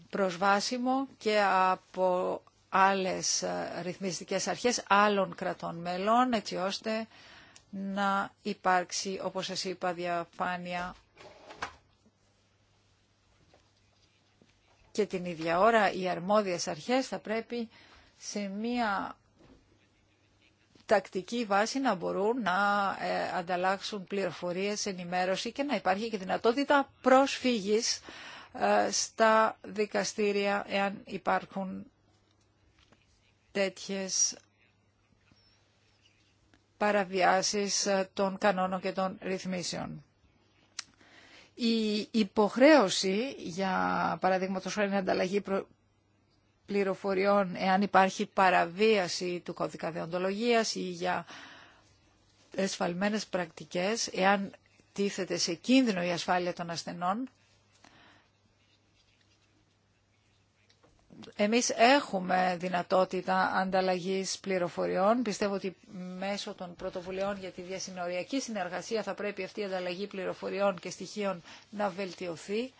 Speaker 4: προσβάσιμο και από άλλες ρυθμιστικές αρχές άλλων κρατών μελών, έτσι ώστε να υπάρξει, όπως σας είπα, διαφάνεια και την ίδια ώρα οι αρμόδιες αρχές θα πρέπει σε μία τακτική βάση να μπορούν να ε, ανταλλάξουν πληροφορίες, ενημέρωση και να υπάρχει και δυνατότητα προσφύγης ε, στα δικαστήρια εάν υπάρχουν τέτοιες παραβιάσεις ε, των κανόνων και των ρυθμίσεων η υποχρέωση για παραδείγματο χάρη ανταλλαγή πληροφοριών εάν υπάρχει παραβίαση του κώδικα δεοντολογίας ή για εσφαλμένες πρακτικές, εάν τίθεται σε κίνδυνο η ασφάλεια των ασθενών, Εμείς έχουμε δυνατότητα ανταλλαγής πληροφοριών. Πιστεύω ότι μέσω των πρωτοβουλειών για τη διασυνοριακή συνεργασία θα πρέπει αυτή η ανταλλαγή πληροφοριών και στοιχείων να βελτιωθεί.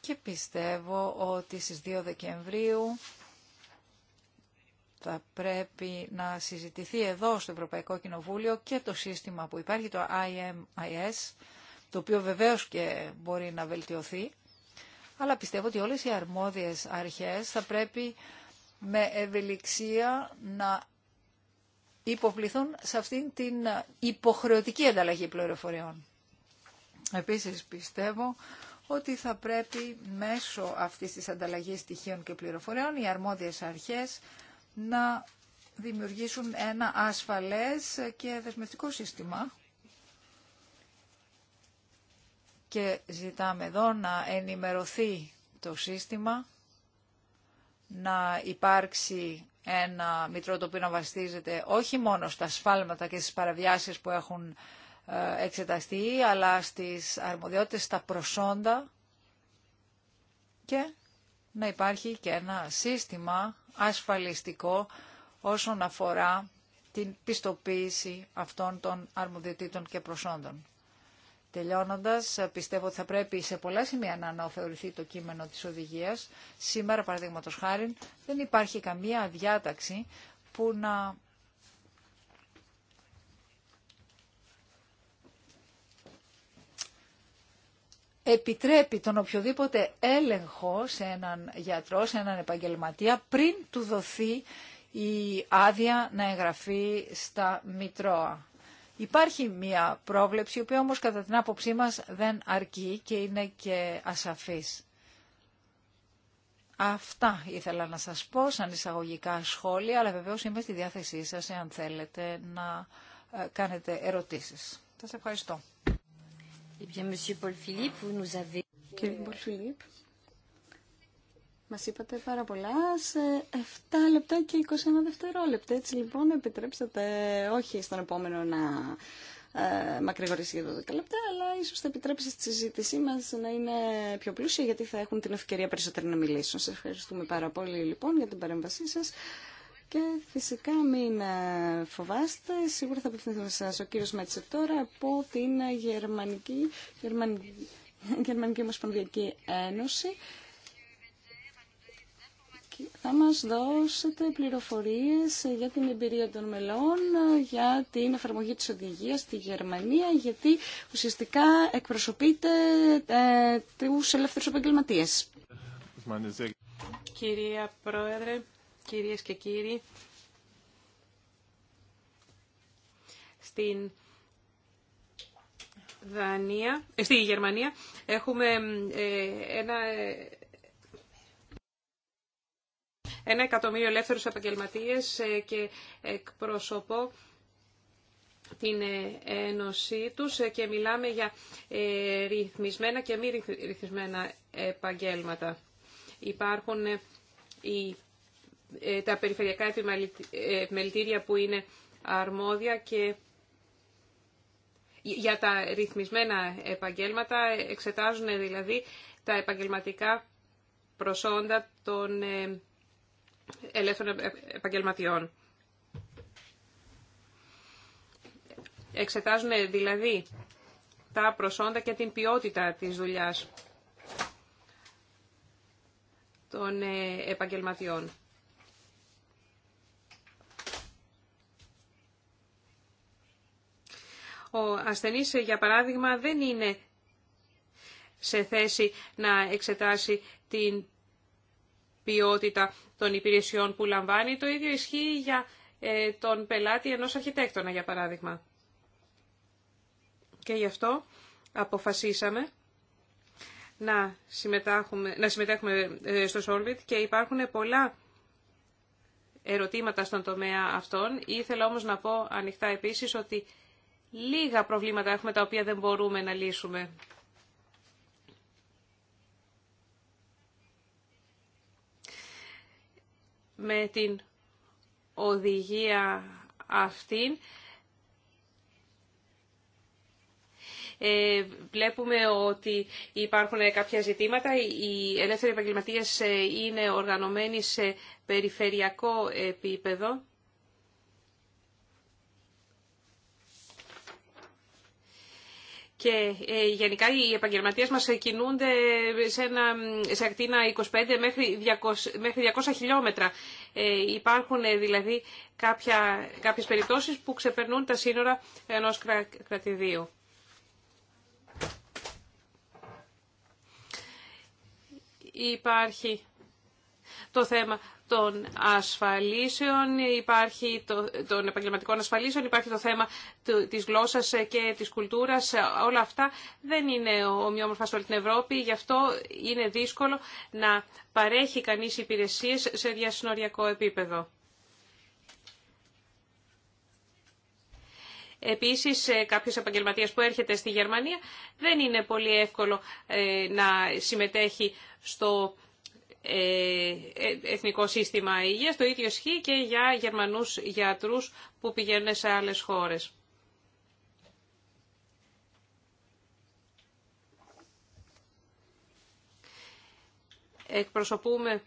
Speaker 4: Και πιστεύω ότι στις 2 Δεκεμβρίου θα πρέπει να συζητηθεί εδώ στο Ευρωπαϊκό Κοινοβούλιο και το σύστημα που υπάρχει, το IMIS, το οποίο βεβαίως και μπορεί να βελτιωθεί αλλά πιστεύω ότι όλες οι αρμόδιες αρχές θα πρέπει με ευελιξία να υποβληθούν σε αυτήν την υποχρεωτική ανταλλαγή πληροφοριών. Επίσης πιστεύω ότι θα πρέπει μέσω αυτής της ανταλλαγής στοιχείων και πληροφοριών οι αρμόδιες αρχές να δημιουργήσουν ένα ασφαλές και δεσμευτικό σύστημα και ζητάμε εδώ να ενημερωθεί το σύστημα, να υπάρξει ένα μητρό το οποίο να βασίζεται όχι μόνο στα σφάλματα και στις παραβιάσεις που έχουν ε, εξεταστεί, αλλά στις αρμοδιότητες, στα προσόντα και να υπάρχει και ένα σύστημα ασφαλιστικό όσον αφορά την πιστοποίηση αυτών των αρμοδιοτήτων και προσόντων. Τελειώνοντας, πιστεύω ότι θα πρέπει σε πολλά σημεία να αναθεωρηθεί το κείμενο της οδηγίας. Σήμερα, παραδείγματος χάρη, δεν υπάρχει καμία διάταξη που να επιτρέπει τον οποιοδήποτε έλεγχο σε έναν γιατρό, σε έναν επαγγελματία, πριν του δοθεί η άδεια να εγγραφεί στα Μητρώα. Υπάρχει μία πρόβλεψη, η οποία όμως κατά την άποψή μας δεν αρκεί και είναι και ασαφής. Αυτά ήθελα να σας πω σαν εισαγωγικά σχόλια, αλλά βεβαίως είμαι στη διάθεσή σας εάν θέλετε να ε, κάνετε ερωτήσεις. Σας ευχαριστώ. Eh Κύριε Μα
Speaker 2: είπατε πάρα πολλά σε 7 λεπτά και 21 δευτερόλεπτα. Έτσι λοιπόν επιτρέψατε όχι στον επόμενο να ε, μακρηγορήσει για 12 λεπτά, αλλά ίσως θα επιτρέψει στη συζήτησή μας να είναι πιο πλούσια γιατί θα έχουν την ευκαιρία περισσότερο να μιλήσουν. Σα ευχαριστούμε πάρα πολύ λοιπόν για την παρέμβασή σα Και φυσικά μην ε, φοβάστε, σίγουρα θα απευθυνθούμε σε ο κύριος Μετσέ τώρα από την Γερμανική, Γερμανική, Γερμανική Ομοσπονδιακή Ένωση θα μας δώσετε πληροφορίες για την εμπειρία των μελών, για την εφαρμογή της οδηγίας στη Γερμανία, γιατί ουσιαστικά εκπροσωπείτε ε, τους ελεύθερους
Speaker 3: Κυρία Πρόεδρε, κυρίες και κύριοι, στην Δανία, ε, στη Γερμανία έχουμε ε, ένα ε, ένα εκατομμύριο ελεύθερους επαγγελματίες ε, και εκπροσωπώ την ε, ένωσή τους ε, και μιλάμε για ρυθμισμένα και μη ρυθμισμένα επαγγέλματα. Υπάρχουν οι, τα περιφερειακά επιμελητήρια που είναι αρμόδια και για τα ρυθμισμένα επαγγέλματα εξετάζουν δηλαδή τα επαγγελματικά προσόντα των ελεύθερων επαγγελματιών. Εξετάζουν δηλαδή τα προσόντα και την ποιότητα της δουλειάς των ε, επαγγελματιών. Ο ασθενής, ε, για παράδειγμα, δεν είναι σε θέση να εξετάσει την ποιότητα των υπηρεσιών που λαμβάνει. Το ίδιο ισχύει για ε, τον πελάτη ενός αρχιτέκτονα, για παράδειγμα. Και γι' αυτό αποφασίσαμε να συμμετέχουμε, να συμμετέχουμε ε, στο Solvit και υπάρχουν πολλά ερωτήματα στον τομέα αυτών. Ήθελα όμως να πω ανοιχτά επίσης ότι λίγα προβλήματα έχουμε τα οποία δεν μπορούμε να λύσουμε. με την οδηγία αυτήν ε, βλέπουμε ότι υπάρχουν κάποια ζητήματα. Οι ελεύθεροι επαγγελματίε ε, είναι οργανωμένοι σε περιφερειακό επίπεδο. και ε, γενικά οι επαγγελματίε μα κινούνται σε, ένα, σε ακτίνα 25 μέχρι 200, μέχρι 200 χιλιόμετρα. Ε, υπάρχουν ε, δηλαδή κάποιε περιπτώσει που ξεπερνούν τα σύνορα ενό κρατηδίου. Υπάρχει το θέμα των ασφαλίσεων, υπάρχει το, των επαγγελματικών ασφαλίσεων, υπάρχει το θέμα της γλώσσας και της κουλτούρας. Όλα αυτά δεν είναι ομοιόμορφα σε όλη την Ευρώπη, γι' αυτό είναι δύσκολο να παρέχει κανείς υπηρεσίες σε διασυνοριακό επίπεδο. Επίσης, κάποιος επαγγελματίας που έρχεται στη Γερμανία δεν είναι πολύ εύκολο ε, να συμμετέχει στο ε, ε, εθνικό σύστημα υγείας. Το ίδιο ισχύει και για Γερμανούς γιατρούς που πηγαίνουν σε άλλες χώρες. Εκπροσωπούμε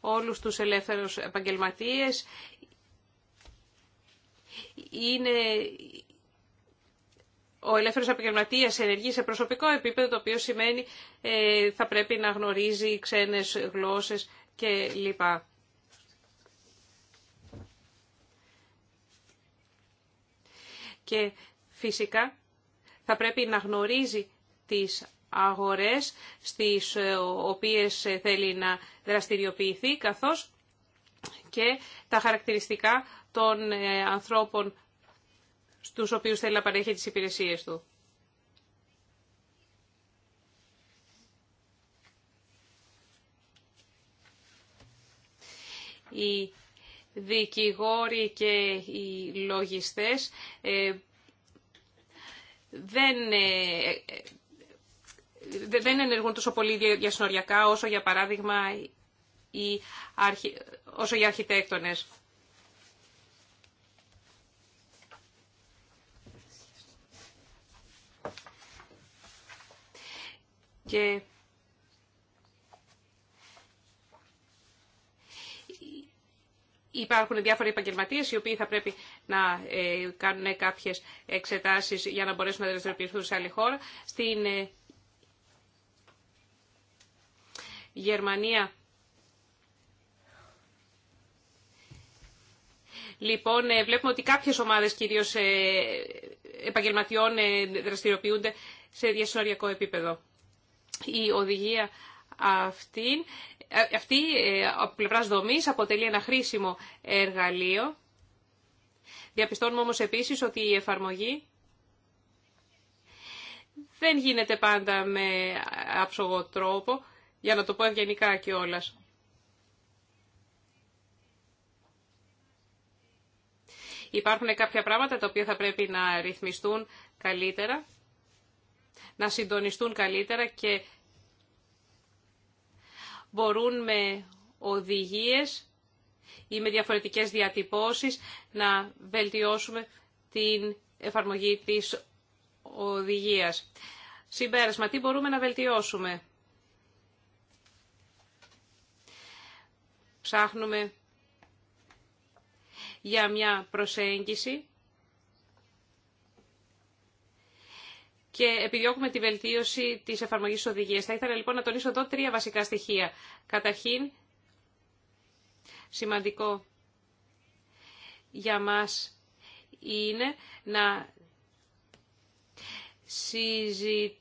Speaker 3: όλους τους ελεύθερους επαγγελματίες. Είναι ο ελεύθερος επαγγελματία ενεργεί σε προσωπικό επίπεδο, το οποίο σημαίνει ε, θα πρέπει να γνωρίζει ξένες γλώσσες κλπ. Και φυσικά θα πρέπει να γνωρίζει τις αγορές στις ε, οποίες θέλει να δραστηριοποιηθεί, καθώς και τα χαρακτηριστικά των ε, ανθρώπων στους οποίους θέλει να παρέχει τις υπηρεσίες του. Οι δικηγόροι και οι λογιστές ε, δεν, ε, ε, δεν ενεργούν τόσο πολύ διασυνοριακά όσο για παράδειγμα οι όσο οι αρχιτέκτονες. Και υπάρχουν διάφοροι επαγγελματίε οι οποίοι θα πρέπει να ε, κάνουν κάποιε εξετάσει για να μπορέσουν να δραστηριοποιηθούν σε άλλη χώρα. Στην ε, Γερμανία. Λοιπόν, ε, βλέπουμε ότι κάποιες ομάδες κυρίως επαγγελματιών δραστηριοποιούνται σε διασυνοριακό επίπεδο. Η οδηγία ε, αυτή, αυτή ε, από πλευρά δομή αποτελεί ένα χρήσιμο εργαλείο. Διαπιστώνουμε όμως επίσης ότι η εφαρμογή δεν γίνεται πάντα με άψογο τρόπο, για να το πω ευγενικά κιόλα. Υπάρχουν κάποια πράγματα τα οποία θα πρέπει να ρυθμιστούν καλύτερα να συντονιστούν καλύτερα και μπορούν με οδηγίες ή με διαφορετικές διατυπώσεις να βελτιώσουμε την εφαρμογή της οδηγίας. Συμπέρασμα, τι μπορούμε να βελτιώσουμε. Ψάχνουμε για μια προσέγγιση και επιδιώκουμε τη βελτίωση της εφαρμογής οδηγία. οδηγίας. Θα ήθελα λοιπόν να τονίσω εδώ τρία βασικά στοιχεία. Καταρχήν, σημαντικό για μας είναι να συζητιέται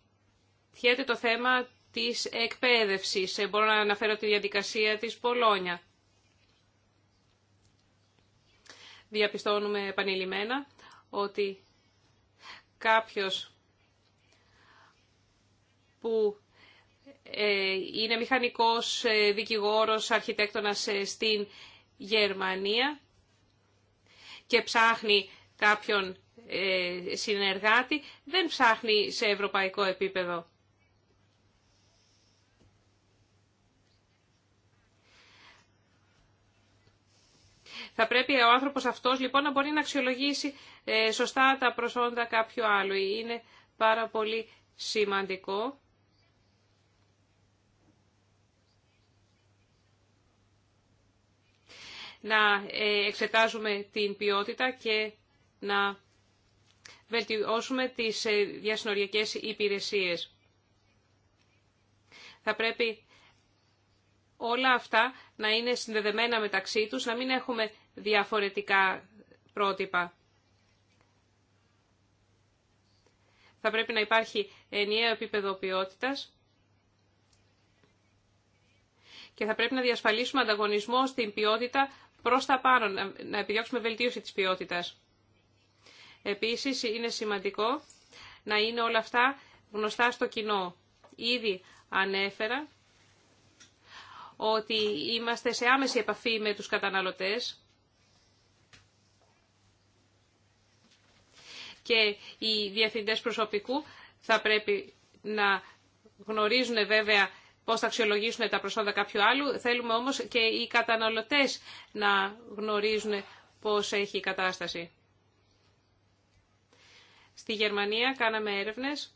Speaker 3: το θέμα της εκπαίδευσης. Ε, μπορώ να αναφέρω τη διαδικασία της Πολόνια. Διαπιστώνουμε επανειλημμένα ότι κάποιος που ε, είναι μηχανικός ε, δικηγόρος, αρχιτέκτονας ε, στην Γερμανία και ψάχνει κάποιον συνεργάτη, δεν ψάχνει σε ευρωπαϊκό επίπεδο. Θα πρέπει ο άνθρωπος αυτός λοιπόν να μπορεί να αξιολογήσει σωστά τα προσόντα κάποιου άλλου. Είναι πάρα πολύ σημαντικό να ε, εξετάζουμε την ποιότητα και να βελτιώσουμε τις ε, διασυνοριακές υπηρεσίες. Θα πρέπει όλα αυτά να είναι συνδεδεμένα μεταξύ τους, να μην έχουμε διαφορετικά πρότυπα. Θα πρέπει να υπάρχει ενιαίο επίπεδο ποιότητας και θα πρέπει να διασφαλίσουμε ανταγωνισμό στην ποιότητα προς τα πάνω, να επιδιώξουμε βελτίωση της ποιότητας. Επίσης, είναι σημαντικό να είναι όλα αυτά γνωστά στο κοινό. Ήδη ανέφερα ότι είμαστε σε άμεση επαφή με τους καταναλωτές και οι διευθυντές προσωπικού θα πρέπει να γνωρίζουν βέβαια πώς θα αξιολογήσουν τα προσόντα κάποιου άλλου. Θέλουμε όμως και οι καταναλωτές να γνωρίζουν πώς έχει η κατάσταση. Στη Γερμανία κάναμε έρευνες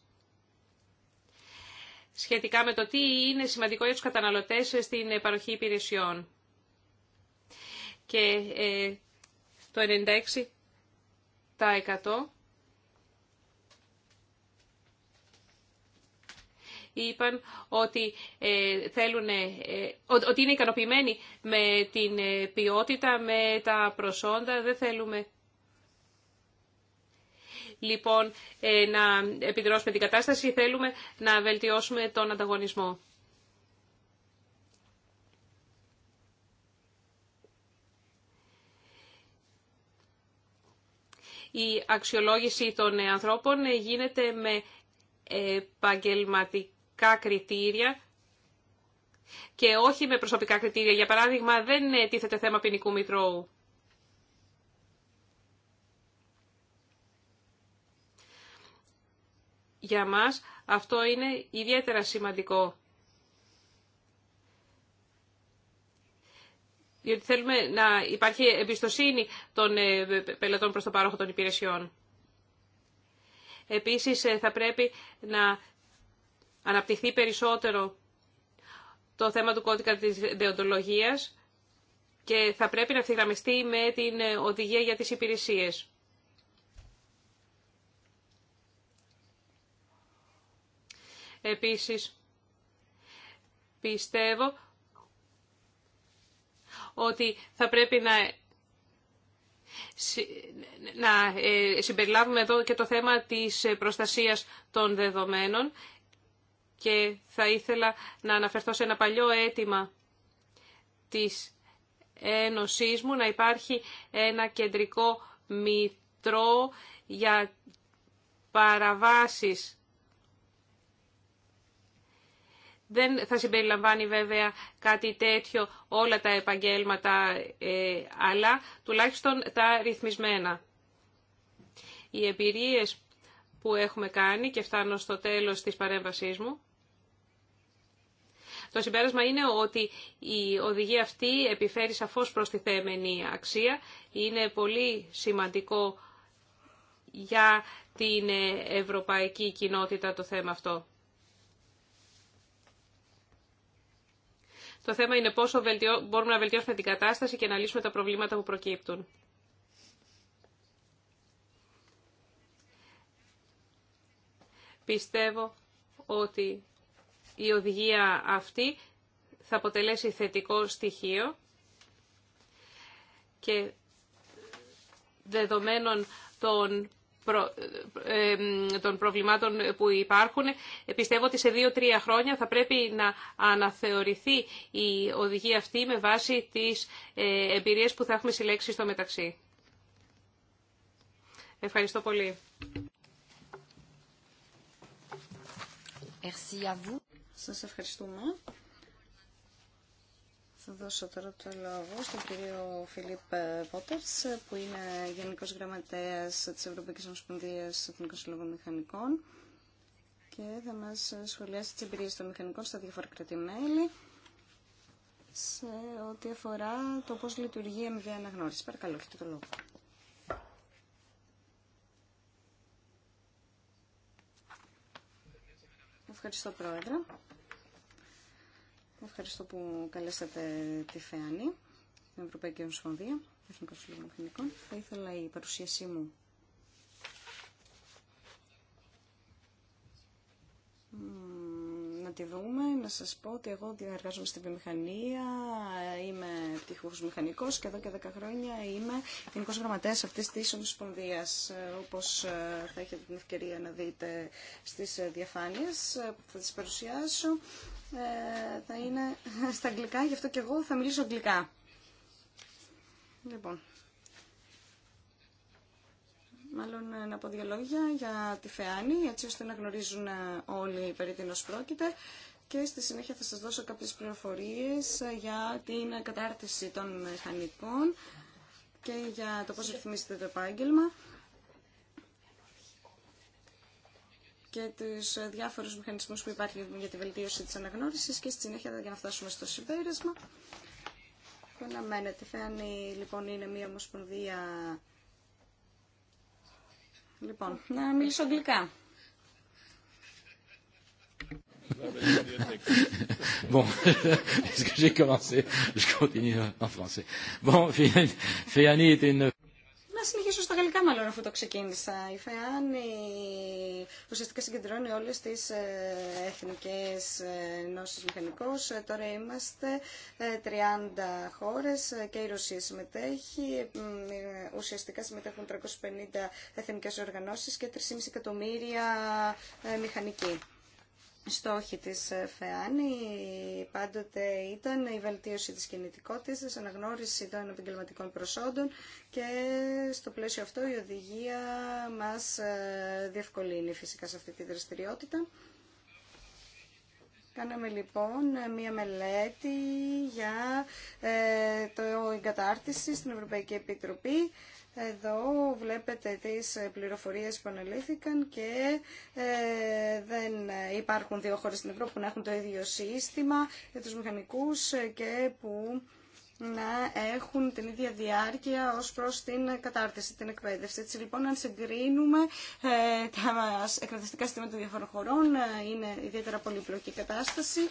Speaker 3: σχετικά με το τι είναι σημαντικό για τους καταναλωτές στην παροχή υπηρεσιών. Και ε, το 96% είπαν ότι, ε, θέλουν, ε, ε, ότι είναι ικανοποιημένοι με την ποιότητα, με τα προσόντα. Δεν θέλουμε λοιπόν να επιδρώσουμε την κατάσταση, θέλουμε να βελτιώσουμε τον ανταγωνισμό. Η αξιολόγηση των ανθρώπων γίνεται με επαγγελματική και όχι με προσωπικά κριτήρια. Για παράδειγμα, δεν τίθεται θέμα ποινικού μητρώου. Για μας αυτό είναι ιδιαίτερα σημαντικό. Διότι θέλουμε να υπάρχει εμπιστοσύνη των ε, πελατών προς το πάροχο των υπηρεσιών. Επίσης ε, θα πρέπει να αναπτυχθεί περισσότερο το θέμα του κώδικα της δεοντολογίας και θα πρέπει να ευθυγραμμιστεί με την οδηγία για τις υπηρεσίες. Επίσης, πιστεύω ότι θα πρέπει να, να ε, συμπεριλάβουμε εδώ και το θέμα της προστασίας των δεδομένων και θα ήθελα να αναφερθώ σε ένα παλιό αίτημα της Ένωσής μου να υπάρχει ένα κεντρικό μητρό για παραβάσεις. Δεν θα συμπεριλαμβάνει βέβαια κάτι τέτοιο όλα τα επαγγέλματα, ε, αλλά τουλάχιστον τα ρυθμισμένα. Οι εμπειρίες που έχουμε κάνει και φτάνω στο τέλος της παρέμβασής μου, το συμπέρασμα είναι ότι η οδηγία αυτή επιφέρει σαφώς θέμενη αξία. Είναι πολύ σημαντικό για την ευρωπαϊκή κοινότητα το θέμα αυτό. Το θέμα είναι πόσο βελτιώ... μπορούμε να βελτιώσουμε την κατάσταση και να λύσουμε τα προβλήματα που προκύπτουν. Πιστεύω ότι η οδηγία αυτή θα αποτελέσει θετικό στοιχείο και δεδομένων των ε, προβλημάτων που υπάρχουν. Ε, πιστεύω ότι σε δύο-τρία χρόνια θα πρέπει να αναθεωρηθεί η οδηγία αυτή με βάση τις ε, εμπειρίες που θα έχουμε συλλέξει στο μεταξύ. Ευχαριστώ πολύ.
Speaker 2: Σας ευχαριστούμε. Θα δώσω τώρα το λόγο στον κύριο Φιλίπ Πότερς, ε, που είναι Γενικός Γραμματέας της Ευρωπαϊκής Ομοσπονδίας Εθνικών Συλλόγων Μηχανικών και θα μας σχολιάσει τις εμπειρίες των μηχανικών στα διάφορα κρατημέλη σε ό,τι αφορά το πώς λειτουργεί η αμοιβή αναγνώριση. Παρακαλώ, έχετε το λόγο. Ευχαριστώ Πρόεδρε. Ευχαριστώ που καλέσατε τη ΦΕΑΝΗ, την Ευρωπαϊκή Ομοσπονδία Εθνικών Συλλόγων Θα ήθελα η παρουσίασή μου τη δούμε, να σας πω ότι εγώ εργάζομαι στην βιομηχανία, είμαι πτυχούς μηχανικός και εδώ και 10 χρόνια είμαι γενικός γραμματέας αυτής της ομοσπονδίας, όπως ε, θα έχετε την ευκαιρία να δείτε στις ε, διαφάνειες που θα τις παρουσιάσω. Ε, θα είναι στα αγγλικά, γι' αυτό και εγώ θα μιλήσω αγγλικά. Λοιπόν, Μάλλον ε, να πω δύο λόγια για τη Φεάνη, έτσι ώστε να γνωρίζουν ε, όλοι περί τίνος πρόκειται και στη συνέχεια θα σας δώσω κάποιες πληροφορίες ε, για την κατάρτιση των μηχανικών και για το πώς ρυθμίσετε το επάγγελμα και τους διάφορους μηχανισμούς που υπάρχουν για τη βελτίωση της αναγνώρισης και στη συνέχεια για να φτάσουμε στο συμπέρασμα. Φέανη λοιπόν είναι μια ομοσπονδία Λοιπόν, να μιλήσω αγγλικά.
Speaker 1: bon, est-ce que j'ai commencé, je continue en français. Bon, Féani était une
Speaker 2: να συνεχίσω στα γαλλικά μάλλον αφού το ξεκίνησα. Η ΦΕΑΝΗ ουσιαστικά συγκεντρώνει όλες τις ε, εθνικές ε, νόσεις μηχανικώ. Ε, τώρα είμαστε 30 χώρες και η Ρωσία συμμετέχει. Ουσιαστικά συμμετέχουν 350 εθνικές οργανώσεις και 3,5 εκατομμύρια μηχανικοί στόχοι της ΦΕΑΝΗ πάντοτε ήταν η βελτίωση της κινητικότητας, η αναγνώριση των επαγγελματικών προσόντων και στο πλαίσιο αυτό η οδηγία μας ε, διευκολύνει φυσικά σε αυτή τη δραστηριότητα. Κάναμε λοιπόν μία μελέτη για ε, το, εγκατάρτιση στην Ευρωπαϊκή Επιτροπή εδώ βλέπετε τις πληροφορίες που αναλύθηκαν και ε, δεν υπάρχουν δύο χώρες στην Ευρώπη που να έχουν το ίδιο σύστημα για τους μηχανικούς και που να έχουν την ίδια διάρκεια ως προς την κατάρτιση, την εκπαίδευση. Έτσι λοιπόν, αν συγκρίνουμε ε, τα εκπαιδευτικά συστήματα των διαφορών χωρών, ε, είναι ιδιαίτερα πολύπλοκη κατάσταση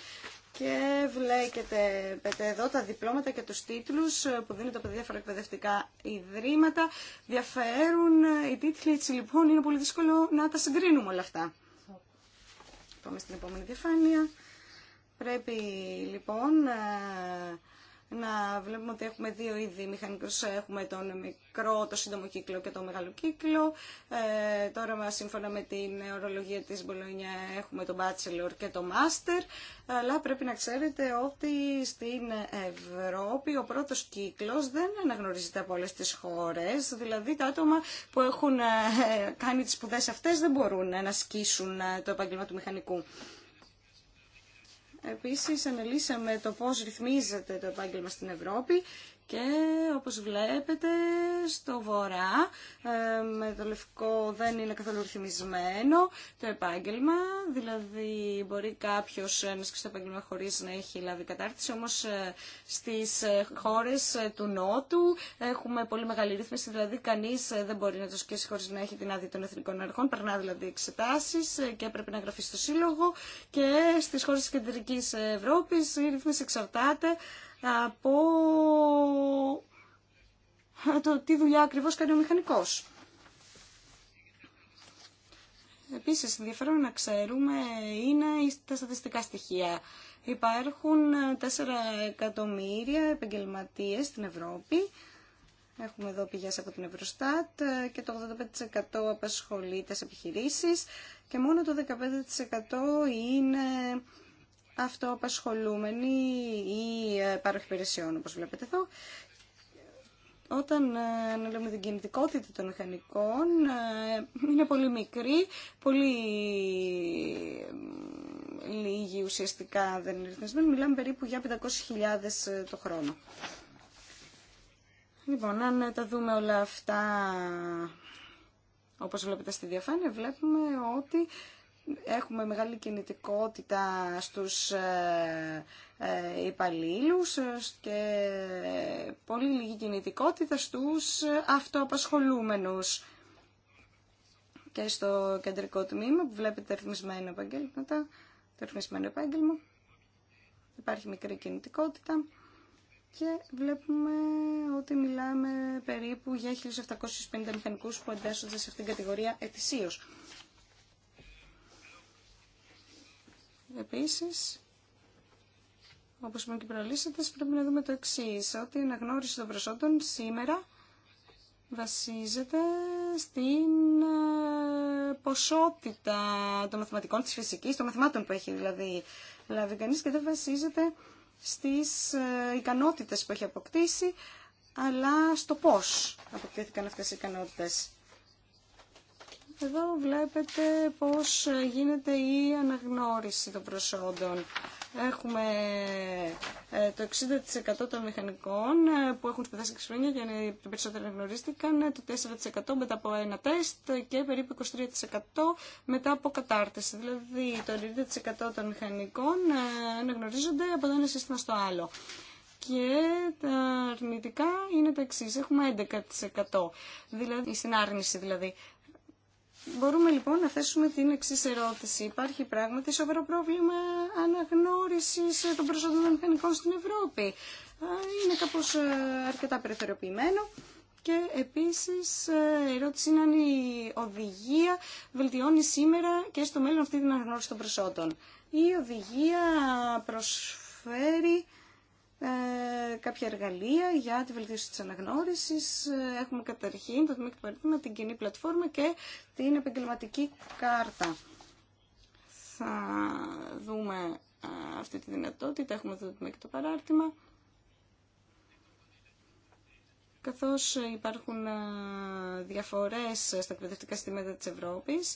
Speaker 2: και βλέπετε εδώ τα διπλώματα και τους τίτλους ε, που δίνονται από διάφορα εκπαιδευτικά ιδρύματα. Διαφέρουν ε, οι τίτλοι, έτσι λοιπόν είναι πολύ δύσκολο να τα συγκρίνουμε όλα αυτά. Πάμε στην επόμενη διαφάνεια. Πρέπει λοιπόν ε, να βλέπουμε ότι έχουμε δύο είδη μηχανικούς. Έχουμε τον μικρό, το σύντομο κύκλο και το μεγάλο κύκλο. Ε, τώρα, σύμφωνα με την ορολογία της Μπολόνια, έχουμε τον bachelor και το master. Αλλά πρέπει να ξέρετε ότι στην Ευρώπη ο πρώτος κύκλος δεν αναγνωρίζεται από όλες τις χώρες. Δηλαδή, τα άτομα που έχουν ε, κάνει τις σπουδές αυτές δεν μπορούν να ασκήσουν ε, το επαγγελμα του μηχανικού. Επίσης αναλύσαμε το πώς ρυθμίζεται το επάγγελμα στην Ευρώπη και όπως βλέπετε στο βορρά ε, με το λευκό δεν είναι καθόλου ρυθμισμένο το επάγγελμα, δηλαδή μπορεί κάποιος να σκεφτεί το επάγγελμα χωρίς να έχει λάβει κατάρτιση, όμως ε, στις ε, χώρες του Νότου έχουμε πολύ μεγάλη ρύθμιση, δηλαδή κανείς δεν μπορεί να το σκέσει χωρίς να έχει την άδεια των εθνικών αρχών, περνά δηλαδή εξετάσεις και πρέπει να γραφεί στο σύλλογο και στις χώρες της Κεντρικής Ευρώπης η ρύθμιση εξαρτάται από το τι δουλειά ακριβώς κάνει ο μηχανικός. Επίσης, ενδιαφέρον να ξέρουμε είναι τα στατιστικά στοιχεία. Υπάρχουν 4 εκατομμύρια επαγγελματίες στην Ευρώπη. Έχουμε εδώ πηγές από την Ευρωστάτ και το 85% απασχολείται σε επιχειρήσεις και μόνο το 15% είναι αυτοαπασχολούμενοι ή ε, πάροχοι υπηρεσιών, όπως βλέπετε εδώ. Όταν ε, αναλύουμε την κινητικότητα των μηχανικών, ε, είναι πολύ μικρή, πολύ λίγη ουσιαστικά δεν είναι Μιλάμε περίπου για 500.000 το χρόνο. Λοιπόν, αν τα δούμε όλα αυτά, όπως βλέπετε στη διαφάνεια, βλέπουμε ότι Έχουμε μεγάλη κινητικότητα στους ε, ε, υπαλλήλου ε, και πολύ λίγη κινητικότητα στους αυτοαπασχολούμενους. Και στο κεντρικό τμήμα που βλέπετε ρυθμισμένα επαγγέλματα, ρυθμισμένο επάγγελμα, υπάρχει μικρή κινητικότητα και βλέπουμε ότι μιλάμε περίπου για 1.750 μηχανικούς που εντάσσονται σε αυτήν την κατηγορία ετησίως. Επίσης, όπως είπαμε και προελίσσετε, πρέπει να δούμε το εξή ότι η αναγνώριση των προσόντων σήμερα βασίζεται στην ε, ποσότητα των μαθηματικών, της φυσικής, των μαθημάτων που έχει δηλαδή λάβει κανείς και δεν βασίζεται στις ε, ικανότητες που έχει αποκτήσει, αλλά στο πώς αποκτήθηκαν αυτές οι ικανότητες. Εδώ βλέπετε πώς γίνεται η αναγνώριση των προσόντων. Έχουμε ε, το 60% των μηχανικών ε, που έχουν σπουδάσει 6 χρόνια και οι περισσότεροι αναγνωρίστηκαν, ε, το 4% μετά από ένα τεστ και περίπου 23% μετά από κατάρτιση. Δηλαδή το 90% των μηχανικών αναγνωρίζονται από το ένα σύστημα στο άλλο. Και τα αρνητικά είναι τα εξή. Έχουμε 11%. Δηλαδή, η συνάρνηση δηλαδή Μπορούμε λοιπόν να θέσουμε την εξή ερώτηση. Υπάρχει πράγματι σοβαρό πρόβλημα αναγνώρισης των προσόντων μηχανικών στην Ευρώπη. Είναι κάπως ε, αρκετά περιθωριοποιημένο. Και επίσης ε, η ερώτηση είναι αν η οδηγία βελτιώνει σήμερα και στο μέλλον αυτή την αναγνώριση των προσόντων. Η οδηγία προσφέρει ε, κάποια εργαλεία για τη βελτίωση της αναγνώρισης. Ε, έχουμε καταρχήν το τμήμα του την κοινή πλατφόρμα και την επαγγελματική κάρτα. Θα δούμε ε, αυτή τη δυνατότητα. Έχουμε το τμήμα και το παράρτημα καθώς υπάρχουν διαφορές στα εκπαιδευτικά συστήματα της Ευρώπης,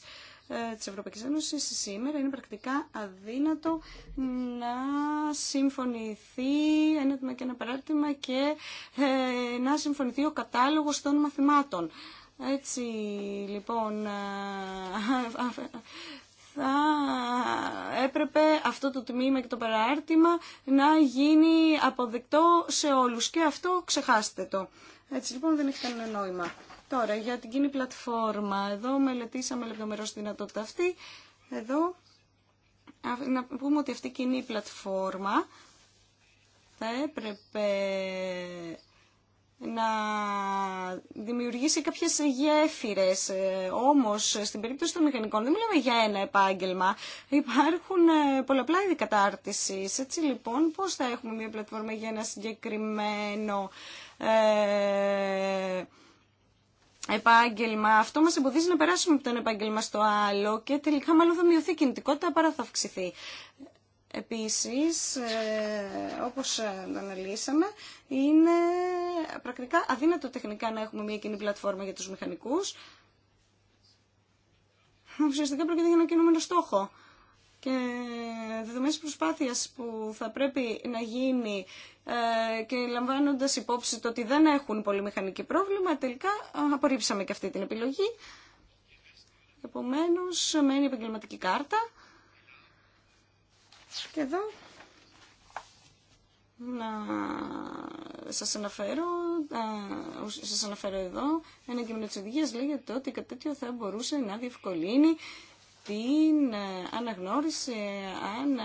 Speaker 2: ε, της Ευρωπαϊκής Ένωσης, σήμερα είναι πρακτικά αδύνατο να συμφωνηθεί ένα τμήμα και ένα παράρτημα και ε, να συμφωνηθεί ο κατάλογος των μαθημάτων. Έτσι, λοιπόν, θα έπρεπε αυτό το τμήμα και το παράρτημα να γίνει αποδεκτό σε όλους και αυτό ξεχάστε το. Έτσι λοιπόν δεν έχει κανένα νόημα. Τώρα για την κοινή πλατφόρμα. Εδώ μελετήσαμε λεπτομερώς τη δυνατότητα αυτή. Εδώ να πούμε ότι αυτή η κοινή πλατφόρμα θα έπρεπε να δημιουργήσει κάποιες γέφυρες. Ε, όμως, στην περίπτωση των μηχανικών δεν μιλάμε για ένα επάγγελμα. Υπάρχουν ε, πολλαπλά είδη κατάρτισης. Έτσι λοιπόν, πώς θα έχουμε μια πλατφόρμα για ένα συγκεκριμένο ε, επάγγελμα. Αυτό μας εμποδίζει να περάσουμε από το ένα επάγγελμα στο άλλο και τελικά μάλλον θα μειωθεί η κινητικότητα παρά θα αυξηθεί. Επίσης, ε, όπως αναλύσαμε, είναι πρακτικά αδύνατο τεχνικά να έχουμε μια κοινή πλατφόρμα για τους μηχανικούς. Ουσιαστικά πρόκειται για ένα κινούμενο στόχο και δεδομένης προσπάθειας που θα πρέπει να γίνει ε, και λαμβάνοντας υπόψη το ότι δεν έχουν πολυμηχανική πρόβλημα, τελικά ε, απορρίψαμε και αυτή την επιλογή. Επομένως, μένει η επαγγελματική κάρτα. Και εδώ να σας αναφέρω, ε, σας αναφέρω εδώ ένα κείμενο της οδηγίας λέγεται ότι κάτι τέτοιο θα μπορούσε να διευκολύνει την ε, αναγνώριση αν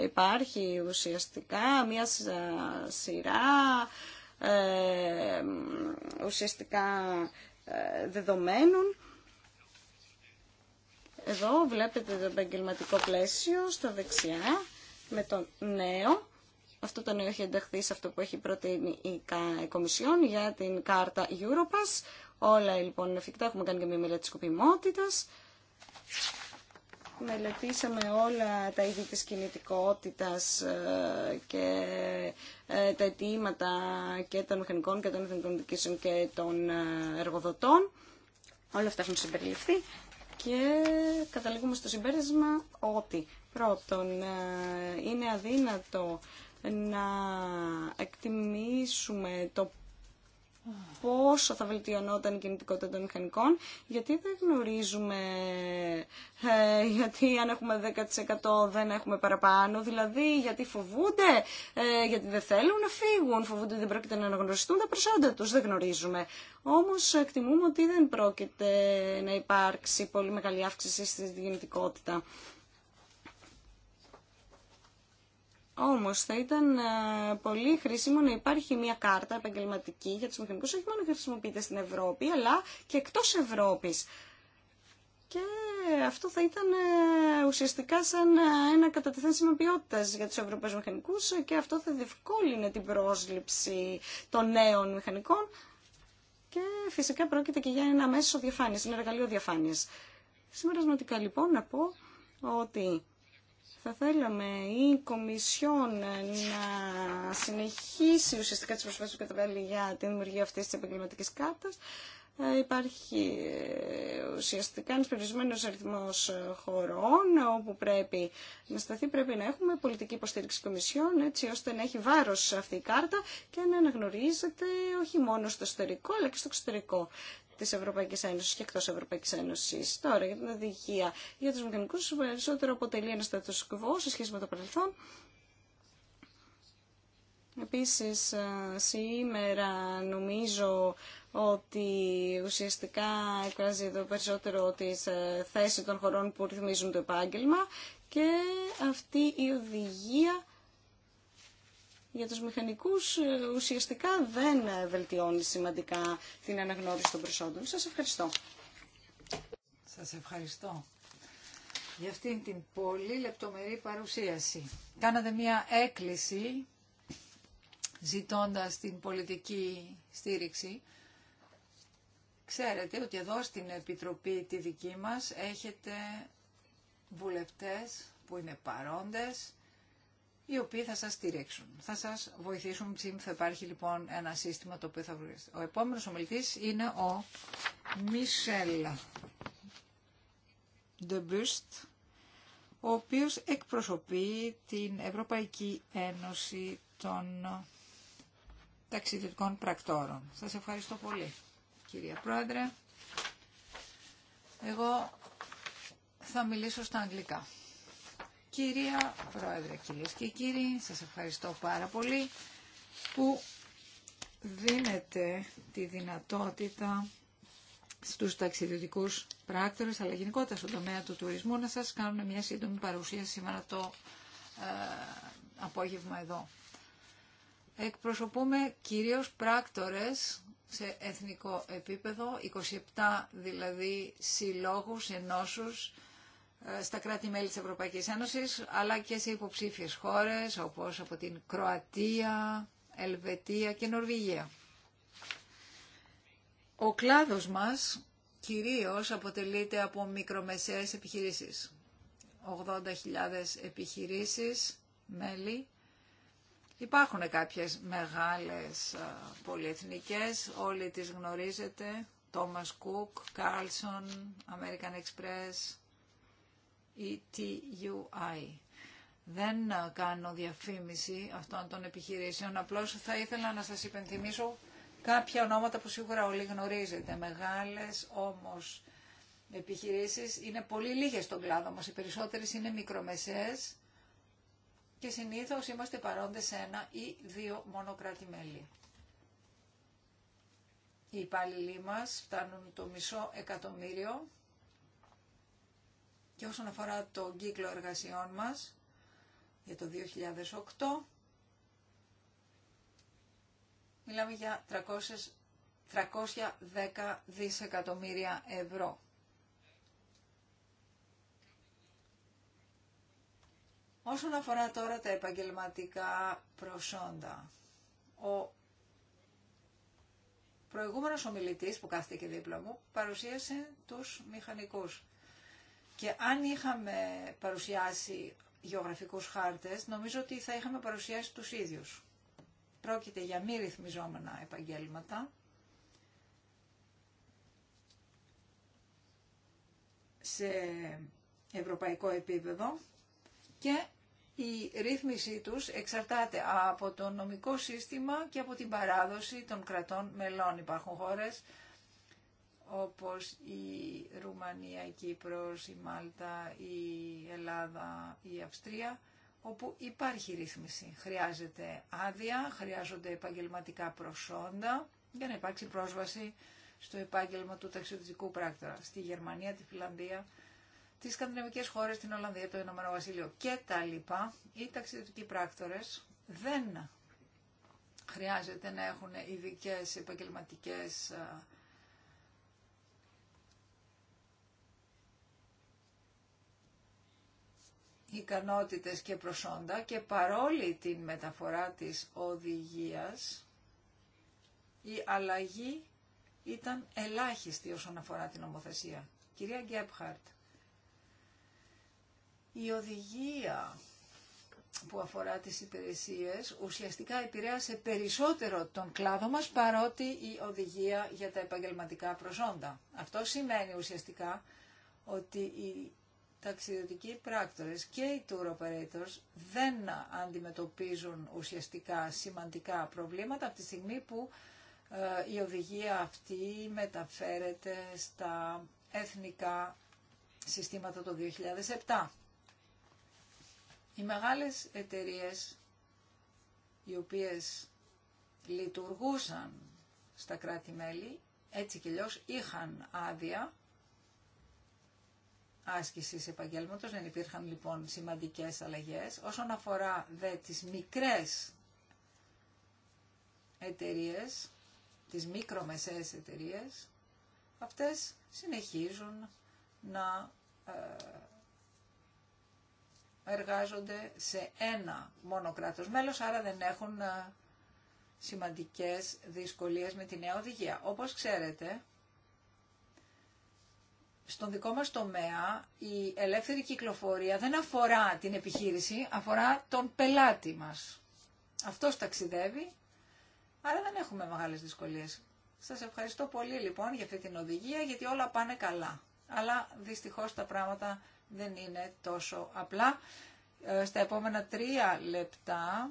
Speaker 2: ε, υπάρχει ουσιαστικά μια ε, σειρά ουσιαστικά δεδομένων. Εδώ βλέπετε το επαγγελματικό πλαίσιο στα δεξιά με το νέο. Αυτό το νέο έχει ενταχθεί σε αυτό που έχει προτείνει η Κομισιόν για την κάρτα Europass. Όλα λοιπόν είναι εφικτά. Έχουμε κάνει και μια μελέτη σκοπιμότητας. Μελετήσαμε όλα τα είδη της κινητικότητας ε, και ε, τα αιτήματα και των μηχανικών και των εθνικών δικήσεων και των ε, εργοδοτών. Όλα αυτά έχουν συμπεριληφθεί και καταλήγουμε στο συμπέρασμα ότι πρώτον είναι αδύνατο να εκτιμήσουμε το πόσο θα βελτιωνόταν η κινητικότητα των μηχανικών, γιατί δεν γνωρίζουμε ε, γιατί αν έχουμε 10% δεν έχουμε παραπάνω, δηλαδή γιατί φοβούνται, ε, γιατί δεν θέλουν να φύγουν, φοβούνται ότι δεν πρόκειται να αναγνωριστούν τα προσόντα τους, δεν γνωρίζουμε. Όμως εκτιμούμε ότι δεν πρόκειται να υπάρξει πολύ μεγάλη αύξηση στη γεννητικότητα. Όμως θα ήταν ε, πολύ χρήσιμο να υπάρχει μια κάρτα επαγγελματική για τους μηχανικούς, όχι μόνο χρησιμοποιείται στην Ευρώπη, αλλά και εκτός Ευρώπης. Και αυτό θα ήταν ε, ουσιαστικά σαν ε, ένα κατατεθέν ποιότητα για τους Ευρωπαίους μηχανικούς και αυτό θα διευκόλυνε την πρόσληψη των νέων μηχανικών και φυσικά πρόκειται και για ένα μέσο διαφάνειας, ένα εργαλείο διαφάνειας. Σημερασματικά λοιπόν να πω ότι θα θέλαμε η Κομισιόν να συνεχίσει ουσιαστικά τις προσπάθειες που καταβάλει για τη δημιουργία αυτής της επαγγελματικής κάρτας. Ε, υπάρχει ε, ουσιαστικά ένα περιορισμένο αριθμό χωρών όπου πρέπει να σταθεί. Πρέπει να έχουμε πολιτική υποστήριξη Κομισιόν, έτσι ώστε να έχει βάρος αυτή η κάρτα και να αναγνωρίζεται όχι μόνο στο εσωτερικό αλλά και στο εξωτερικό της Ευρωπαϊκής Ένωση και εκτό Ευρωπαϊκή Ένωση. Τώρα για την οδηγία για τους μηχανικού, περισσότερο αποτελεί ένα quo σε σχέση με το παρελθόν. Επίση, ε, σήμερα νομίζω ότι ουσιαστικά εκφράζει εδώ περισσότερο τη ε, θέση των χωρών που ρυθμίζουν το επάγγελμα και αυτή η οδηγία για τους μηχανικούς ε, ουσιαστικά δεν βελτιώνει σημαντικά την αναγνώριση των προσόντων. Σας ευχαριστώ.
Speaker 4: Σας ευχαριστώ για αυτήν την πολύ λεπτομερή παρουσίαση. Κάνατε μια έκκληση ζητώντας την πολιτική στήριξη. Ξέρετε ότι εδώ στην Επιτροπή τη δική μας έχετε βουλευτές που είναι παρόντες οι οποίοι θα σας στηρίξουν. Θα σας βοηθήσουν ψήμ, θα υπάρχει λοιπόν ένα σύστημα το οποίο θα βοηθήσει. Ο επόμενος ομιλητής είναι ο Μισελ Ντεμπρούστ, ο οποίος εκπροσωπεί την Ευρωπαϊκή Ένωση των Ταξιδιωτικών Πρακτόρων. Σας ευχαριστώ πολύ, κυρία Πρόεδρε. Εγώ θα μιλήσω στα αγγλικά. Κυρία Πρόεδρε, κυρίες και κύριοι, σας ευχαριστώ πάρα πολύ που δίνετε τη δυνατότητα στους ταξιδιωτικούς πράκτορες, αλλά γενικότερα στον τομέα του τουρισμού, να σας κάνουν μια σύντομη παρουσία σήμερα το ε, απόγευμα εδώ. Εκπροσωπούμε κυρίως πράκτορες σε εθνικό επίπεδο, 27 δηλαδή συλλόγους, ενώσους, ε, στα κράτη-μέλη της Ευρωπαϊκής Ένωσης, αλλά και σε υποψήφιες χώρες, όπως από την Κροατία, Ελβετία και Νορβηγία. Ο κλάδος μας κυρίως αποτελείται από μικρομεσαίες επιχειρήσεις. 80.000 επιχειρήσεις, μέλη. Υπάρχουν κάποιες μεγάλες ε, πολυεθνικές, όλοι τις γνωρίζετε. Thomas Cook, Carlson, American Express, ETUI. Δεν ε, κάνω διαφήμιση αυτών των επιχειρήσεων, απλώς θα ήθελα να σας υπενθυμίσω κάποια ονόματα που σίγουρα όλοι γνωρίζετε. Μεγάλες όμως επιχειρήσεις είναι πολύ λίγες στον κλάδο μας, οι περισσότερες είναι μικρομεσαίες και συνήθως είμαστε παρόντες σε ένα ή δύο μόνο κράτη-μέλη. Οι υπάλληλοι μας φτάνουν το μισό εκατομμύριο και όσον αφορά τον κύκλο εργασιών μας για το 2008, μιλάμε για 310 δισεκατομμύρια ευρώ. Όσον αφορά τώρα τα επαγγελματικά προσόντα, ο προηγούμενος ομιλητής που κάθεται και δίπλα μου παρουσίασε τους μηχανικούς. Και αν είχαμε παρουσιάσει γεωγραφικούς χάρτες, νομίζω ότι θα είχαμε παρουσιάσει τους ίδιους. Πρόκειται για μη ρυθμιζόμενα επαγγέλματα. σε ευρωπαϊκό επίπεδο και η ρύθμιση τους εξαρτάται από το νομικό σύστημα και από την παράδοση των κρατών μελών. Υπάρχουν χώρες όπως η Ρουμανία, η Κύπρος, η Μάλτα, η Ελλάδα, η Αυστρία, όπου υπάρχει ρύθμιση. Χρειάζεται άδεια, χρειάζονται επαγγελματικά προσόντα για να υπάρξει πρόσβαση στο επάγγελμα του ταξιδιωτικού πράκτορα. Στη Γερμανία, τη Φιλανδία, τις σκανδιναβικές χώρες, την Ολλανδία, το Ηνωμένο Βασίλειο και τα λοιπά, οι ταξιδιωτικοί πράκτορες δεν χρειάζεται να έχουν ειδικέ επαγγελματικές ικανότητες και προσόντα και παρόλη την μεταφορά της οδηγίας η αλλαγή ήταν ελάχιστη όσον αφορά την ομοθεσία. Κυρία Γκέπχαρτ, η οδηγία που αφορά τις υπηρεσίες ουσιαστικά επηρέασε περισσότερο τον κλάδο μας παρότι η οδηγία για τα επαγγελματικά προσόντα. Αυτό σημαίνει ουσιαστικά ότι η ταξιδιωτικοί πράκτορες και οι tour operators δεν αντιμετωπίζουν ουσιαστικά σημαντικά προβλήματα από τη στιγμή που ε, η οδηγία αυτή μεταφέρεται στα εθνικά συστήματα το 2007. Οι μεγάλες εταιρείες οι οποίες λειτουργούσαν στα κράτη-μέλη έτσι και αλλιώς είχαν άδεια άσκησης επαγγέλματος, δεν υπήρχαν λοιπόν σημαντικές αλλαγές. Όσον αφορά δε τις μικρές εταιρείες, τις μικρομεσαίες εταιρείες, αυτές συνεχίζουν να ε, εργάζονται σε ένα μόνο κράτο μέλος, άρα δεν έχουν ε, σημαντικές δυσκολίες με τη νέα οδηγία. Όπως ξέρετε, στον δικό μας τομέα η ελεύθερη κυκλοφορία δεν αφορά την επιχείρηση, αφορά τον πελάτη μας. Αυτός ταξιδεύει, αλλά δεν έχουμε μεγάλες δυσκολίες. Σας ευχαριστώ πολύ λοιπόν για αυτή την οδηγία, γιατί όλα πάνε καλά. Αλλά δυστυχώς τα πράγματα δεν είναι τόσο απλά. Ε, στα επόμενα τρία λεπτά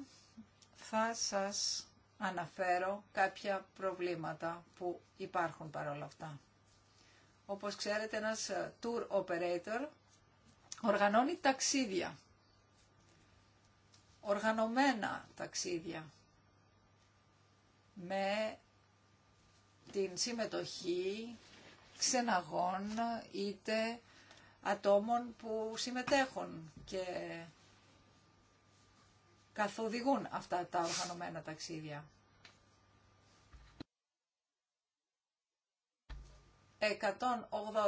Speaker 4: θα σας αναφέρω κάποια προβλήματα που υπάρχουν παρόλα αυτά όπως ξέρετε ένας ε, tour operator οργανώνει ταξίδια. Οργανωμένα ταξίδια. Με την συμμετοχή ξεναγών είτε ατόμων που συμμετέχουν και καθοδηγούν αυτά τα οργανωμένα ταξίδια. 180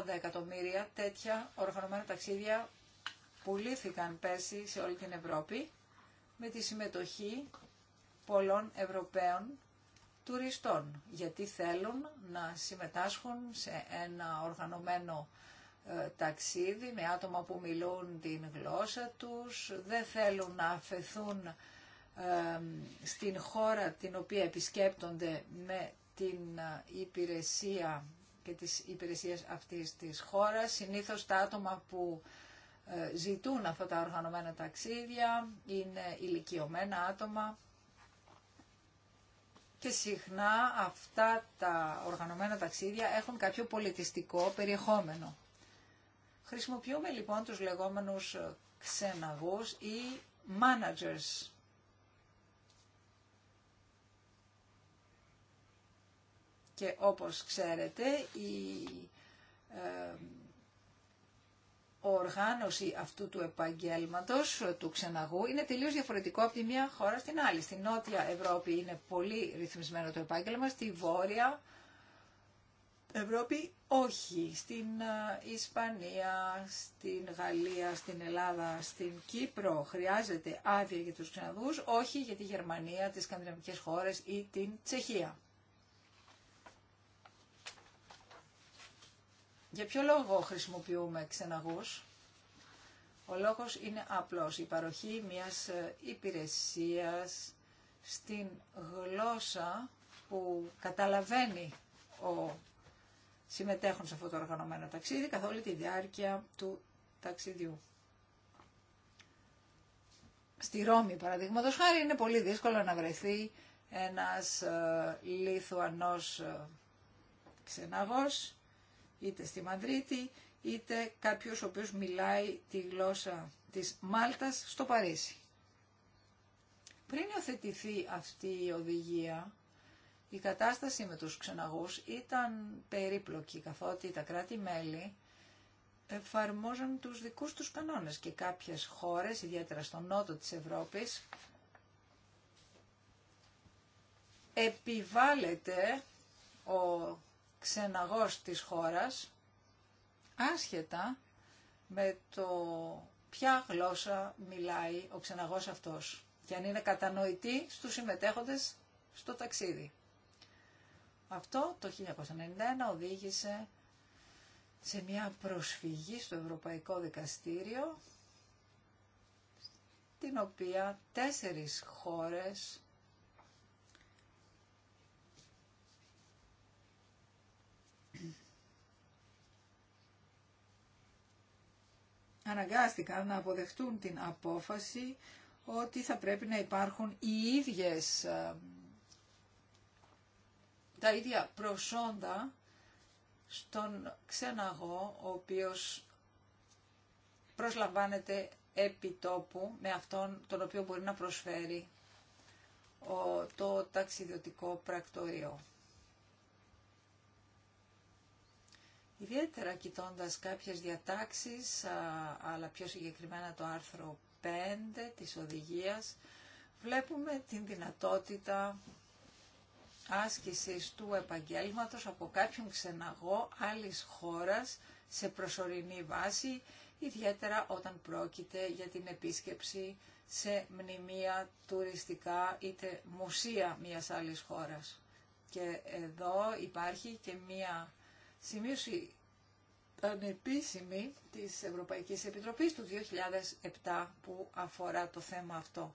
Speaker 4: εκατομμύρια τέτοια οργανωμένα ταξίδια πουλήθηκαν πέρσι σε όλη την Ευρώπη με τη συμμετοχή πολλών Ευρωπαίων τουριστών γιατί θέλουν να συμμετάσχουν σε ένα οργανωμένο ε, ταξίδι με άτομα που μιλούν την γλώσσα τους, δεν θέλουν να αφαιθούν στην χώρα την οποία επισκέπτονται με την ε, υπηρεσία και της υπηρεσίες αυτής της χώρας. Συνήθως τα άτομα που ε, ζητούν αυτά τα οργανωμένα ταξίδια είναι ηλικιωμένα άτομα και συχνά αυτά τα οργανωμένα ταξίδια έχουν κάποιο πολιτιστικό περιεχόμενο. Χρησιμοποιούμε λοιπόν τους λεγόμενους ξεναγούς ή managers Και όπως ξέρετε, η οργάνωση αυτού του επαγγέλματος, του ξεναγού, είναι τελείως διαφορετικό από τη μία χώρα στην άλλη. Στην Νότια Ευρώπη είναι πολύ ρυθμισμένο το επάγγελμα, στη Βόρεια Ευρώπη όχι. Στην ε, Ισπανία, στην Γαλλία, στην Ελλάδα, στην Κύπρο χρειάζεται άδεια για τους ξεναγούς, όχι για τη Γερμανία, τις σκανδιναβικές χώρες ή την Τσεχία. Για ποιο λόγο χρησιμοποιούμε ξεναγούς. Ο λόγος είναι απλός. Η παροχή μιας ε, υπηρεσίας στην γλώσσα που καταλαβαίνει ο συμμετέχουν σε αυτό το οργανωμένο ταξίδι καθ' όλη τη διάρκεια του ταξιδιού. Στη Ρώμη, παραδείγματος χάρη, είναι πολύ δύσκολο να βρεθεί ένας ε, Λιθουανός ε, ξεναγός είτε στη Μαδρίτη, είτε κάποιος ο οποίος μιλάει τη γλώσσα της Μάλτας στο Παρίσι. Πριν υιοθετηθεί αυτή η οδηγία, η κατάσταση με τους ξεναγούς ήταν περίπλοκη, καθότι τα κράτη-μέλη εφαρμόζαν τους δικούς τους κανόνες και κάποιες χώρες, ιδιαίτερα στο νότο της Ευρώπης, επιβάλλεται ο ξεναγός της χώρας, άσχετα με το ποια γλώσσα μιλάει ο ξεναγός αυτός και αν είναι κατανοητή στους συμμετέχοντες στο ταξίδι. Αυτό το 1991 οδήγησε σε μια προσφυγή στο Ευρωπαϊκό Δικαστήριο την οποία τέσσερις χώρες αναγκάστηκαν να αποδεχτούν την απόφαση ότι θα πρέπει να υπάρχουν οι ίδιες, ε, τα ίδια προσόντα στον ξεναγό, ο οποίος προσλαμβάνεται επί τόπου με αυτόν τον οποίο μπορεί να προσφέρει το ταξιδιωτικό πρακτορείο. Ιδιαίτερα κοιτώντας κάποιες διατάξεις, αλλά πιο συγκεκριμένα το άρθρο 5 της οδηγίας, βλέπουμε την δυνατότητα άσκησης του επαγγέλματος από κάποιον ξεναγό άλλης χώρας σε προσωρινή βάση, ιδιαίτερα όταν πρόκειται για την επίσκεψη σε μνημεία τουριστικά είτε μουσεία μιας άλλης χώρας. Και εδώ υπάρχει και μία σημείωση ανεπίσημη της Ευρωπαϊκής Επιτροπής του 2007 που αφορά το θέμα αυτό.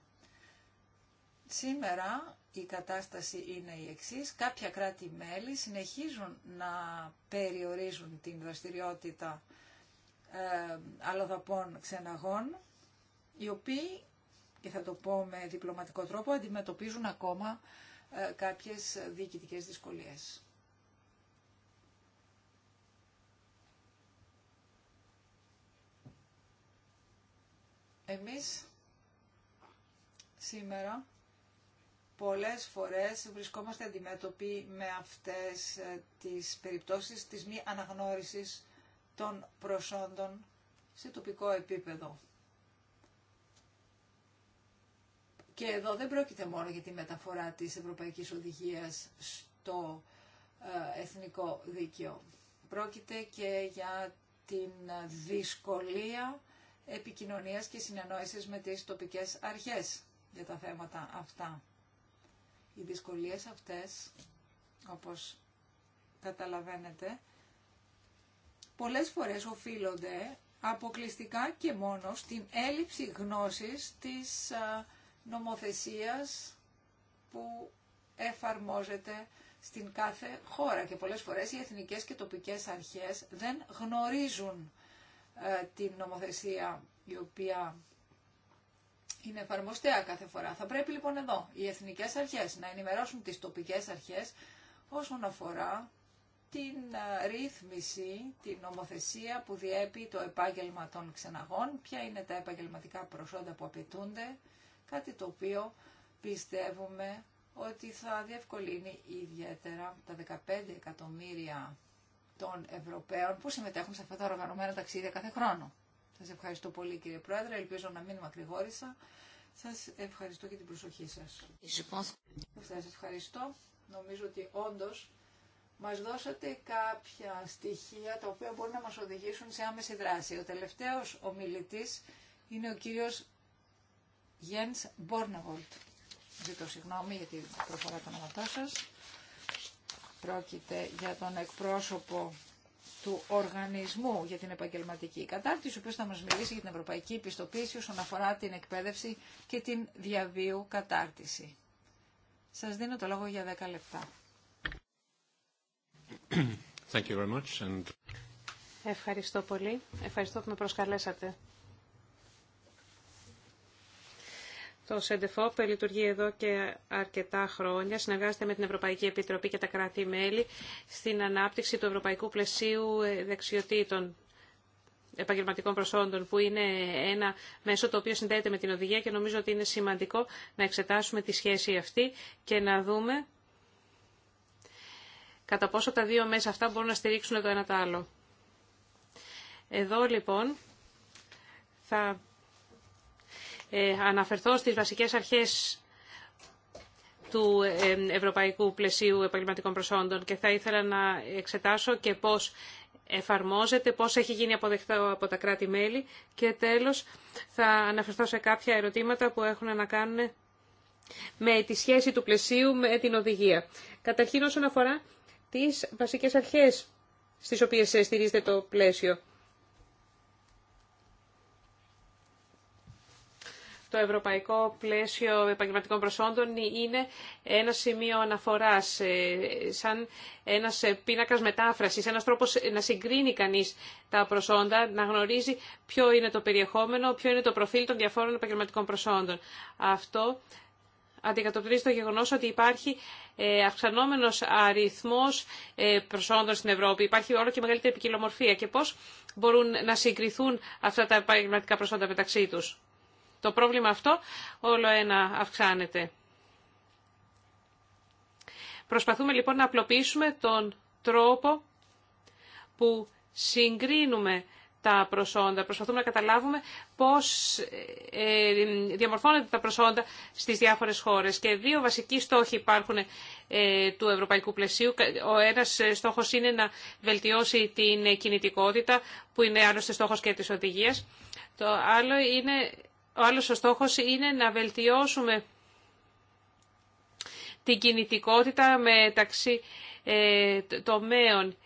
Speaker 4: Σήμερα η κατάσταση είναι η εξής. Κάποια κράτη-μέλη συνεχίζουν να περιορίζουν την δραστηριότητα ε, αλλοδαπών ξεναγών, οι οποίοι, και θα το πω με διπλωματικό τρόπο, αντιμετωπίζουν ακόμα ε, κάποιες διοικητικές δυσκολίες. Εμείς σήμερα πολλές φορές βρισκόμαστε αντιμέτωποι με αυτές ε, τις περιπτώσεις της μη αναγνώρισης των προσόντων σε τοπικό επίπεδο. Και εδώ δεν πρόκειται μόνο για τη μεταφορά της Ευρωπαϊκής Οδηγίας στο ε, εθνικό δίκαιο. Πρόκειται και για την δυσκολία επικοινωνίας και συνεννόησης με τις τοπικές αρχές για τα θέματα αυτά. Οι δυσκολίες αυτές, όπως καταλαβαίνετε, πολλές φορές οφείλονται αποκλειστικά και μόνο στην έλλειψη γνώσης της νομοθεσίας που εφαρμόζεται στην κάθε χώρα. Και πολλές φορές οι εθνικές και τοπικές αρχές δεν γνωρίζουν ε, την νομοθεσία η οποία είναι εφαρμοστέα κάθε φορά. Θα πρέπει λοιπόν εδώ οι εθνικές αρχές να ενημερώσουν τις τοπικές αρχές όσον αφορά την ε, ρύθμιση, την νομοθεσία που διέπει το επάγγελμα των ξεναγών, ποια είναι τα επαγγελματικά προσόντα που απαιτούνται, κάτι το οποίο πιστεύουμε ότι θα διευκολύνει ιδιαίτερα τα 15 εκατομμύρια των Ευρωπαίων που συμμετέχουν σε αυτά τα οργανωμένα ταξίδια κάθε χρόνο. Σα ευχαριστώ πολύ κύριε Πρόεδρε, ελπίζω να μην μακρηγόρησα. Σα ευχαριστώ και την προσοχή σα. Σα ευχαριστώ. Νομίζω ότι όντω μα δώσατε κάποια στοιχεία τα οποία μπορεί να μα οδηγήσουν σε άμεση δράση. Ο τελευταίος ομιλητής είναι ο κύριος Γιέντ Μπόρνεβολτ. Ζητώ συγγνώμη γιατί προφορά το όνοματά σα. Πρόκειται για τον εκπρόσωπο του οργανισμού για την επαγγελματική κατάρτιση, ο οποίος θα μας μιλήσει για την ευρωπαϊκή επιστοποίηση όσον αφορά την εκπαίδευση και την διαβίου κατάρτιση. Σας δίνω το λόγο για 10 λεπτά.
Speaker 3: Ευχαριστώ πολύ. Ευχαριστώ που με προσκαλέσατε. Το ΣΕΝΤΕΦΟΠ λειτουργεί εδώ και αρκετά χρόνια. Συνεργάζεται με την Ευρωπαϊκή Επιτροπή και τα κράτη-μέλη στην ανάπτυξη του Ευρωπαϊκού Πλαισίου ε, Δεξιοτήτων επαγγελματικών προσόντων, που είναι ένα μέσο το οποίο συνδέεται με την οδηγία και νομίζω ότι είναι σημαντικό να εξετάσουμε τη σχέση αυτή και να δούμε κατά πόσο τα δύο μέσα αυτά μπορούν να στηρίξουν το ένα το άλλο. Εδώ λοιπόν θα ε, αναφερθώ στις βασικές αρχές του ε, Ευρωπαϊκού Πλαισίου Επαγγελματικών Προσόντων και θα ήθελα να εξετάσω και πώς εφαρμόζεται, πώς έχει γίνει αποδεκτό από τα κράτη-μέλη και τέλος θα αναφερθώ σε κάποια ερωτήματα που έχουν να κάνουν με τη σχέση του πλαισίου με την οδηγία. Καταρχήν όσον αφορά τις βασικές αρχές στις οποίες στηρίζεται το πλαίσιο. το ευρωπαϊκό πλαίσιο επαγγελματικών προσόντων είναι ένα σημείο αναφοράς, ε, σαν ένας ε, πίνακας μετάφρασης, ένας τρόπος να συγκρίνει κανείς τα προσόντα, να γνωρίζει ποιο είναι το περιεχόμενο, ποιο είναι το προφίλ των διαφόρων επαγγελματικών προσόντων. Αυτό αντικατοπτρίζει το γεγονός ότι υπάρχει ε, αυξανόμενος αριθμός προσόντων στην Ευρώπη. Υπάρχει όλο και μεγαλύτερη ποικιλομορφία και πώς μπορούν να συγκριθούν αυτά τα επαγγελματικά προσόντα μεταξύ του. Το πρόβλημα αυτό όλο ένα αυξάνεται. Προσπαθούμε λοιπόν να απλοποιήσουμε τον τρόπο που συγκρίνουμε τα προσόντα. Προσπαθούμε να καταλάβουμε πώς ε, ε, διαμορφώνονται τα προσόντα στις διάφορες χώρες. Και δύο βασικοί στόχοι υπάρχουν ε, του ευρωπαϊκού πλαισίου. Ο ένας στόχος είναι να βελτιώσει την κινητικότητα, που είναι άλλωστε στόχος και της οδηγίας. Το άλλο είναι ο άλλος ο στόχος είναι να βελτιώσουμε την κινητικότητα μεταξύ ε, τομέων.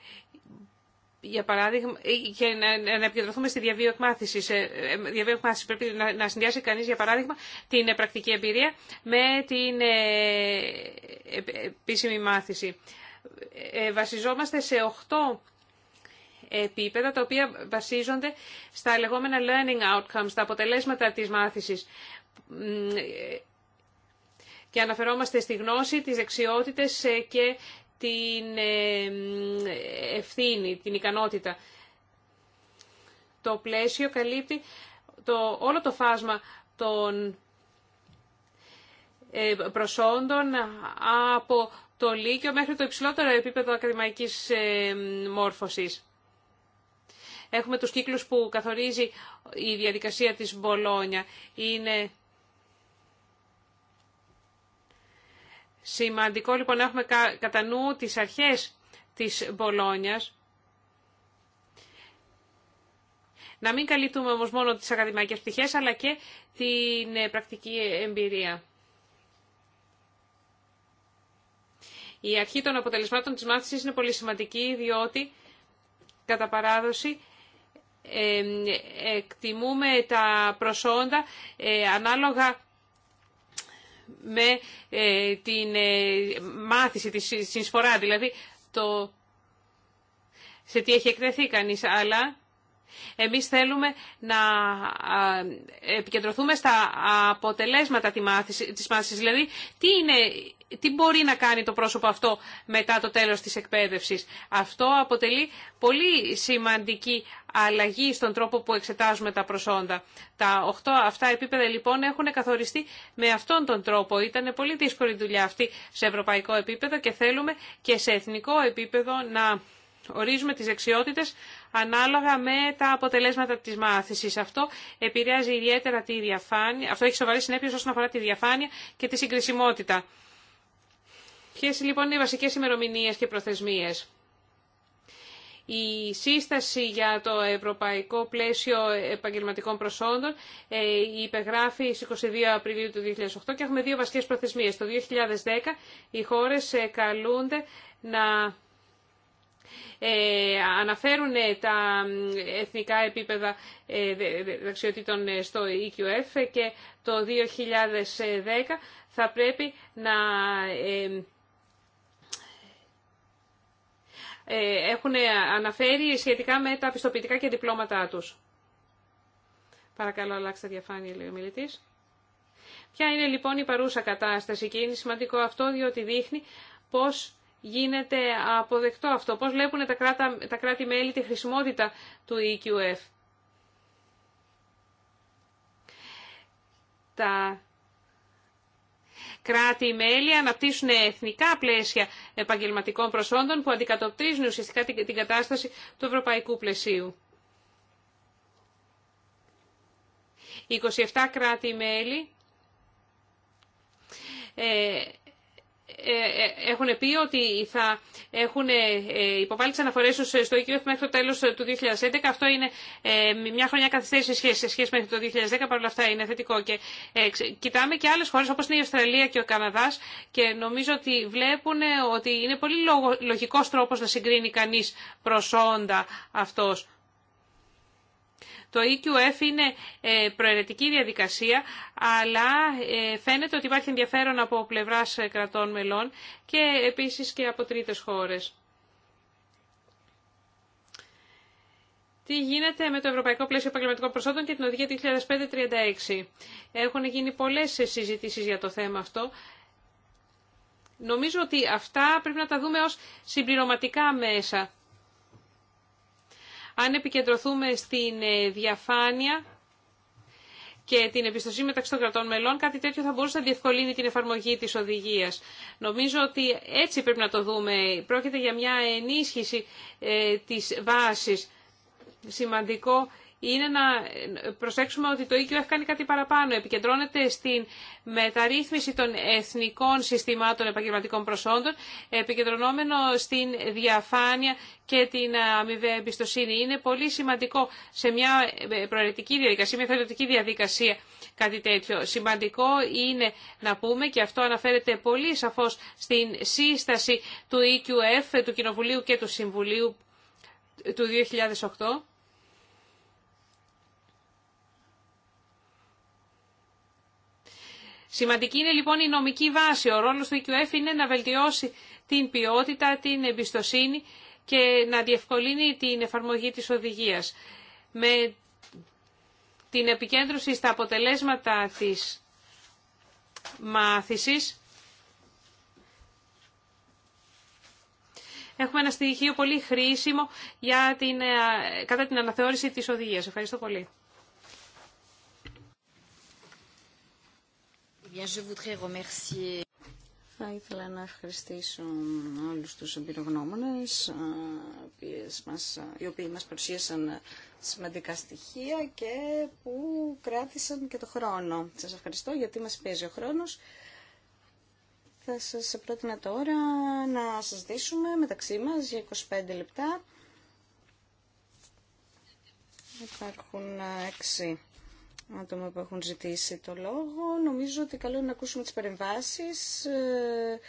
Speaker 3: Για παράδειγμα, ε, και να, να επικεντρωθούμε στη διαβίω εκμάθηση. Ε, ε, διαβίω εκμάθηση πρέπει να, να συνδυάσει κανείς, για παράδειγμα, την πρακτική εμπειρία με την επίσημη μάθηση. βασιζόμαστε σε 8 επίπεδα τα οποία βασίζονται στα λεγόμενα learning outcomes, τα αποτελέσματα της μάθησης. Και αναφερόμαστε στη γνώση, τις δεξιότητες ε, και την ε, ευθύνη, την ικανότητα. Το πλαίσιο καλύπτει το, όλο το φάσμα των ε, προσόντων από το Λύκειο μέχρι το υψηλότερο επίπεδο ακαδημαϊκής μόρφωσης. Έχουμε τους κύκλους που καθορίζει η διαδικασία της Μπολόνια. Είναι σημαντικό λοιπόν να έχουμε κατά νου τις αρχές της Μπολόνιας. Να μην καλύπτουμε όμως μόνο τις ακαδημαϊκές πτυχές, αλλά και την ε, πρακτική εμπειρία. Η αρχή των αποτελεσμάτων της μάθησης είναι πολύ σημαντική, διότι κατά παράδοση εκτιμούμε τα προσόντα ε, ανάλογα με ε, την ε, μάθηση, τη συνσφορά, δηλαδή το σε τι έχει εκτεθεί κανείς, αλλά εμείς θέλουμε να επικεντρωθούμε στα αποτελέσματα της μάθησης, δηλαδή τι, είναι, τι μπορεί να κάνει το πρόσωπο αυτό μετά το τέλος της εκπαίδευσης. Αυτό αποτελεί πολύ σημαντική αλλαγή στον τρόπο που εξετάζουμε τα προσόντα. Τα 8 αυτά επίπεδα λοιπόν έχουν καθοριστεί με αυτόν τον τρόπο. Ήταν πολύ δύσκολη δουλειά αυτή σε ευρωπαϊκό επίπεδο και θέλουμε και σε εθνικό επίπεδο να ορίζουμε τις δεξιότητε ανάλογα με τα αποτελέσματα της μάθησης. Αυτό επηρεάζει ιδιαίτερα τη διαφάνεια, αυτό έχει σοβαρή συνέπειες όσον αφορά τη διαφάνεια και τη συγκρισιμότητα. Ποιες λοιπόν είναι οι βασικές ημερομηνίες και προθεσμίες. Η σύσταση για το Ευρωπαϊκό Πλαίσιο Επαγγελματικών Προσόντων ε, υπεγράφει στις 22 Απριλίου του 2008 και έχουμε δύο βασικές προθεσμίες. Το 2010 οι χώρες ε, καλούνται να ε, αναφέρουν ε, τα εθνικά επίπεδα ε, δεξιοτήτων στο EQF και το 2010 θα πρέπει να έχουν αναφέρει σχετικά με τα πιστοποιητικά και διπλώματά τους. Παρακαλώ, αλλάξτε διαφάνεια, λέει ο μιλητής. Ποια είναι λοιπόν η παρούσα κατάσταση και είναι σημαντικό αυτό διότι δείχνει πώς γίνεται αποδεκτό αυτό. Πώς βλέπουν τα, κράτα, τα κράτη-μέλη τη χρησιμότητα του EQF. Τα κράτη-μέλη αναπτύσσουν εθνικά πλαίσια επαγγελματικών προσόντων που αντικατοπτρίζουν ουσιαστικά την κατάσταση του ευρωπαϊκού πλαισίου. 27 κράτη-μέλη ε, ε, ε, έχουν πει ότι θα έχουν ε, υποβάλει τι αναφορέ του στο EQF μέχρι το τέλο του 2011. Αυτό είναι μια χρονιά καθυστέρηση σχέσης σε σχέση μέχρι το 2010. Παρ' όλα αυτά είναι θετικό. Και κοιτάμε και άλλε χώρε όπω είναι η Αυστραλία και ο Καναδά και νομίζω ότι βλέπουν ότι είναι πολύ λογικός τρόπο να συγκρίνει κανεί προσόντα αυτό. Το EQF είναι ε, προαιρετική διαδικασία, αλλά ε, φαίνεται ότι υπάρχει ενδιαφέρον από πλευράς ε, κρατών μελών και επίσης και από τρίτες χώρες. Τι γίνεται με το Ευρωπαϊκό Πλαίσιο Επαγγελματικών Προσόντων και την Οδηγία 2005-36. Έχουν γίνει πολλές συζητήσεις για το θέμα αυτό. Νομίζω ότι αυτά πρέπει να τα δούμε ως συμπληρωματικά μέσα. Αν επικεντρωθούμε στην ε, διαφάνεια και την εμπιστοσύνη μεταξύ των κρατών μελών, κάτι τέτοιο θα μπορούσε να διευκολύνει την εφαρμογή της οδηγίας. Νομίζω ότι έτσι πρέπει να το δούμε. Πρόκειται για μια ενίσχυση ε, της βάσης. Σημαντικό είναι να προσέξουμε ότι το ΙΚΙΟ κάνει κάτι παραπάνω. Επικεντρώνεται στην μεταρρύθμιση των εθνικών συστημάτων επαγγελματικών προσόντων, επικεντρωνόμενο στην διαφάνεια και την αμοιβαία εμπιστοσύνη. Είναι πολύ σημαντικό σε μια προαιρετική διαδικασία, μια θεωρητική διαδικασία κάτι τέτοιο. Σημαντικό είναι να πούμε, και αυτό αναφέρεται πολύ σαφώς στην σύσταση του EQF, του Κοινοβουλίου και του Συμβουλίου του 2008, Σημαντική είναι λοιπόν η νομική βάση. Ο ρόλος του EQF είναι να βελτιώσει την ποιότητα, την εμπιστοσύνη και να διευκολύνει την εφαρμογή της οδηγίας. Με την επικέντρωση στα αποτελέσματα της μάθησης, έχουμε ένα στοιχείο πολύ χρήσιμο για την, ε, κατά την αναθεώρηση της οδηγίας. Ευχαριστώ πολύ. Eh Θα ήθελα να ευχαριστήσω
Speaker 2: όλους τους εμπειρογνώμονες ε, ε, οι οποίοι μας παρουσίασαν σημαντικά στοιχεία και που κράτησαν και το χρόνο. Σας ευχαριστώ γιατί μας παίζει ο χρόνος. Θα σας πρότεινα τώρα να δείσουμε μεταξύ μας για 25 λεπτά. Υπάρχουν ε, έξι άτομα που έχουν ζητήσει το λόγο. Νομίζω ότι καλό είναι να ακούσουμε τις παρεμβάσεις ε,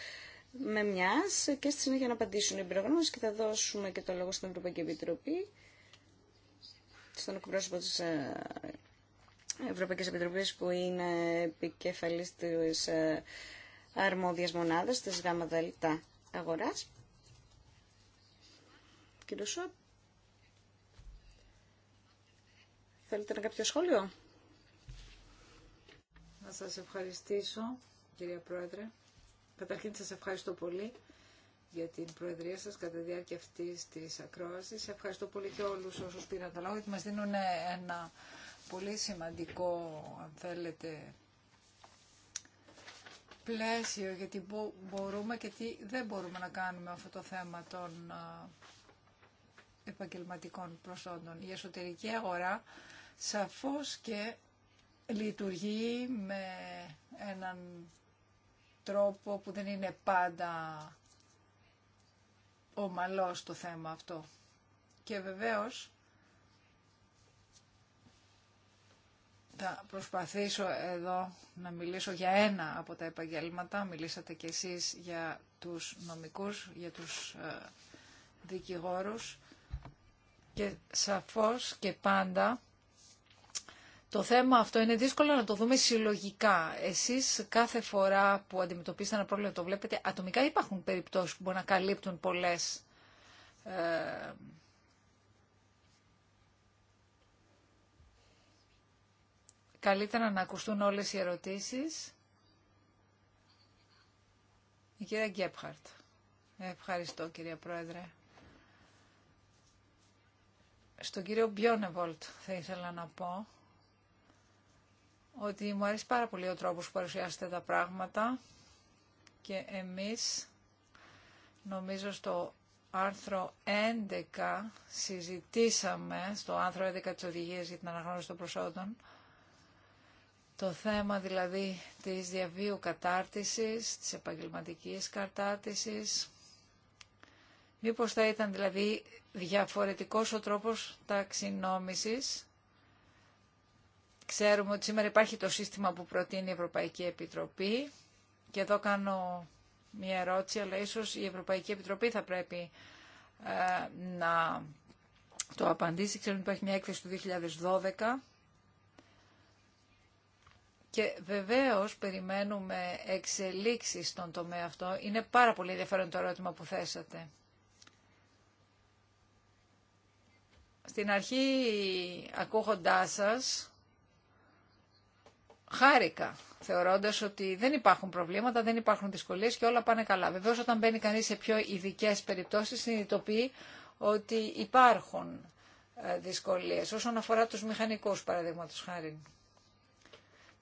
Speaker 2: με μιας και στη συνέχεια να απαντήσουν οι προγνώσεις και θα δώσουμε και το λόγο στην Ευρωπαϊκή Επιτροπή, στον εκπρόσωπο της ε, Ευρωπαϊκής Επιτροπής που είναι επικεφαλής της ε, αρμόδιας μονάδας της ΓΑΜΑ αγοράς. Κύριο Σουάπ, θέλετε να κάποιο σχόλιο
Speaker 4: να σας ευχαριστήσω, κυρία Πρόεδρε. Καταρχήν σας ευχαριστώ πολύ για την Προεδρία σας κατά τη διάρκεια αυτής της ακρόασης. Ευχαριστώ πολύ και όλους όσους πήραν τα λόγο, γιατί μας δίνουν ένα πολύ σημαντικό, αν θέλετε, πλαίσιο για τι μπορούμε και τι δεν μπορούμε να κάνουμε αυτό το θέμα των επαγγελματικών προσόντων. Η εσωτερική αγορά σαφώς και λειτουργεί με έναν τρόπο που δεν είναι πάντα ομαλός το θέμα αυτό. Και βεβαίως θα προσπαθήσω εδώ να μιλήσω για ένα από τα επαγγέλματα. Μιλήσατε κι εσείς για τους νομικούς, για τους ε, δικηγόρους και σαφώς και πάντα το θέμα αυτό είναι δύσκολο να το δούμε συλλογικά. Εσείς κάθε φορά που αντιμετωπίσετε ένα πρόβλημα το βλέπετε ατομικά υπάρχουν περιπτώσει που μπορεί να καλύπτουν πολλέ. ε, Καλύτερα να ακουστούν όλες οι ερωτήσεις. Η κυρία Γκέπχαρτ. Ευχαριστώ κυρία Πρόεδρε. Στον κύριο Μπιόνεβολτ θα ήθελα να πω ότι μου αρέσει πάρα πολύ ο τρόπος που παρουσιάσετε τα πράγματα και εμείς νομίζω στο άρθρο 11 συζητήσαμε στο άρθρο 11 της οδηγίας για την αναγνώριση των προσόντων το θέμα δηλαδή της διαβίου κατάρτισης, της επαγγελματικής κατάρτισης. Μήπως θα ήταν δηλαδή διαφορετικός ο τρόπος ταξινόμησης Ξέρουμε ότι σήμερα υπάρχει το σύστημα που προτείνει η Ευρωπαϊκή Επιτροπή και εδώ κάνω μία ερώτηση, αλλά ίσως η Ευρωπαϊκή Επιτροπή θα πρέπει ε, να το απαντήσει. Ξέρουμε ότι υπάρχει μια έκθεση του 2012 και βεβαίως περιμένουμε εξελίξεις στον τομέα αυτό. Είναι πάρα πολύ ενδιαφέρον το ερώτημα που θέσατε. Στην αρχή ακούγοντάς σας, χάρηκα θεωρώντας ότι δεν υπάρχουν προβλήματα, δεν υπάρχουν δυσκολίες και όλα πάνε καλά. Βεβαίω, όταν μπαίνει κανεί σε πιο ειδικέ περιπτώσεις συνειδητοποιεί ότι υπάρχουν ε, δυσκολίες όσον αφορά τους μηχανικούς παραδείγματο χάρη.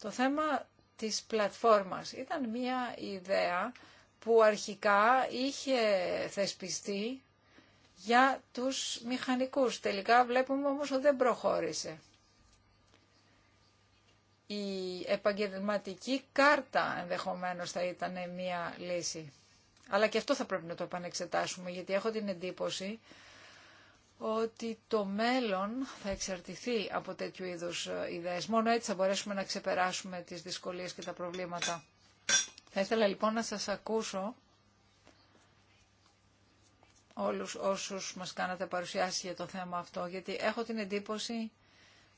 Speaker 4: Το θέμα τη πλατφόρμας ήταν μια ιδέα που αρχικά είχε θεσπιστεί για τους μηχανικούς. Τελικά βλέπουμε όμως ότι δεν προχώρησε. Η επαγγελματική κάρτα ενδεχομένως θα ήταν μία λύση. Αλλά και αυτό θα πρέπει να το επανεξετάσουμε, γιατί έχω την εντύπωση ότι το μέλλον θα εξαρτηθεί από τέτοιου είδους ιδέες. Μόνο έτσι θα μπορέσουμε να ξεπεράσουμε τις δυσκολίες και τα προβλήματα. Θα ήθελα λοιπόν να σας ακούσω όλους όσους μας κάνατε παρουσιάσει για το θέμα αυτό, γιατί έχω την εντύπωση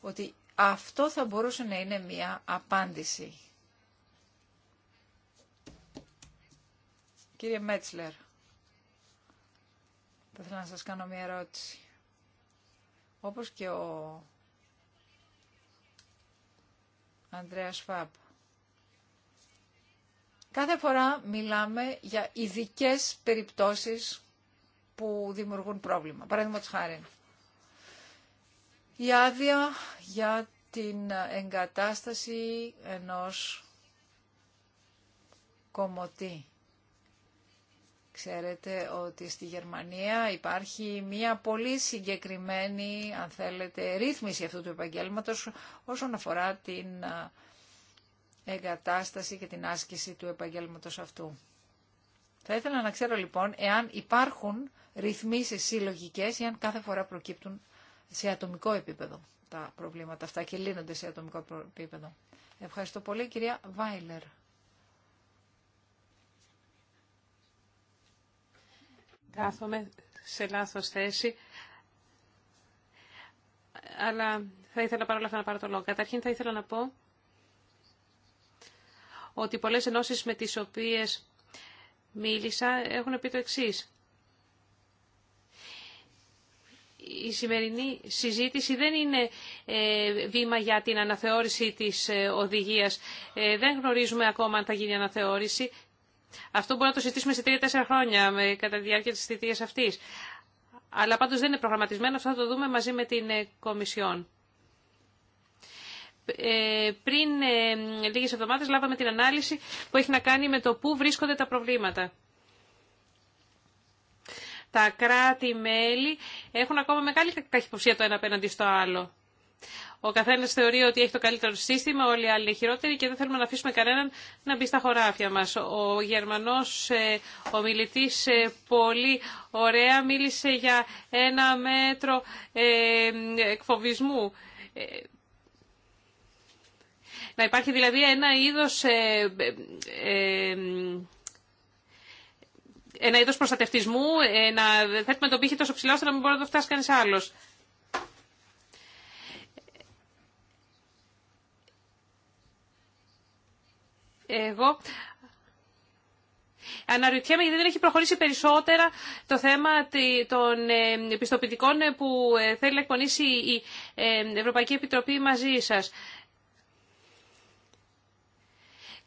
Speaker 4: ότι αυτό θα μπορούσε να είναι μία απάντηση. Κύριε Μέτσλερ, θα ήθελα να σας κάνω μία ερώτηση. Όπως και ο Ανδρέας Φάπ. Κάθε φορά μιλάμε για ειδικέ περιπτώσεις που δημιουργούν πρόβλημα. Παραδείγματος χάρη, η άδεια για την εγκατάσταση ενός κομωτή. Ξέρετε ότι στη Γερμανία υπάρχει μια πολύ συγκεκριμένη, αν θέλετε, ρύθμιση αυτού του επαγγέλματος όσον αφορά την εγκατάσταση και την άσκηση του επαγγέλματος αυτού. Θα ήθελα να ξέρω λοιπόν εάν υπάρχουν ρυθμίσεις συλλογικέ ή αν κάθε φορά προκύπτουν σε ατομικό επίπεδο τα προβλήματα αυτά και λύνονται σε ατομικό επίπεδο. Ευχαριστώ πολύ κυρία Βάιλερ.
Speaker 3: Κάθομαι σε λάθος θέση, αλλά θα ήθελα παρόλα αυτά να πάρω το λόγο. Καταρχήν θα ήθελα να πω ότι πολλές ενώσεις με τις οποίες μίλησα έχουν πει το εξής. η σημερινή συζήτηση δεν είναι ε, βήμα για την αναθεώρηση της ε, οδηγίας. Ε, δεν γνωρίζουμε ακόμα αν θα γίνει αναθεώρηση. Αυτό μπορεί να το συζητήσουμε σε 3 τεσσερα χρόνια κατά τη διάρκεια της θητείας αυτής. Αλλά πάντως δεν είναι προγραμματισμένο, αυτό θα το δούμε μαζί με την Κομισιόν. Πριν λίγες εβδομάδες λάβαμε την ανάλυση που έχει να κάνει με το πού βρίσκονται τα προβλήματα τα κράτη-μέλη έχουν ακόμα μεγάλη καχυποψία το ένα απέναντι στο άλλο. Ο καθένα θεωρεί ότι έχει το καλύτερο σύστημα, όλοι οι άλλοι χειρότεροι και δεν θέλουμε να αφήσουμε κανέναν να μπει στα χωράφια μα. Ο Γερμανό ε, ομιλητή ε, πολύ ωραία μίλησε για ένα μέτρο ε, εκφοβισμού. Να υπάρχει δηλαδή ένα είδος ένα είδο προστατευτισμού, να θέτουμε τον πύχη τόσο ψηλά ώστε να μην μπορεί να το φτάσει κανείς άλλος. Εγώ Αναρωτιέμαι γιατί δεν έχει προχωρήσει περισσότερα το θέμα των ε, πιστοποιητικών ε, που ε, θέλει να εκπονήσει η Ευρωπαϊκή Επιτροπή μαζί σας.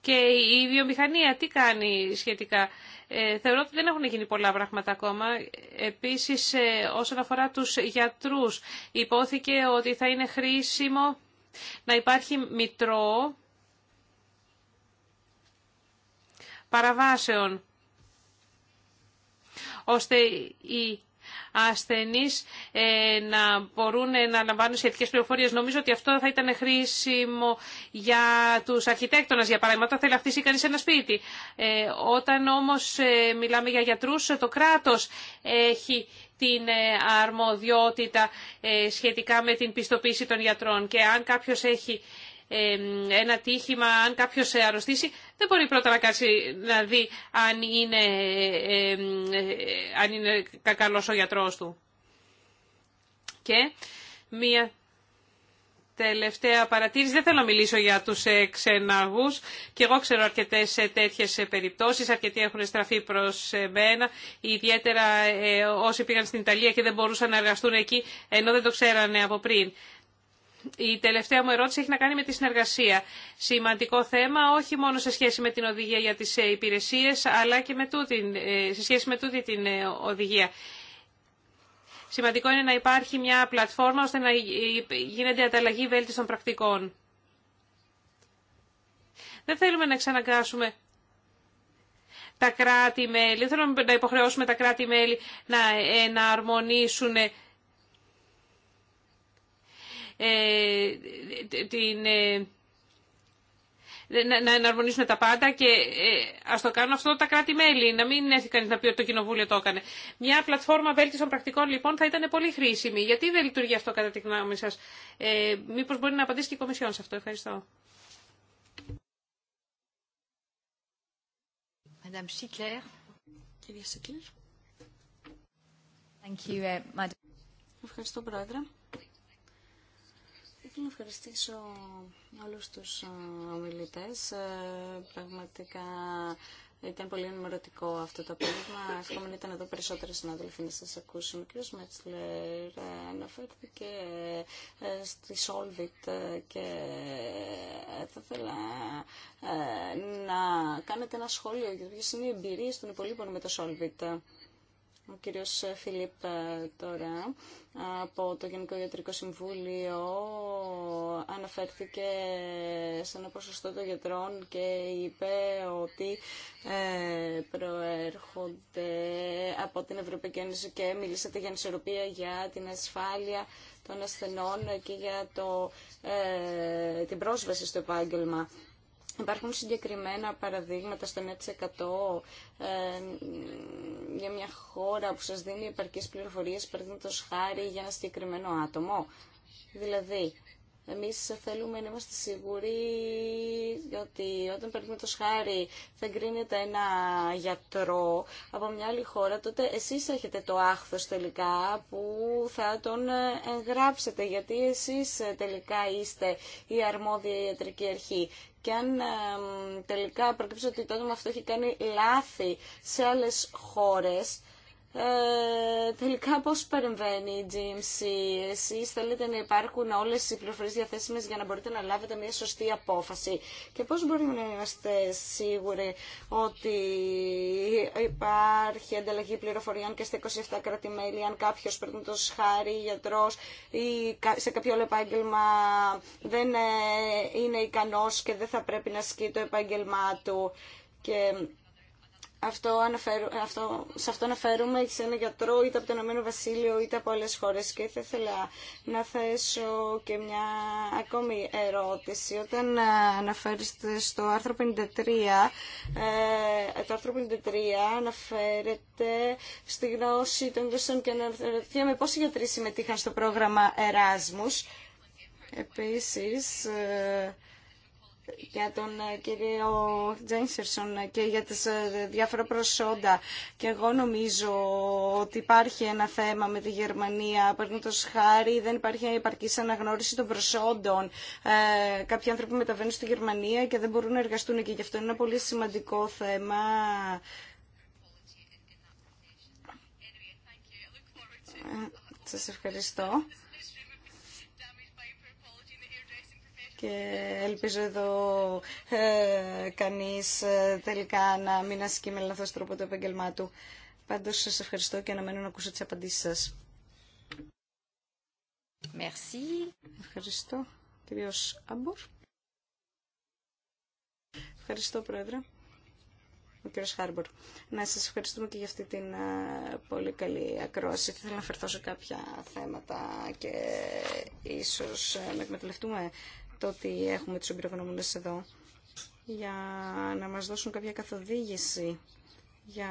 Speaker 3: Και η βιομηχανία τι κάνει σχετικά. Ε, θεωρώ ότι δεν έχουν γίνει πολλά πράγματα ακόμα. Επίσης, ε, όσον αφορά τους γιατρούς, υπόθηκε ότι θα είναι χρήσιμο να υπάρχει μητρό παραβάσεων, ώστε οι ασθενείς ε, να μπορούν ε, να λαμβάνουν σχετικέ πληροφορίες. Νομίζω ότι αυτό θα ήταν χρήσιμο για τους αρχιτέκτονες, για παράδειγμα, όταν θέλει να χτίσει κανεί ένα σπίτι. Ε, όταν όμως μιλάμε για γιατρούς, το κράτος έχει την αρμοδιότητα σχετικά με την πιστοποίηση των γιατρών και αν κάποιος έχει ένα τύχημα, αν κάποιος αρρωστήσει, δεν μπορεί πρώτα να, κάτσει, να δει αν είναι, ε, αν είναι ο γιατρός του. Και μία τελευταία παρατήρηση. Δεν θέλω να μιλήσω για τους ε, ξεναγούς. Και εγώ ξέρω αρκετές ε, τέτοιες περιπτώσεις. Αρκετοί έχουν στραφεί προς μένα. Ιδιαίτερα όσοι πήγαν στην Ιταλία και δεν μπορούσαν να εργαστούν εκεί, ενώ δεν το ξέρανε από πριν. Η τελευταία μου ερώτηση έχει να κάνει με τη συνεργασία. Σημαντικό θέμα όχι μόνο σε σχέση με την οδηγία για τις ε, υπηρεσίες, αλλά και με τούτη, ε, σε σχέση με τούτη την ε, οδηγία. Σημαντικό είναι να υπάρχει μια πλατφόρμα ώστε να γίνεται ανταλλαγή βέλτιστων πρακτικών. Δεν θέλουμε να ξαναγκάσουμε τα κράτη-μέλη, δεν θέλουμε να υποχρεώσουμε τα κράτη-μέλη να εναρμονίσουν ε, την ε, να εναρμονίσουν τα πάντα και ε, ας το κάνουν αυτό τα κράτη-μέλη. Να μην έρθει κανεί να πει ότι το κοινοβούλιο το έκανε. Μια πλατφόρμα βέλτιστων πρακτικών λοιπόν θα ήταν πολύ χρήσιμη. Γιατί δεν λειτουργεί αυτό κατά τη γνώμη σα. Ε, Μήπω μπορεί να απαντήσει και η Κομισιόν σε αυτό. Ευχαριστώ.
Speaker 4: Uh, Ευχαριστώ, Πρόεδρε ήθελα να
Speaker 2: ευχαριστήσω όλους τους ομιλητές. Ε, πραγματικά ήταν πολύ ενημερωτικό αυτό το απόγευμα. Εύχομαι ήταν εδώ περισσότεροι συνάδελφοι να σα ακούσουν. Ο κ. Μέτσλερ ε, αναφέρθηκε ε, στη Solvit και θα ήθελα να κάνετε ένα σχόλιο για ποιες είναι οι εμπειρίες των υπολείπων με το Solvit ο κύριος Φιλίπ ε, τώρα από το Γενικό Ιατρικό Συμβούλιο αναφέρθηκε σε ένα ποσοστό των γιατρών και είπε ότι ε, προέρχονται από την Ευρωπαϊκή Ένωση και μιλήσατε για ανισορροπία, για την ασφάλεια των ασθενών και για το, ε, την πρόσβαση στο επάγγελμα. Υπάρχουν συγκεκριμένα παραδείγματα στο εκατό ε, για μια χώρα που σας δίνει επαρκείς πληροφορίες, παραδείγματος χάρη για ένα συγκεκριμένο άτομο. Δηλαδή, εμείς θέλουμε να είμαστε σίγουροι ότι όταν παραδείγματος το θα εγκρίνεται ένα γιατρό από μια άλλη χώρα, τότε εσείς έχετε το άχθος τελικά που θα τον ε, εγγράψετε, γιατί εσείς τελικά είστε η αρμόδια ιατρική αρχή και αν τελικά προκύψει ότι το άτομο αυτό έχει κάνει λάθη σε άλλες χώρες, ε, τελικά πώς παρεμβαίνει η GMC. Εσείς θέλετε να υπάρχουν όλες οι πληροφορίες διαθέσιμες για να μπορείτε να λάβετε μια σωστή απόφαση. Και πώς μπορούμε να είμαστε σίγουροι ότι υπάρχει ανταλλαγή πληροφοριών και στα 27 κρατημέλη, αν κάποιος παίρνει το χάρη, γιατρός ή σε κάποιο άλλο επάγγελμα δεν ε, είναι ικανός και δεν θα πρέπει να ασκεί το επάγγελμά του. Και αυτό, αναφέρω, αυτό, σε αυτό αναφέρουμε σε ένα γιατρό είτε από το Ηνωμένο Βασίλειο είτε από άλλες χώρες και θα ήθελα να θέσω και μια ακόμη ερώτηση. Όταν ε, αναφέρεστε στο άρθρο 53, ε, το άρθρο 53 αναφέρεται στη γνώση των γλωσσών και αναρωτιέμαι πόσοι γιατροί συμμετείχαν στο πρόγραμμα Εράσμους. Επίσης, ε, για τον ε, κύριο Τζένσερσον και για τις ε, διάφορα προσόντα. Και εγώ νομίζω ότι υπάρχει ένα θέμα με τη Γερμανία. Παρ' χάρη, δεν υπάρχει επαρκή αναγνώριση των προσόντων. Ε, κάποιοι άνθρωποι μεταβαίνουν στη Γερμανία και δεν μπορούν να εργαστούν εκεί. Γι' αυτό είναι ένα πολύ σημαντικό θέμα. Σας ευχαριστώ. και ελπίζω εδώ ε, κανείς ε, τελικά να μην ασκεί με λάθος τρόπο το επαγγελμά του. Πάντως σας ευχαριστώ και αναμένω να ακούσω τις απαντήσεις σας. Merci. Ευχαριστώ. Κύριος Άμπορ. Ευχαριστώ, Πρόεδρε. Ο κύριος Χάρμπορ. Να σας ευχαριστούμε και για αυτή την ε, πολύ καλή ακρόαση. Θα ήθελα να φερθώ σε κάποια θέματα και ίσως ε, να εκμεταλλευτούμε το ότι έχουμε τους εμπειρογνώμονες εδώ για να μας δώσουν κάποια καθοδήγηση για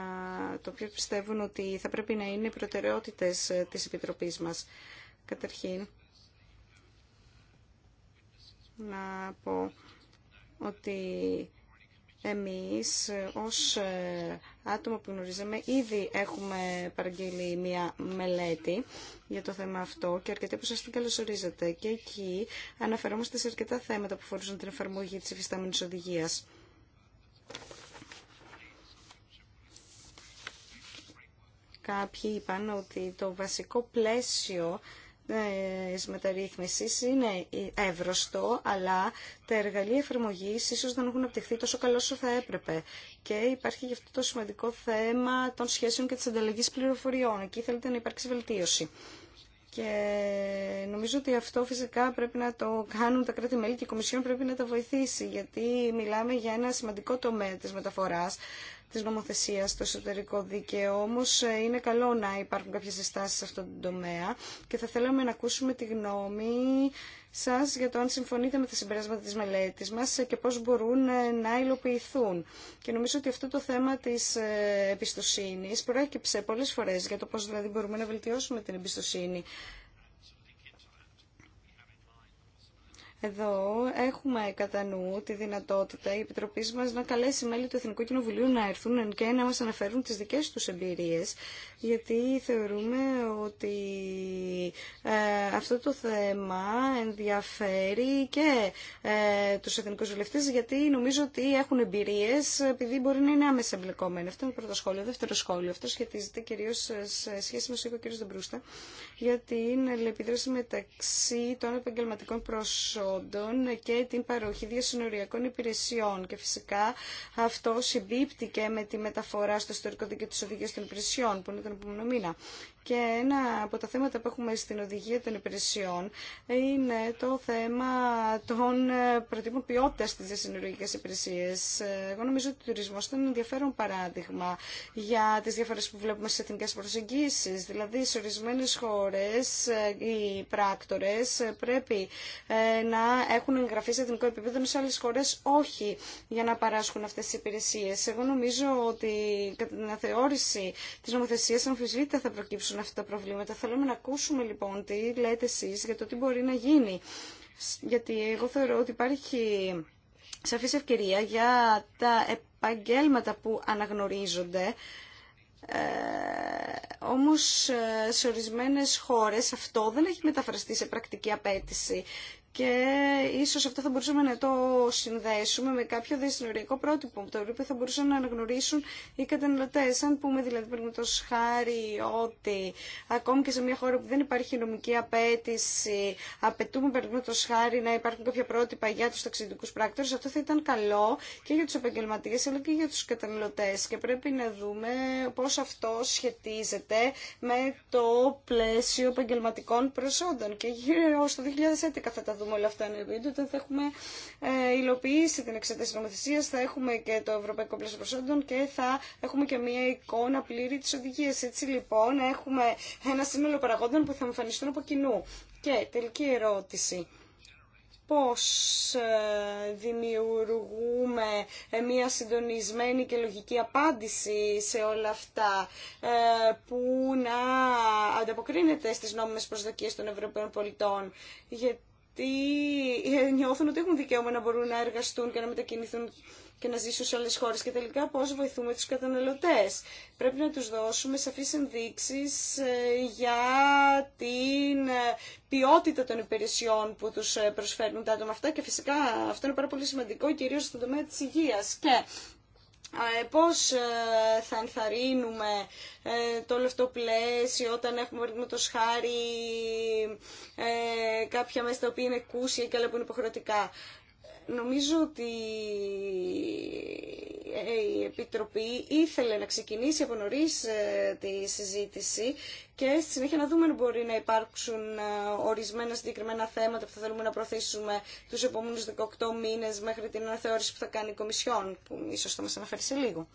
Speaker 2: το οποίο πιστεύουν ότι θα πρέπει να είναι οι προτεραιότητες ε, της Επιτροπής μας. Καταρχήν, να πω ότι εμείς ε, ως ε, άτομα που γνωρίζαμε ήδη έχουμε παραγγείλει μια μελέτη για το θέμα αυτό και αρκετοί που σας την καλωσορίζετε και εκεί αναφερόμαστε σε αρκετά θέματα που φορούσαν την εφαρμογή της εφιστάμενης οδηγίας. Κάποιοι είπαν ότι το βασικό πλαίσιο της είναι εύρωστο, αλλά τα εργαλεία εφαρμογή ίσω δεν έχουν απτυχθεί τόσο καλό όσο θα έπρεπε. Και υπάρχει γι' αυτό το σημαντικό θέμα των σχέσεων και τη ανταλλαγή πληροφοριών. Εκεί θέλετε να υπάρξει βελτίωση. Και νομίζω ότι αυτό φυσικά πρέπει να το κάνουν τα κράτη-μέλη και η Κομισιόν πρέπει να τα βοηθήσει, γιατί μιλάμε για ένα σημαντικό τομέα της μεταφοράς της νομοθεσίας στο εσωτερικό δίκαιο. Όμως ε, είναι καλό να υπάρχουν κάποιες συστάσεις σε αυτόν τον τομέα και θα θέλαμε να ακούσουμε τη γνώμη σας για το αν συμφωνείτε με τα συμπεράσματα της μελέτης μας ε, και πώς μπορούν ε, να υλοποιηθούν. Και νομίζω ότι αυτό το θέμα της εμπιστοσύνης προέκυψε πολλές φορές για το πώς δηλαδή μπορούμε να βελτιώσουμε την εμπιστοσύνη Εδώ έχουμε κατά νου τη δυνατότητα η Επιτροπή μα να καλέσει μέλη του Εθνικού Κοινοβουλίου να έρθουν και να μα αναφέρουν τι δικέ του εμπειρίε, γιατί θεωρούμε ότι ε, αυτό το θέμα ενδιαφέρει και ε, του εθνικού βουλευτέ, γιατί νομίζω ότι έχουν εμπειρίε, επειδή μπορεί να είναι άμεσα εμπλεκόμενοι. Αυτό είναι το πρώτο σχόλιο. Δεύτερο σχόλιο, αυτό σχετίζεται κυρίω σε σχέση με ο κ. Δεμπρούστα, για την αλληλεπίδραση μεταξύ των επαγγελματικών προσώπων προϊόντων και την παροχή διασυνοριακών υπηρεσιών. Και φυσικά αυτό συμπίπτει και με τη μεταφορά στο ιστορικό δίκαιο τη οδηγία των υπηρεσιών, που είναι τον επόμενο μήνα. Και ένα από τα θέματα που έχουμε στην οδηγία των υπηρεσιών είναι το θέμα των ε, προτύπων ποιότητα στι διασυνολογικέ υπηρεσίε. Ε, εγώ νομίζω ότι ο τουρισμό ήταν ένα ενδιαφέρον παράδειγμα για τι διαφορέ που βλέπουμε στι εθνικέ προσεγγίσει. Δηλαδή, σε ορισμένε χώρε ε, οι πράκτορε πρέπει να έχουν εγγραφεί σε εθνικό επίπεδο, σε άλλε χώρε όχι για να παράσχουν αυτέ τι υπηρεσίε. Εγώ νομίζω ότι κατά την αθεώρηση τη νομοθεσία, αμφισβήτητα θα προκύψουν να αυτά τα προβλήματα. Θέλουμε να ακούσουμε λοιπόν τι λέτε εσείς για το τι μπορεί να γίνει. Γιατί εγώ θεωρώ ότι υπάρχει σαφής ευκαιρία για τα επαγγέλματα που αναγνωρίζονται ε, όμως ε, σε ορισμένες χώρες αυτό δεν έχει μεταφραστεί σε πρακτική απέτηση και ίσω αυτό θα μπορούσαμε να το συνδέσουμε με κάποιο διασυνοριακό πρότυπο, το οποίο θα μπορούσαν να αναγνωρίσουν οι καταναλωτέ. Αν πούμε δηλαδή, παραδείγματο χάρη, ότι ακόμη και σε μια χώρα που δεν υπάρχει νομική απέτηση, απαιτούμε, παραδείγματο χάρη, να υπάρχουν κάποια πρότυπα για του ταξιδιωτικού πράκτορε, αυτό θα ήταν καλό και για του επαγγελματίε, αλλά και για του καταναλωτέ. Και πρέπει να δούμε πώ αυτό σχετίζεται με το πλαίσιο επαγγελματικών προσόντων. Και γύρω στο 2011 θα τα δούμε δούμε όλα αυτά εννοείται όταν θα έχουμε ε, υλοποιήσει την εξέταση νομοθεσία, θα έχουμε και το Ευρωπαϊκό Πλαίσιο Προσόντων και θα έχουμε και μια εικόνα πλήρη τη οδηγία. Έτσι λοιπόν έχουμε ένα σύνολο παραγόντων που θα εμφανιστούν από κοινού. Και τελική ερώτηση πώς ε, δημιουργούμε ε, μια συντονισμένη και λογική απάντηση σε όλα αυτά που να ανταποκρίνεται στις νόμιμες προσδοκίες των Ευρωπαίων πολιτών. Γιατί ε, νιώθουν ότι έχουν δικαίωμα να μπορούν να εργαστούν και να μετακινηθούν και να ζήσουν σε άλλες χώρες και τελικά πώς βοηθούμε τους καταναλωτές. Πρέπει να τους δώσουμε σαφείς ενδείξεις ε, για την ε, ποιότητα των υπηρεσιών που τους προσφέρουν τα άτομα αυτά και φυσικά αυτό είναι πάρα πολύ σημαντικό κυρίως στον τομέα της υγείας. Και ε, πώς ε, θα ενθαρρύνουμε ε, το όλο πλαίσιο όταν έχουμε το σχάρι κάποια μέσα τα οποία είναι κούσια και άλλα που είναι υποχρεωτικά. Νομίζω ότι ε, η Επιτροπή ήθελε να ξεκινήσει από νωρί ε, τη συζήτηση και στη συνέχεια να δούμε αν μπορεί να υπάρξουν ε, ορισμένα συγκεκριμένα θέματα που θα θέλουμε να προωθήσουμε του επόμενου 18 μήνε μέχρι την αναθεώρηση που θα κάνει η Κομισιόν, που ίσω θα μα αναφέρει σε λίγο.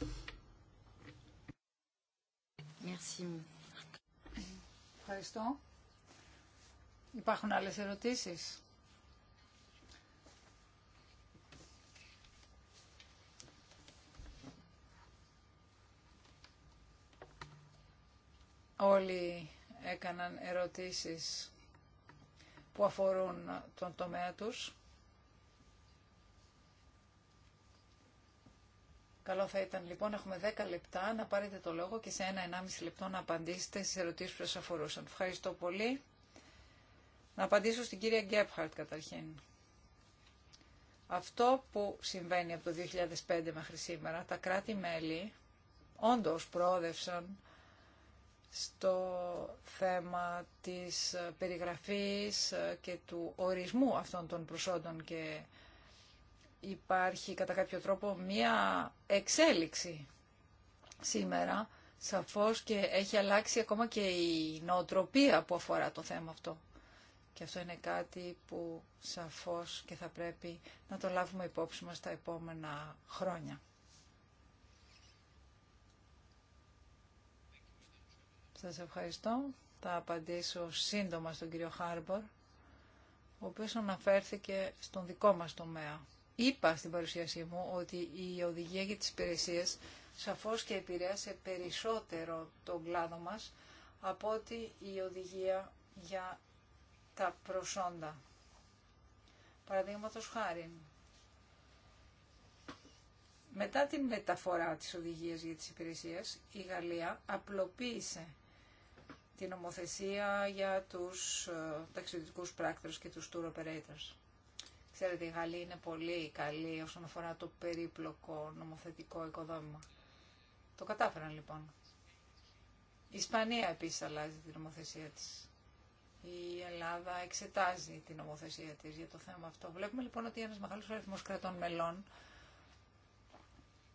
Speaker 4: Υπάρχουν άλλες ερωτήσεις. Όλοι έκαναν ερωτήσεις που αφορούν τον τομέα τους. Καλό θα ήταν λοιπόν, έχουμε 10 λεπτά να πάρετε το λόγο και σε ένα 1,5 λεπτό να απαντήσετε στις ερωτήσεις που σας αφορούσαν. Ευχαριστώ πολύ. Να απαντήσω στην κυρία Γκέπχαρτ καταρχήν. Αυτό που συμβαίνει από το 2005 μέχρι σήμερα, τα κράτη-μέλη όντως προόδευσαν στο θέμα της περιγραφής και του ορισμού αυτών των προσόντων και υπάρχει κατά κάποιο τρόπο μία εξέλιξη σήμερα σαφώς και έχει αλλάξει ακόμα και η νοοτροπία που αφορά το θέμα αυτό. Και αυτό είναι κάτι που σαφώς και θα πρέπει να το λάβουμε υπόψη μας τα επόμενα χρόνια. Σας ευχαριστώ. Θα απαντήσω σύντομα στον κύριο Χάρμπορ, ο οποίος αναφέρθηκε στον δικό μας τομέα. Είπα στην παρουσίασή μου ότι η οδηγία για τις υπηρεσίες σαφώς και επηρέασε περισσότερο τον κλάδο μας από ότι η οδηγία για τα προσόντα. Παραδείγματος χάρη, μετά την μεταφορά της οδηγίας για τις υπηρεσίες, η Γαλλία απλοποίησε την νομοθεσία για τους ε, ταξιδιωτικούς πράκτορες και τους tour operators. Ξέρετε, η Γαλλία είναι πολύ καλή όσον αφορά το περίπλοκο νομοθετικό οικοδόμημα. Το κατάφεραν λοιπόν. Η Ισπανία επίσης αλλάζει την νομοθεσία της. Η Ελλάδα εξετάζει την νομοθεσία της για το θέμα αυτό. Βλέπουμε λοιπόν ότι ένας μεγάλος αριθμός κρατών μελών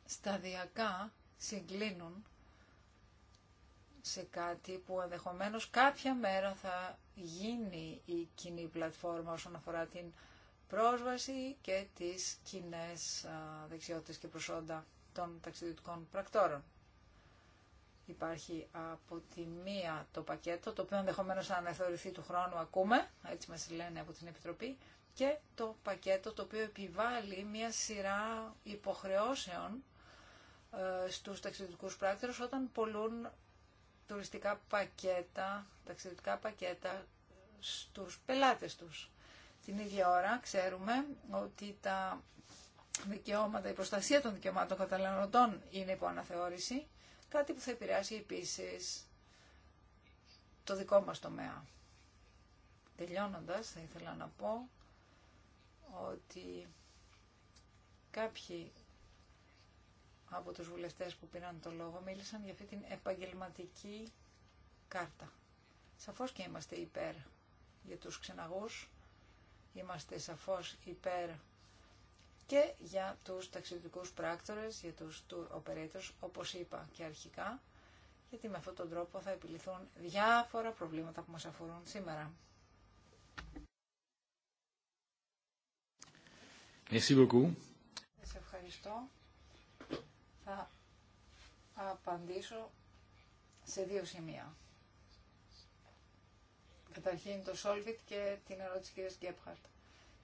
Speaker 4: σταδιακά συγκλίνουν σε κάτι που ενδεχομένως κάποια μέρα θα γίνει η κοινή πλατφόρμα όσον αφορά την πρόσβαση και τις κοινέ δεξιότητες και προσόντα των ταξιδιωτικών πρακτόρων. Υπάρχει από τη μία το πακέτο, το οποίο ενδεχομένω θα αναθεωρηθεί του χρόνου, ακούμε, έτσι μας λένε από την Επιτροπή, και το πακέτο το οποίο επιβάλλει μία σειρά υποχρεώσεων ε, στους ταξιδιωτικούς πράκτερους όταν πολλούν τουριστικά πακέτα, ταξιδιωτικά πακέτα στους πελάτες τους. Την ίδια ώρα ξέρουμε ότι τα δικαιώματα, η προστασία των δικαιωμάτων καταναλωτών είναι υπό αναθεώρηση, κάτι που θα επηρεάσει επίσης το δικό μας τομέα. Τελειώνοντας, θα ήθελα να πω ότι κάποιοι από τους βουλευτές που πήραν το λόγο μίλησαν για αυτή την επαγγελματική κάρτα. Σαφώς και είμαστε υπέρ για τους ξεναγούς, είμαστε σαφώς υπέρ και για τους ταξιδιωτικούς πράκτορες, για τους tour operators, όπως είπα και αρχικά, γιατί με αυτόν τον τρόπο θα επιληθούν διάφορα προβλήματα που μας αφορούν σήμερα. Merci ευχαριστώ θα απαντήσω σε δύο σημεία. Καταρχήν το Solvit και την ερώτηση της κυρίας Γκέπχαρτ.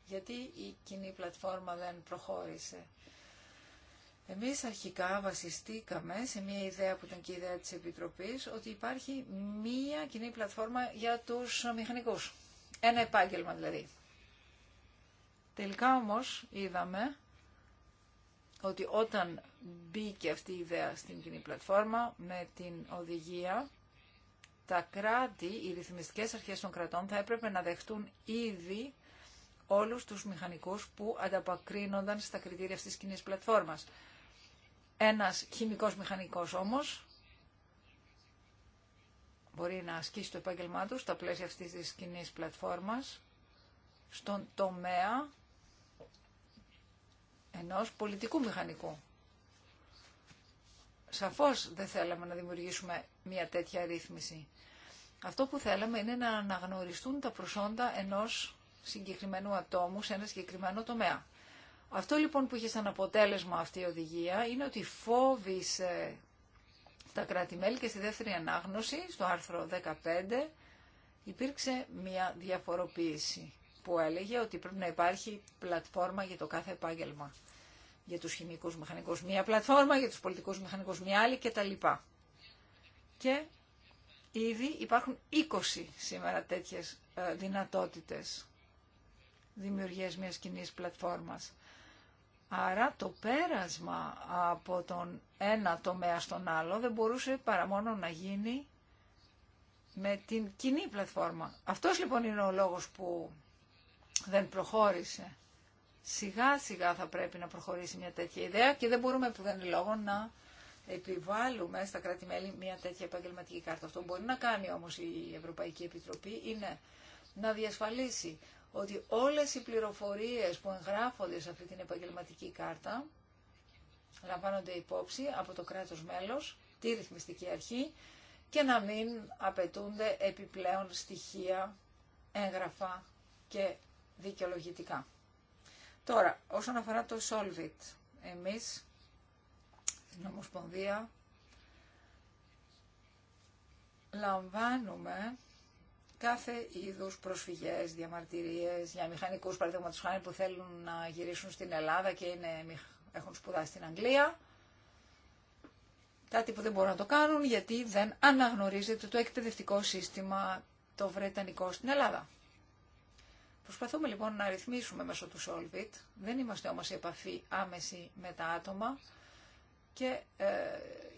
Speaker 4: Γιατί η κοινή πλατφόρμα δεν προχώρησε. Εμείς αρχικά βασιστήκαμε σε μια ιδέα που ήταν και η ιδέα της Επιτροπής ότι υπάρχει μια κοινή πλατφόρμα για τους μηχανικούς. Ένα επάγγελμα δηλαδή. Τελικά όμως είδαμε ότι όταν μπήκε αυτή η ιδέα στην κοινή πλατφόρμα με την οδηγία, τα κράτη, οι ρυθμιστικές αρχές των κρατών θα έπρεπε να δεχτούν ήδη όλους τους μηχανικούς που ανταπακρίνονταν στα κριτήρια αυτής της κοινή πλατφόρμας. Ένας χημικός μηχανικός όμως μπορεί να ασκήσει το επάγγελμά του στα πλαίσια αυτής της κοινή πλατφόρμας στον τομέα ενός πολιτικού μηχανικού. Σαφώς δεν θέλαμε να δημιουργήσουμε μια τέτοια ρύθμιση. Αυτό που θέλαμε είναι να αναγνωριστούν τα προσόντα ενός συγκεκριμένου ατόμου σε ένα συγκεκριμένο τομέα. Αυτό λοιπόν που είχε σαν αποτέλεσμα αυτή η οδηγία είναι ότι φόβησε τα κράτη-μέλη και στη δεύτερη ανάγνωση, στο άρθρο 15, υπήρξε μια διαφοροποίηση που έλεγε ότι πρέπει να υπάρχει πλατφόρμα για το κάθε επάγγελμα. Για τους χημικούς μηχανικούς μία πλατφόρμα, για τους πολιτικούς μηχανικούς μία άλλη κτλ. Και ήδη υπάρχουν 20 σήμερα τέτοιες ε, δυνατότητες δημιουργίας μιας κοινή πλατφόρμας. Άρα το πέρασμα από τον ένα τομέα στον άλλο δεν μπορούσε παρά μόνο να γίνει με την κοινή πλατφόρμα. Αυτός λοιπόν είναι ο λόγος που δεν προχώρησε. Σιγά σιγά θα πρέπει να προχωρήσει μια τέτοια ιδέα και δεν μπορούμε που δεν λόγο να επιβάλλουμε στα κράτη-μέλη μια τέτοια επαγγελματική κάρτα. Αυτό μπορεί να κάνει όμως η Ευρωπαϊκή Επιτροπή είναι να διασφαλίσει ότι όλες οι πληροφορίες που εγγράφονται σε αυτή την επαγγελματική κάρτα λαμβάνονται υπόψη από το κράτος μέλος, τη ρυθμιστική αρχή και να μην απαιτούνται επιπλέον στοιχεία, έγγραφα και δικαιολογητικά. Τώρα, όσον αφορά το Solvit, εμείς την Ομοσπονδία λαμβάνουμε κάθε είδους προσφυγές, διαμαρτυρίες για μηχανικούς παραδείγματος χάρη που θέλουν να γυρίσουν στην Ελλάδα και είναι, έχουν σπουδάσει στην Αγγλία. Κάτι που δεν μπορούν να το κάνουν γιατί δεν αναγνωρίζεται το εκπαιδευτικό σύστημα το Βρετανικό στην Ελλάδα. Προσπαθούμε λοιπόν να ρυθμίσουμε μέσω του Solvit, δεν είμαστε όμως σε επαφή άμεση με τα άτομα και ε,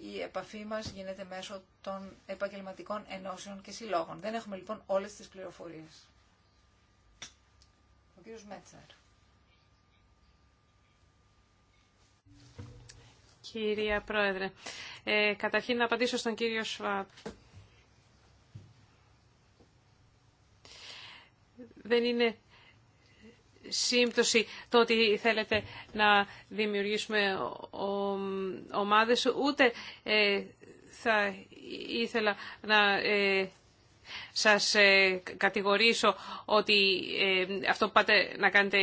Speaker 4: η επαφή μας γίνεται μέσω των επαγγελματικών ενώσεων και συλλόγων. Δεν έχουμε λοιπόν όλες τις πληροφορίες. Ο κύριος Μέτσαρ.
Speaker 3: Κυρία Πρόεδρε, ε, καταρχήν να απαντήσω στον κύριο Σβάπ. δεν είναι σύμπτωση το ότι θέλετε να δημιουργήσουμε ομάδες, ούτε ε, θα ήθελα να ε, σας ε, κατηγορήσω ότι αυτό που πάτε να κάνετε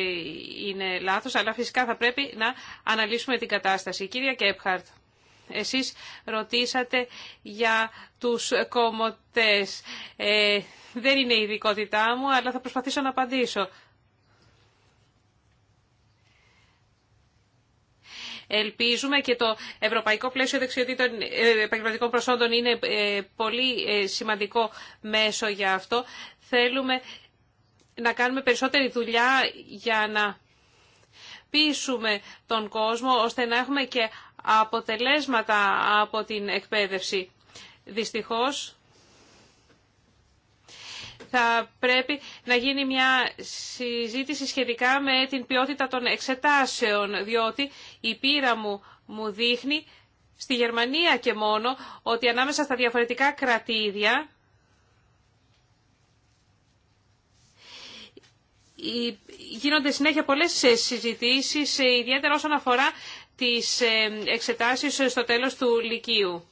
Speaker 3: είναι λάθος, αλλά φυσικά θα πρέπει να αναλύσουμε την κατάσταση. Κυρία Κέπχαρτ. Εσείς ρωτήσατε για τους κομμωτές. Ε, δεν είναι η ειδικότητά μου, αλλά θα προσπαθήσω να απαντήσω. Ελπίζουμε και το ευρωπαϊκό πλαίσιο δεξιοτήτων ε, επαγγελματικών προσόντων είναι ε, πολύ σημαντικό μέσο για αυτό. Θέλουμε να κάνουμε περισσότερη δουλειά για να πείσουμε τον κόσμο ώστε να έχουμε και αποτελέσματα από την εκπαίδευση. Δυστυχώς θα πρέπει να γίνει μια συζήτηση σχετικά με την ποιότητα των εξετάσεων, διότι η πείρα μου μου δείχνει στη Γερμανία και μόνο ότι ανάμεσα στα διαφορετικά κρατήδια γίνονται συνέχεια πολλές συζητήσεις, ιδιαίτερα όσον αφορά τις ε, εξετάσεις στο τέλος του Λυκείου.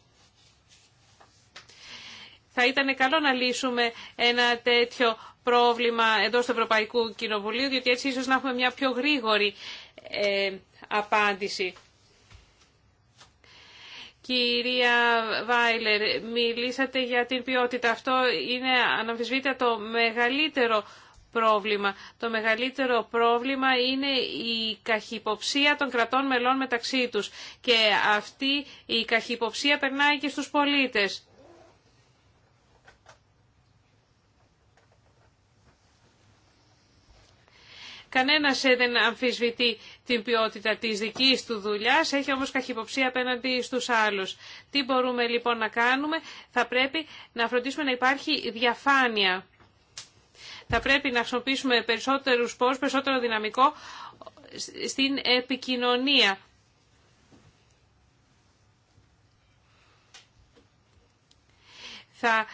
Speaker 3: Θα ήταν καλό να λύσουμε ένα τέτοιο πρόβλημα εντός του Ευρωπαϊκού Κοινοβουλίου, διότι έτσι ίσως να έχουμε μια πιο γρήγορη ε, απάντηση. Κυρία Βάιλερ, μιλήσατε για την ποιότητα. Αυτό είναι αναμφισβήτητα το μεγαλύτερο πρόβλημα. Το μεγαλύτερο πρόβλημα είναι η καχυποψία των κρατών μελών μεταξύ τους και αυτή η καχυποψία περνάει και στους πολίτες. Κανένας ε, δεν αμφισβητεί την ποιότητα της δική του δουλειά. έχει όμως καχυποψία απέναντι στους άλλους. Τι μπορούμε λοιπόν να κάνουμε, θα πρέπει να φροντίσουμε να υπάρχει διαφάνεια. Θα πρέπει να χρησιμοποιήσουμε περισσότερους πόρους, περισσότερο δυναμικό στην επικοινωνία. Θα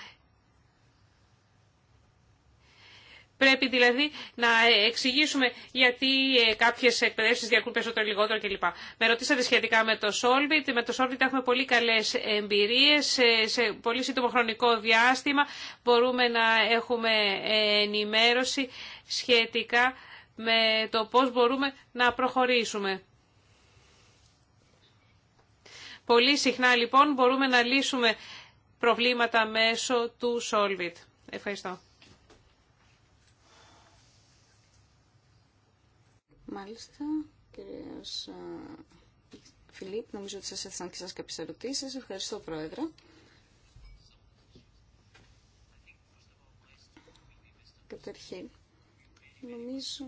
Speaker 3: Πρέπει δηλαδή να εξηγήσουμε γιατί ε, κάποιε εκπαιδεύσει διακούν περισσότερο λιγότερο κλπ. Με ρωτήσατε σχετικά με το Solvit. Με το Solvit έχουμε πολύ καλέ εμπειρίε. Ε, σε πολύ σύντομο χρονικό διάστημα μπορούμε να έχουμε ε, ενημέρωση σχετικά με το πώς μπορούμε να προχωρήσουμε. Πολύ συχνά λοιπόν μπορούμε να λύσουμε προβλήματα μέσω του Solvit. Ευχαριστώ.
Speaker 2: Μάλιστα, κυρίως, Φιλίπ, νομίζω ότι σας έθεσαν και σας κάποιες ερωτήσεις. Ευχαριστώ, Πρόεδρε. Καταρχήν, Νομίζω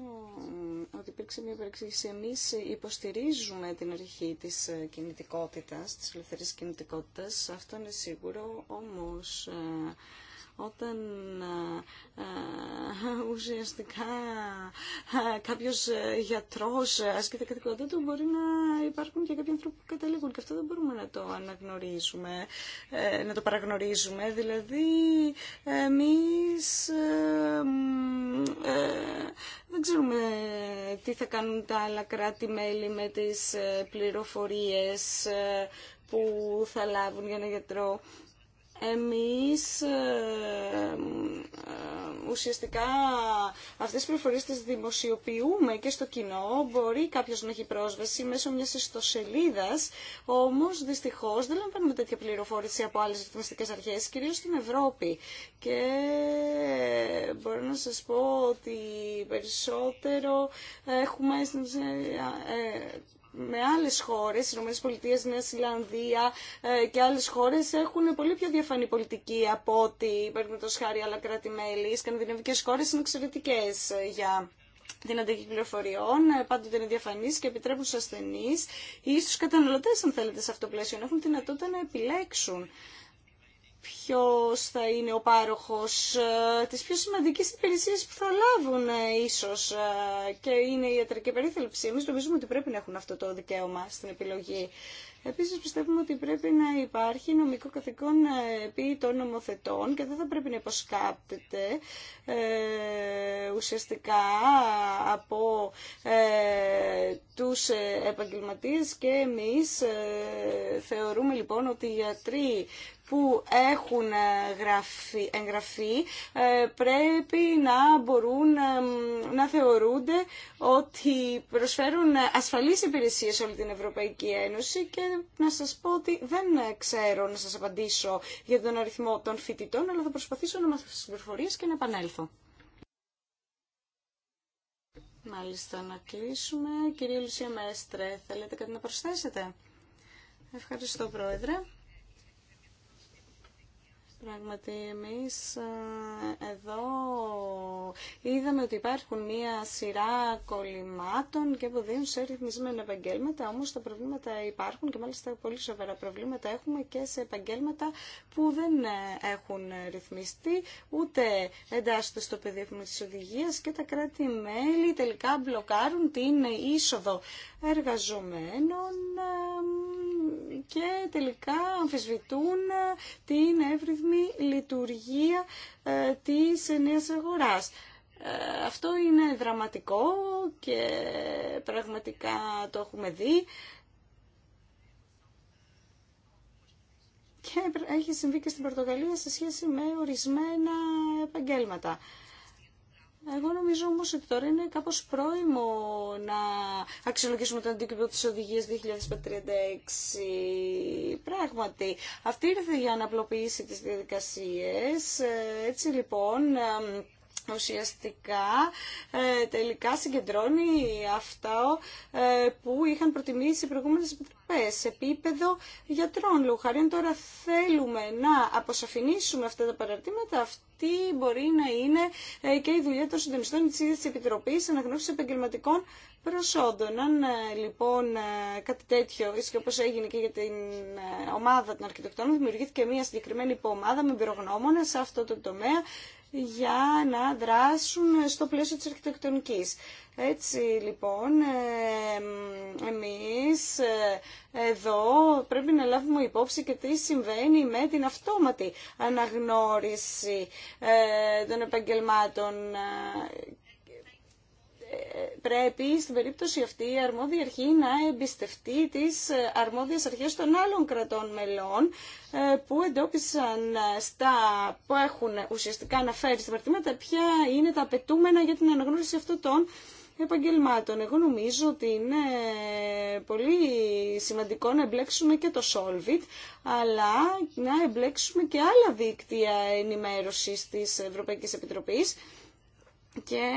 Speaker 2: ότι υπήρξε μια παρεξήγηση. Εμεί υποστηρίζουμε την αρχή τη κινητικότητας, τη ελευθερής κινητικότητας. Αυτό είναι σίγουρο. Όμω ε, όταν ε, ε, ουσιαστικά ε, κάποιος γιατρός ασκείται τα του μπορεί να υπάρχουν και κάποιοι άνθρωποι που καταλήγουν και αυτό δεν μπορούμε να το αναγνωρίζουμε, να το παραγνωρίζουμε. Δηλαδή εμείς δεν ξέρουμε τι θα κάνουν τα άλλα κράτη-μέλη με τις πληροφορίες που θα λάβουν για ένα γιατρό εμείς ε, ε, ουσιαστικά αυτές τις πληροφορίες τις δημοσιοποιούμε και στο κοινό. Μπορεί κάποιος να έχει πρόσβαση μέσω μιας ιστοσελίδας, όμως δυστυχώς δεν λαμβάνουμε τέτοια πληροφόρηση από άλλες ρυθμιστικές αρχές, κυρίως στην Ευρώπη. Και μπορώ να σας πω ότι περισσότερο έχουμε ε, με άλλες χώρες, οι Πολιτείε, Νέα Συλλανδία ε, και άλλες χώρες έχουν πολύ πιο διαφανή πολιτική από ό,τι παίρνουν το τόσο αλλα άλλα κράτη-μέλη. Οι σκανδιναβικέ χώρες είναι εξαιρετικέ ε, για την ανταλλαγή πληροφοριών, ε, πάντοτε είναι διαφανεί και επιτρέπουν στου ασθενεί ή στου καταναλωτέ, αν θέλετε, σε αυτό το πλαίσιο να έχουν δυνατότητα να επιλέξουν ποιος θα είναι ο πάροχος ε, της πιο σημαντικής υπηρεσίας που θα λάβουν ε, ίσως ε, και είναι η ιατρική περίθαλψη. Εμείς νομίζουμε ότι πρέπει να έχουν αυτό το δικαίωμα στην επιλογή. Επίσης πιστεύουμε ότι πρέπει να υπάρχει νομικό καθηκόν επί των νομοθετών και δεν θα πρέπει να υποσκάπτεται ε, ουσιαστικά από ε, τους επαγγελματίες και εμείς θεωρούμε λοιπόν ότι οι γιατροί που έχουν ε, εγγραφεί ε, πρέπει να μπορούν ε, να θεωρούνται ότι προσφέρουν ασφαλείς υπηρεσίες σε όλη την Ευρωπαϊκή Ένωση και να σας πω ότι δεν ξέρω να σας απαντήσω για τον αριθμό των φοιτητών αλλά θα προσπαθήσω να μάθω τις και να επανέλθω. Μάλιστα, να κλείσουμε. Κυρία Λουσία Μέστρε, θέλετε κάτι να προσθέσετε. Ευχαριστώ, Πρόεδρε. Πράγματι, εμείς ε, εδώ είδαμε ότι υπάρχουν μία σειρά κολλημάτων και που δίνουν σε ρυθμισμένα επαγγέλματα, όμως τα προβλήματα υπάρχουν και μάλιστα πολύ σοβαρά προβλήματα έχουμε και σε επαγγέλματα που δεν ε, έχουν ρυθμιστεί, ούτε εντάσσονται στο πεδίο της οδηγίας και τα κράτη-μέλη τελικά μπλοκάρουν την είσοδο εργαζομένων ε, και τελικά αμφισβητούν ε, την εύρυθμη λειτουργία ε, της νέας αγοράς. Ε, αυτό είναι δραματικό και πραγματικά το έχουμε δει. Και έχει συμβεί και στην Πορτογαλία σε σχέση με ορισμένα επαγγέλματα. Εγώ νομίζω όμως ότι τώρα είναι κάπως πρόημο να αξιολογήσουμε το αντίκτυπο της οδηγίας 2036. Πράγματι, αυτή ήρθε για να απλοποιήσει τις διαδικασίες. Ε, έτσι λοιπόν, ουσιαστικά ε, τελικά συγκεντρώνει αυτό ε, που είχαν προτιμήσει οι προηγούμενες επιτροπές σε επίπεδο γιατρών. Λουχαρίων τώρα θέλουμε να αποσαφηνίσουμε αυτά τα παραρτήματα, αυτή μπορεί να είναι ε, και η δουλειά των συντονιστών της ίδιας της Επιτροπής Αναγνώσης Επαγγελματικών Προσόντων. Αν λοιπόν κάτι τέτοιο, ίσως και όπως έγινε και για την ομάδα των αρχιτεκτών, δημιουργήθηκε μια συγκεκριμένη υπομάδα με πυρογνώμονα σε αυτό το τομέα για να δράσουν στο πλαίσιο της αρχιτεκτονικής. Έτσι λοιπόν, ε, εμείς ε, εδώ πρέπει να λάβουμε υπόψη και τι συμβαίνει με την αυτόματη αναγνώριση ε, των επαγγελμάτων πρέπει στην περίπτωση αυτή η αρμόδια αρχή να εμπιστευτεί τις αρμόδιες αρχές των άλλων κρατών μελών ε, που εντόπισαν ε, στα που έχουν ουσιαστικά αναφέρει στα παρτίματα ποια είναι τα απαιτούμενα για την αναγνώριση αυτών των επαγγελμάτων. Εγώ νομίζω ότι είναι ε, πολύ σημαντικό να εμπλέξουμε και το Solvit, αλλά να εμπλέξουμε και άλλα δίκτυα ενημέρωσης της Ευρωπαϊκής Επιτροπής, και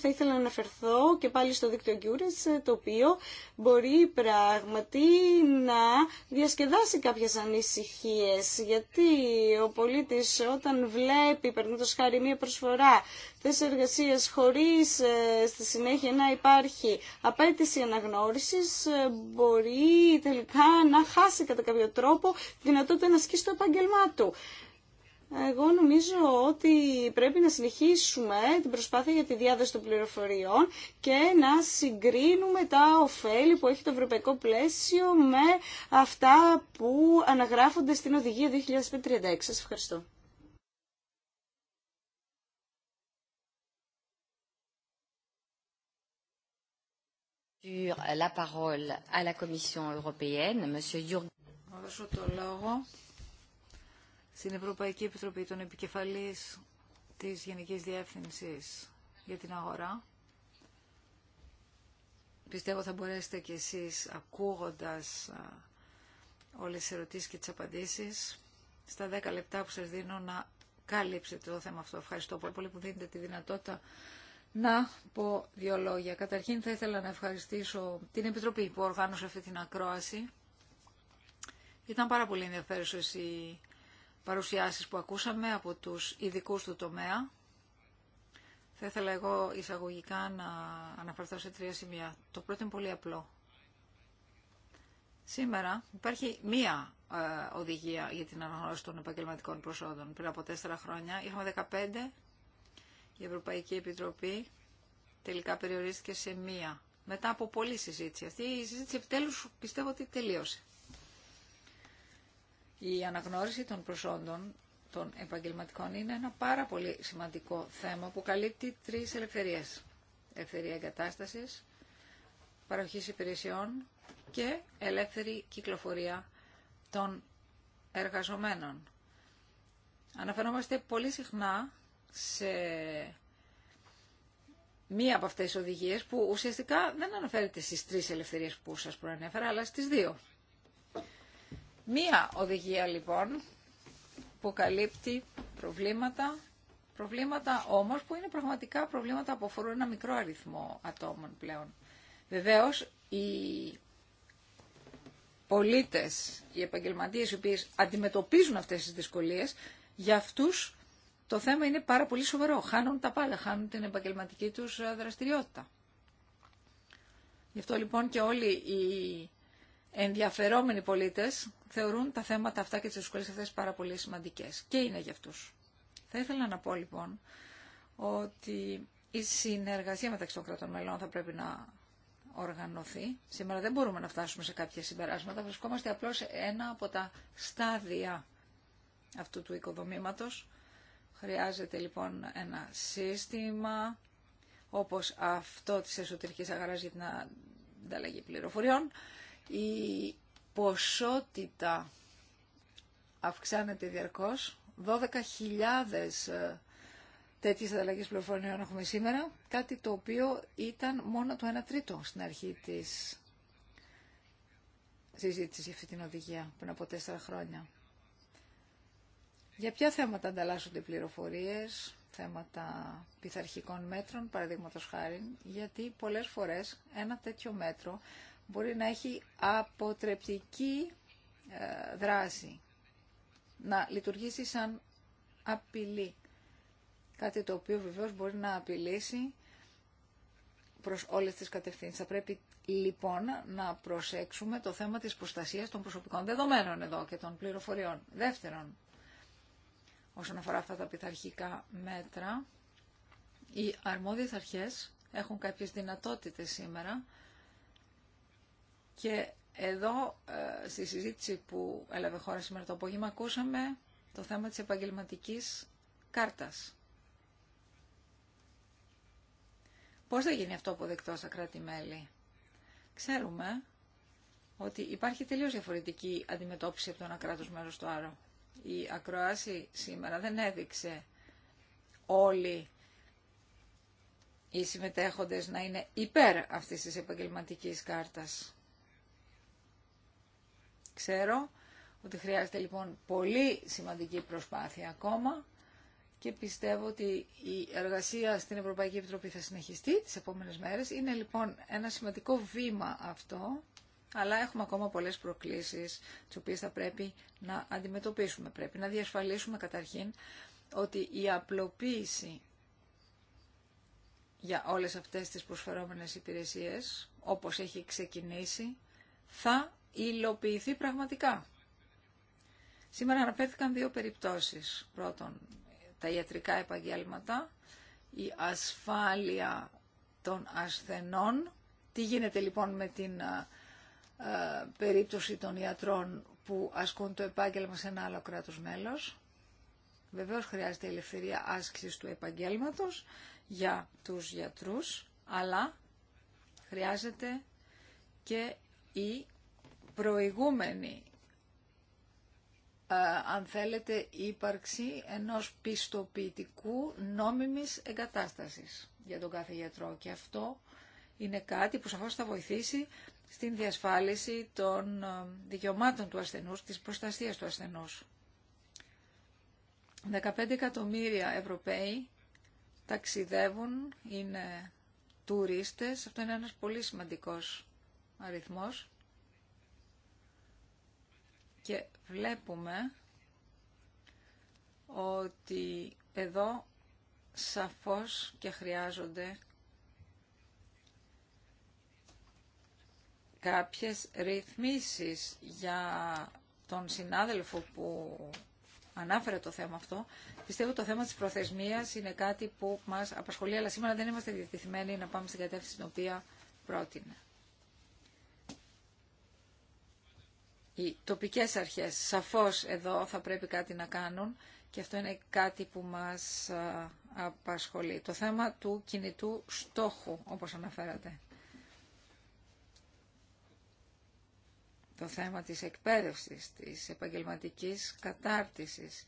Speaker 2: θα ήθελα να αναφερθώ και πάλι στο δίκτυο Cures, το οποίο μπορεί πράγματι να διασκεδάσει κάποιες ανησυχίες. Γιατί ο πολίτης όταν βλέπει, το χάρη, μία προσφορά θέσεις εργασίας χωρίς ε, στη συνέχεια να υπάρχει απέτηση αναγνώρισης, ε, μπορεί τελικά να χάσει κατά κάποιο τρόπο τη δυνατότητα να ασκήσει το επάγγελμά του. Εγώ νομίζω ότι πρέπει να συνεχίσουμε την προσπάθεια για τη διάδοση των πληροφοριών και να συγκρίνουμε τα ωφέλη που έχει το ευρωπαϊκό πλαίσιο με αυτά που αναγράφονται στην Οδηγία 2036. Σας ευχαριστώ
Speaker 4: στην Ευρωπαϊκή Επιτροπή των Επικεφαλής της Γενικής Διεύθυνσης για την αγορά. Πιστεύω θα μπορέσετε κι εσείς ακούγοντας όλες τις ερωτήσεις και τις απαντήσεις στα 10 λεπτά που σας δίνω να καλύψετε το θέμα αυτό. Ευχαριστώ πολύ, πολύ που δίνετε τη δυνατότητα να πω δύο λόγια. Καταρχήν θα ήθελα να ευχαριστήσω την Επιτροπή που οργάνωσε αυτή την ακρόαση. Ήταν πάρα πολύ ενδιαφέρουσες οι παρουσιάσεις που ακούσαμε από τους ειδικού του τομέα. Θα ήθελα εγώ εισαγωγικά να αναφερθώ σε τρία σημεία. Το πρώτο είναι πολύ απλό. Σήμερα υπάρχει μία ε, οδηγία για την αναγνώριση των επαγγελματικών προσόντων. Πριν από τέσσερα χρόνια είχαμε 15. Η Ευρωπαϊκή Επιτροπή τελικά περιορίστηκε σε μία. Μετά από πολλή συζήτηση. Αυτή η συζήτηση επιτέλους πιστεύω ότι τελείωσε. Η αναγνώριση των προσόντων των επαγγελματικών είναι ένα πάρα πολύ σημαντικό θέμα που καλύπτει τρεις ελευθερίες. Ελευθερία εγκατάστασης, παροχή υπηρεσιών και ελεύθερη κυκλοφορία των εργαζομένων. Αναφερόμαστε πολύ συχνά σε μία από αυτές τις οδηγίες που ουσιαστικά δεν αναφέρεται στις τρεις ελευθερίες που σας προανέφερα, αλλά στις δύο. Μία οδηγία λοιπόν που καλύπτει προβλήματα, προβλήματα όμως που είναι πραγματικά προβλήματα που αφορούν ένα μικρό αριθμό ατόμων πλέον. Βεβαίως οι πολίτες, οι επαγγελματίες οι οποίες αντιμετωπίζουν αυτές τις δυσκολίες, για αυτούς το θέμα είναι πάρα πολύ σοβαρό. Χάνουν τα πάντα, χάνουν την επαγγελματική τους ε, δραστηριότητα. Γι' αυτό λοιπόν και όλοι οι ενδιαφερόμενοι πολίτες θεωρούν τα θέματα αυτά και τις δυσκολίες αυτές πάρα πολύ σημαντικές και είναι για αυτούς. Θα ήθελα να πω λοιπόν ότι η συνεργασία μεταξύ των κρατών μελών θα πρέπει να οργανωθεί. Σήμερα δεν μπορούμε να φτάσουμε σε κάποια συμπεράσματα, βρισκόμαστε απλώς σε ένα από τα στάδια αυτού του οικοδομήματος. Χρειάζεται λοιπόν ένα σύστημα όπως αυτό της εσωτερικής αγαράς για την ανταλλαγή πληροφοριών, η ποσότητα αυξάνεται διαρκώς. 12.000 ε, τέτοιες ανταλλαγές πληροφοριών έχουμε σήμερα, κάτι το οποίο ήταν μόνο το 1 τρίτο στην αρχή της συζήτησης για αυτή την οδηγία πριν από τέσσερα χρόνια. Για ποια θέματα ανταλλάσσονται οι πληροφορίες, θέματα πειθαρχικών μέτρων, παραδείγματος χάρη, γιατί πολλές φορές ένα τέτοιο μέτρο μπορεί να έχει αποτρεπτική ε, δράση, να λειτουργήσει σαν απειλή. Κάτι το οποίο βεβαίως μπορεί να απειλήσει προς όλες τις κατευθύνσεις. Θα πρέπει λοιπόν να προσέξουμε το θέμα της προστασίας των προσωπικών δεδομένων εδώ και των πληροφοριών. Δεύτερον, όσον αφορά αυτά τα πειθαρχικά μέτρα, οι αρμόδιες αρχές έχουν κάποιες δυνατότητες σήμερα και εδώ ε, στη συζήτηση που έλαβε χώρα σήμερα το απόγευμα ακούσαμε το θέμα της επαγγελματικής κάρτας. Πώς θα γίνει αυτό αποδεκτό στα κράτη-μέλη. Ξέρουμε ότι υπάρχει τελείως διαφορετική αντιμετώπιση από το ένα κράτος μέρος στο άλλο. Η ακροάση σήμερα δεν έδειξε όλοι οι συμμετέχοντες να είναι υπέρ αυτής της επαγγελματικής κάρτας. Ξέρω ότι χρειάζεται λοιπόν πολύ σημαντική προσπάθεια ακόμα και πιστεύω ότι η εργασία στην Ευρωπαϊκή Επιτροπή θα συνεχιστεί τις επόμενες μέρες. Είναι λοιπόν ένα σημαντικό βήμα αυτό, αλλά έχουμε ακόμα πολλές προκλήσεις τις οποίες θα πρέπει να αντιμετωπίσουμε. Πρέπει να διασφαλίσουμε καταρχήν ότι η απλοποίηση για όλες αυτές τις προσφερόμενες υπηρεσίες, όπως έχει ξεκινήσει, θα υλοποιηθεί πραγματικά. Σήμερα αναφέρθηκαν δύο περιπτώσεις. Πρώτον, τα ιατρικά επαγγέλματα, η ασφάλεια των ασθενών. Τι γίνεται λοιπόν με την περίπτωση των ιατρών που ασκούν το επάγγελμα σε ένα άλλο κράτος μέλος. Βεβαίως χρειάζεται η ελευθερία άσκησης του επαγγέλματος για τους γιατρούς, αλλά χρειάζεται και η προηγούμενη, ε, αν θέλετε, ύπαρξη ενός πιστοποιητικού νόμιμης εγκατάστασης για τον κάθε γιατρό. Και αυτό είναι κάτι που σαφώς θα βοηθήσει στην διασφάλιση των ε, δικαιωμάτων του ασθενούς, της προστασίας του ασθενούς. 15 εκατομμύρια Ευρωπαίοι ταξιδεύουν, είναι τουρίστες. Αυτό είναι ένας πολύ σημαντικός αριθμός και βλέπουμε ότι εδώ σαφώς και χρειάζονται κάποιες ρυθμίσεις για τον συνάδελφο που ανάφερε το θέμα αυτό. Πιστεύω το θέμα της προθεσμίας είναι κάτι που μας απασχολεί, αλλά σήμερα δεν είμαστε διατηθειμένοι να πάμε στην κατεύθυνση την οποία πρότεινε. οι τοπικές αρχές σαφώς εδώ θα πρέπει κάτι να κάνουν και αυτό είναι κάτι που μας απασχολεί. Το θέμα του κινητού στόχου, όπως αναφέρατε. Το θέμα της εκπαίδευσης, της επαγγελματικής κατάρτισης.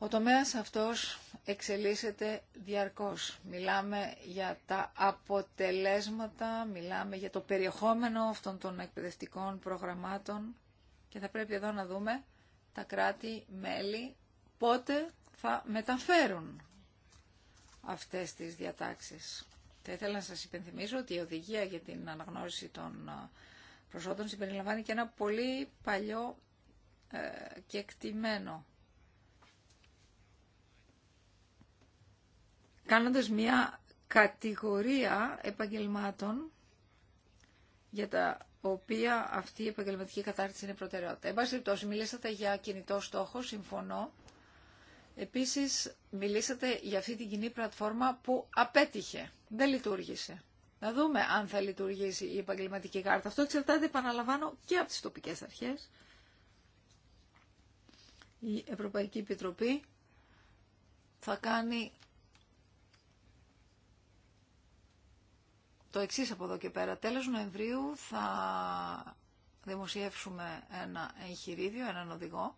Speaker 4: Ο τομέας αυτός εξελίσσεται διαρκώς. Μιλάμε για τα αποτελέσματα, μιλάμε για το περιεχόμενο αυτών των εκπαιδευτικών προγραμμάτων και θα πρέπει εδώ να δούμε τα κράτη-μέλη πότε θα μεταφέρουν αυτές τις διατάξεις. Θα ήθελα να σας υπενθυμίσω ότι η οδηγία για την αναγνώριση των ε, προσόντων συμπεριλαμβάνει και ένα πολύ παλιό ε, και εκτιμένο κάνοντας μια κατηγορία επαγγελμάτων για τα οποία αυτή η επαγγελματική κατάρτιση είναι προτεραιότητα. Εν πάση μιλήσατε για κινητό στόχο, συμφωνώ. Επίσης, μιλήσατε για αυτή την κοινή πλατφόρμα που απέτυχε, δεν λειτουργήσε. Να δούμε αν θα λειτουργήσει η επαγγελματική κάρτα. Αυτό εξαρτάται, επαναλαμβάνω, και από τις τοπικές αρχές. Η Ευρωπαϊκή Επιτροπή θα κάνει το εξή από εδώ και πέρα. Τέλος Νοεμβρίου θα δημοσιεύσουμε ένα εγχειρίδιο, έναν οδηγό,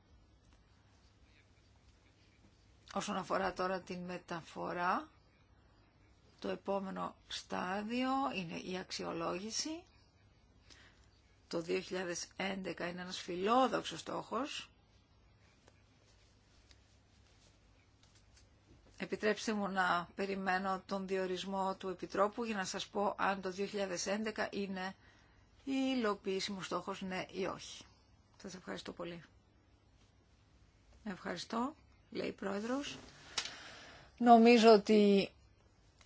Speaker 4: όσον αφορά τώρα την μεταφορά. Το επόμενο στάδιο είναι η αξιολόγηση. Το 2011 είναι ένας φιλόδοξος στόχος. Επιτρέψτε μου να περιμένω τον διορισμό του Επιτρόπου για να σας πω αν το 2011 είναι η υλοποιήσιμο στόχος ναι ή όχι. Σας ευχαριστώ πολύ. Ευχαριστώ, λέει η Πρόεδρος. Νομίζω ότι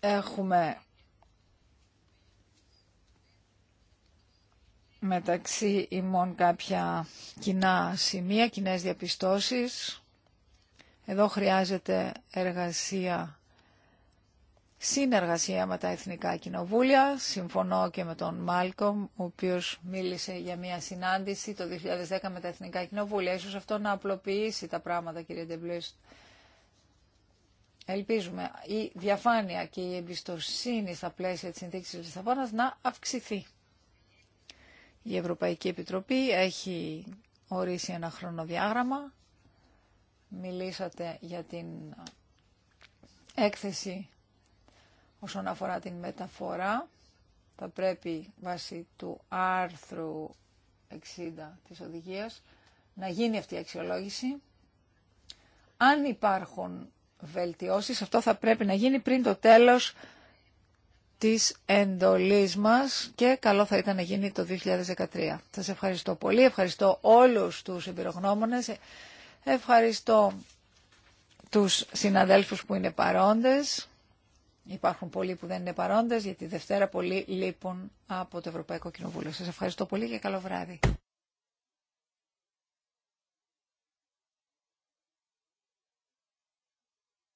Speaker 4: έχουμε μεταξύ ημών κάποια κοινά σημεία, σημεια κοινές διαπιστώσεις. Εδώ χρειάζεται εργασία, συνεργασία με τα Εθνικά Κοινοβούλια. Συμφωνώ και με τον Μάλκομ, ο οποίος μίλησε για μια συνάντηση το 2010 με τα Εθνικά Κοινοβούλια. Ίσως αυτό να απλοποιήσει τα πράγματα, κύριε Ντεμπλουίστ. Ελπίζουμε η διαφάνεια και η εμπιστοσύνη στα πλαίσια της συνθήκης της Λισαβόνας να αυξηθεί. Η Ευρωπαϊκή Επιτροπή έχει ορίσει ένα χρονοδιάγραμμα Μιλήσατε για την έκθεση όσον αφορά την μεταφορά. Θα πρέπει βάσει του άρθρου 60 της οδηγίας να γίνει αυτή η αξιολόγηση. Αν υπάρχουν βελτιώσεις, αυτό θα πρέπει να γίνει πριν το τέλος της εντολής μας και καλό θα ήταν να γίνει το 2013. Σας ευχαριστώ πολύ, ευχαριστώ όλους τους εμπειρογνώμονες, Ευχαριστώ τους συναδέλφους που είναι παρόντες. Υπάρχουν πολλοί που δεν είναι παρόντες, γιατί Δευτέρα πολλοί λείπουν από το Ευρωπαϊκό Κοινοβούλιο. Σας ευχαριστώ πολύ και καλό βράδυ.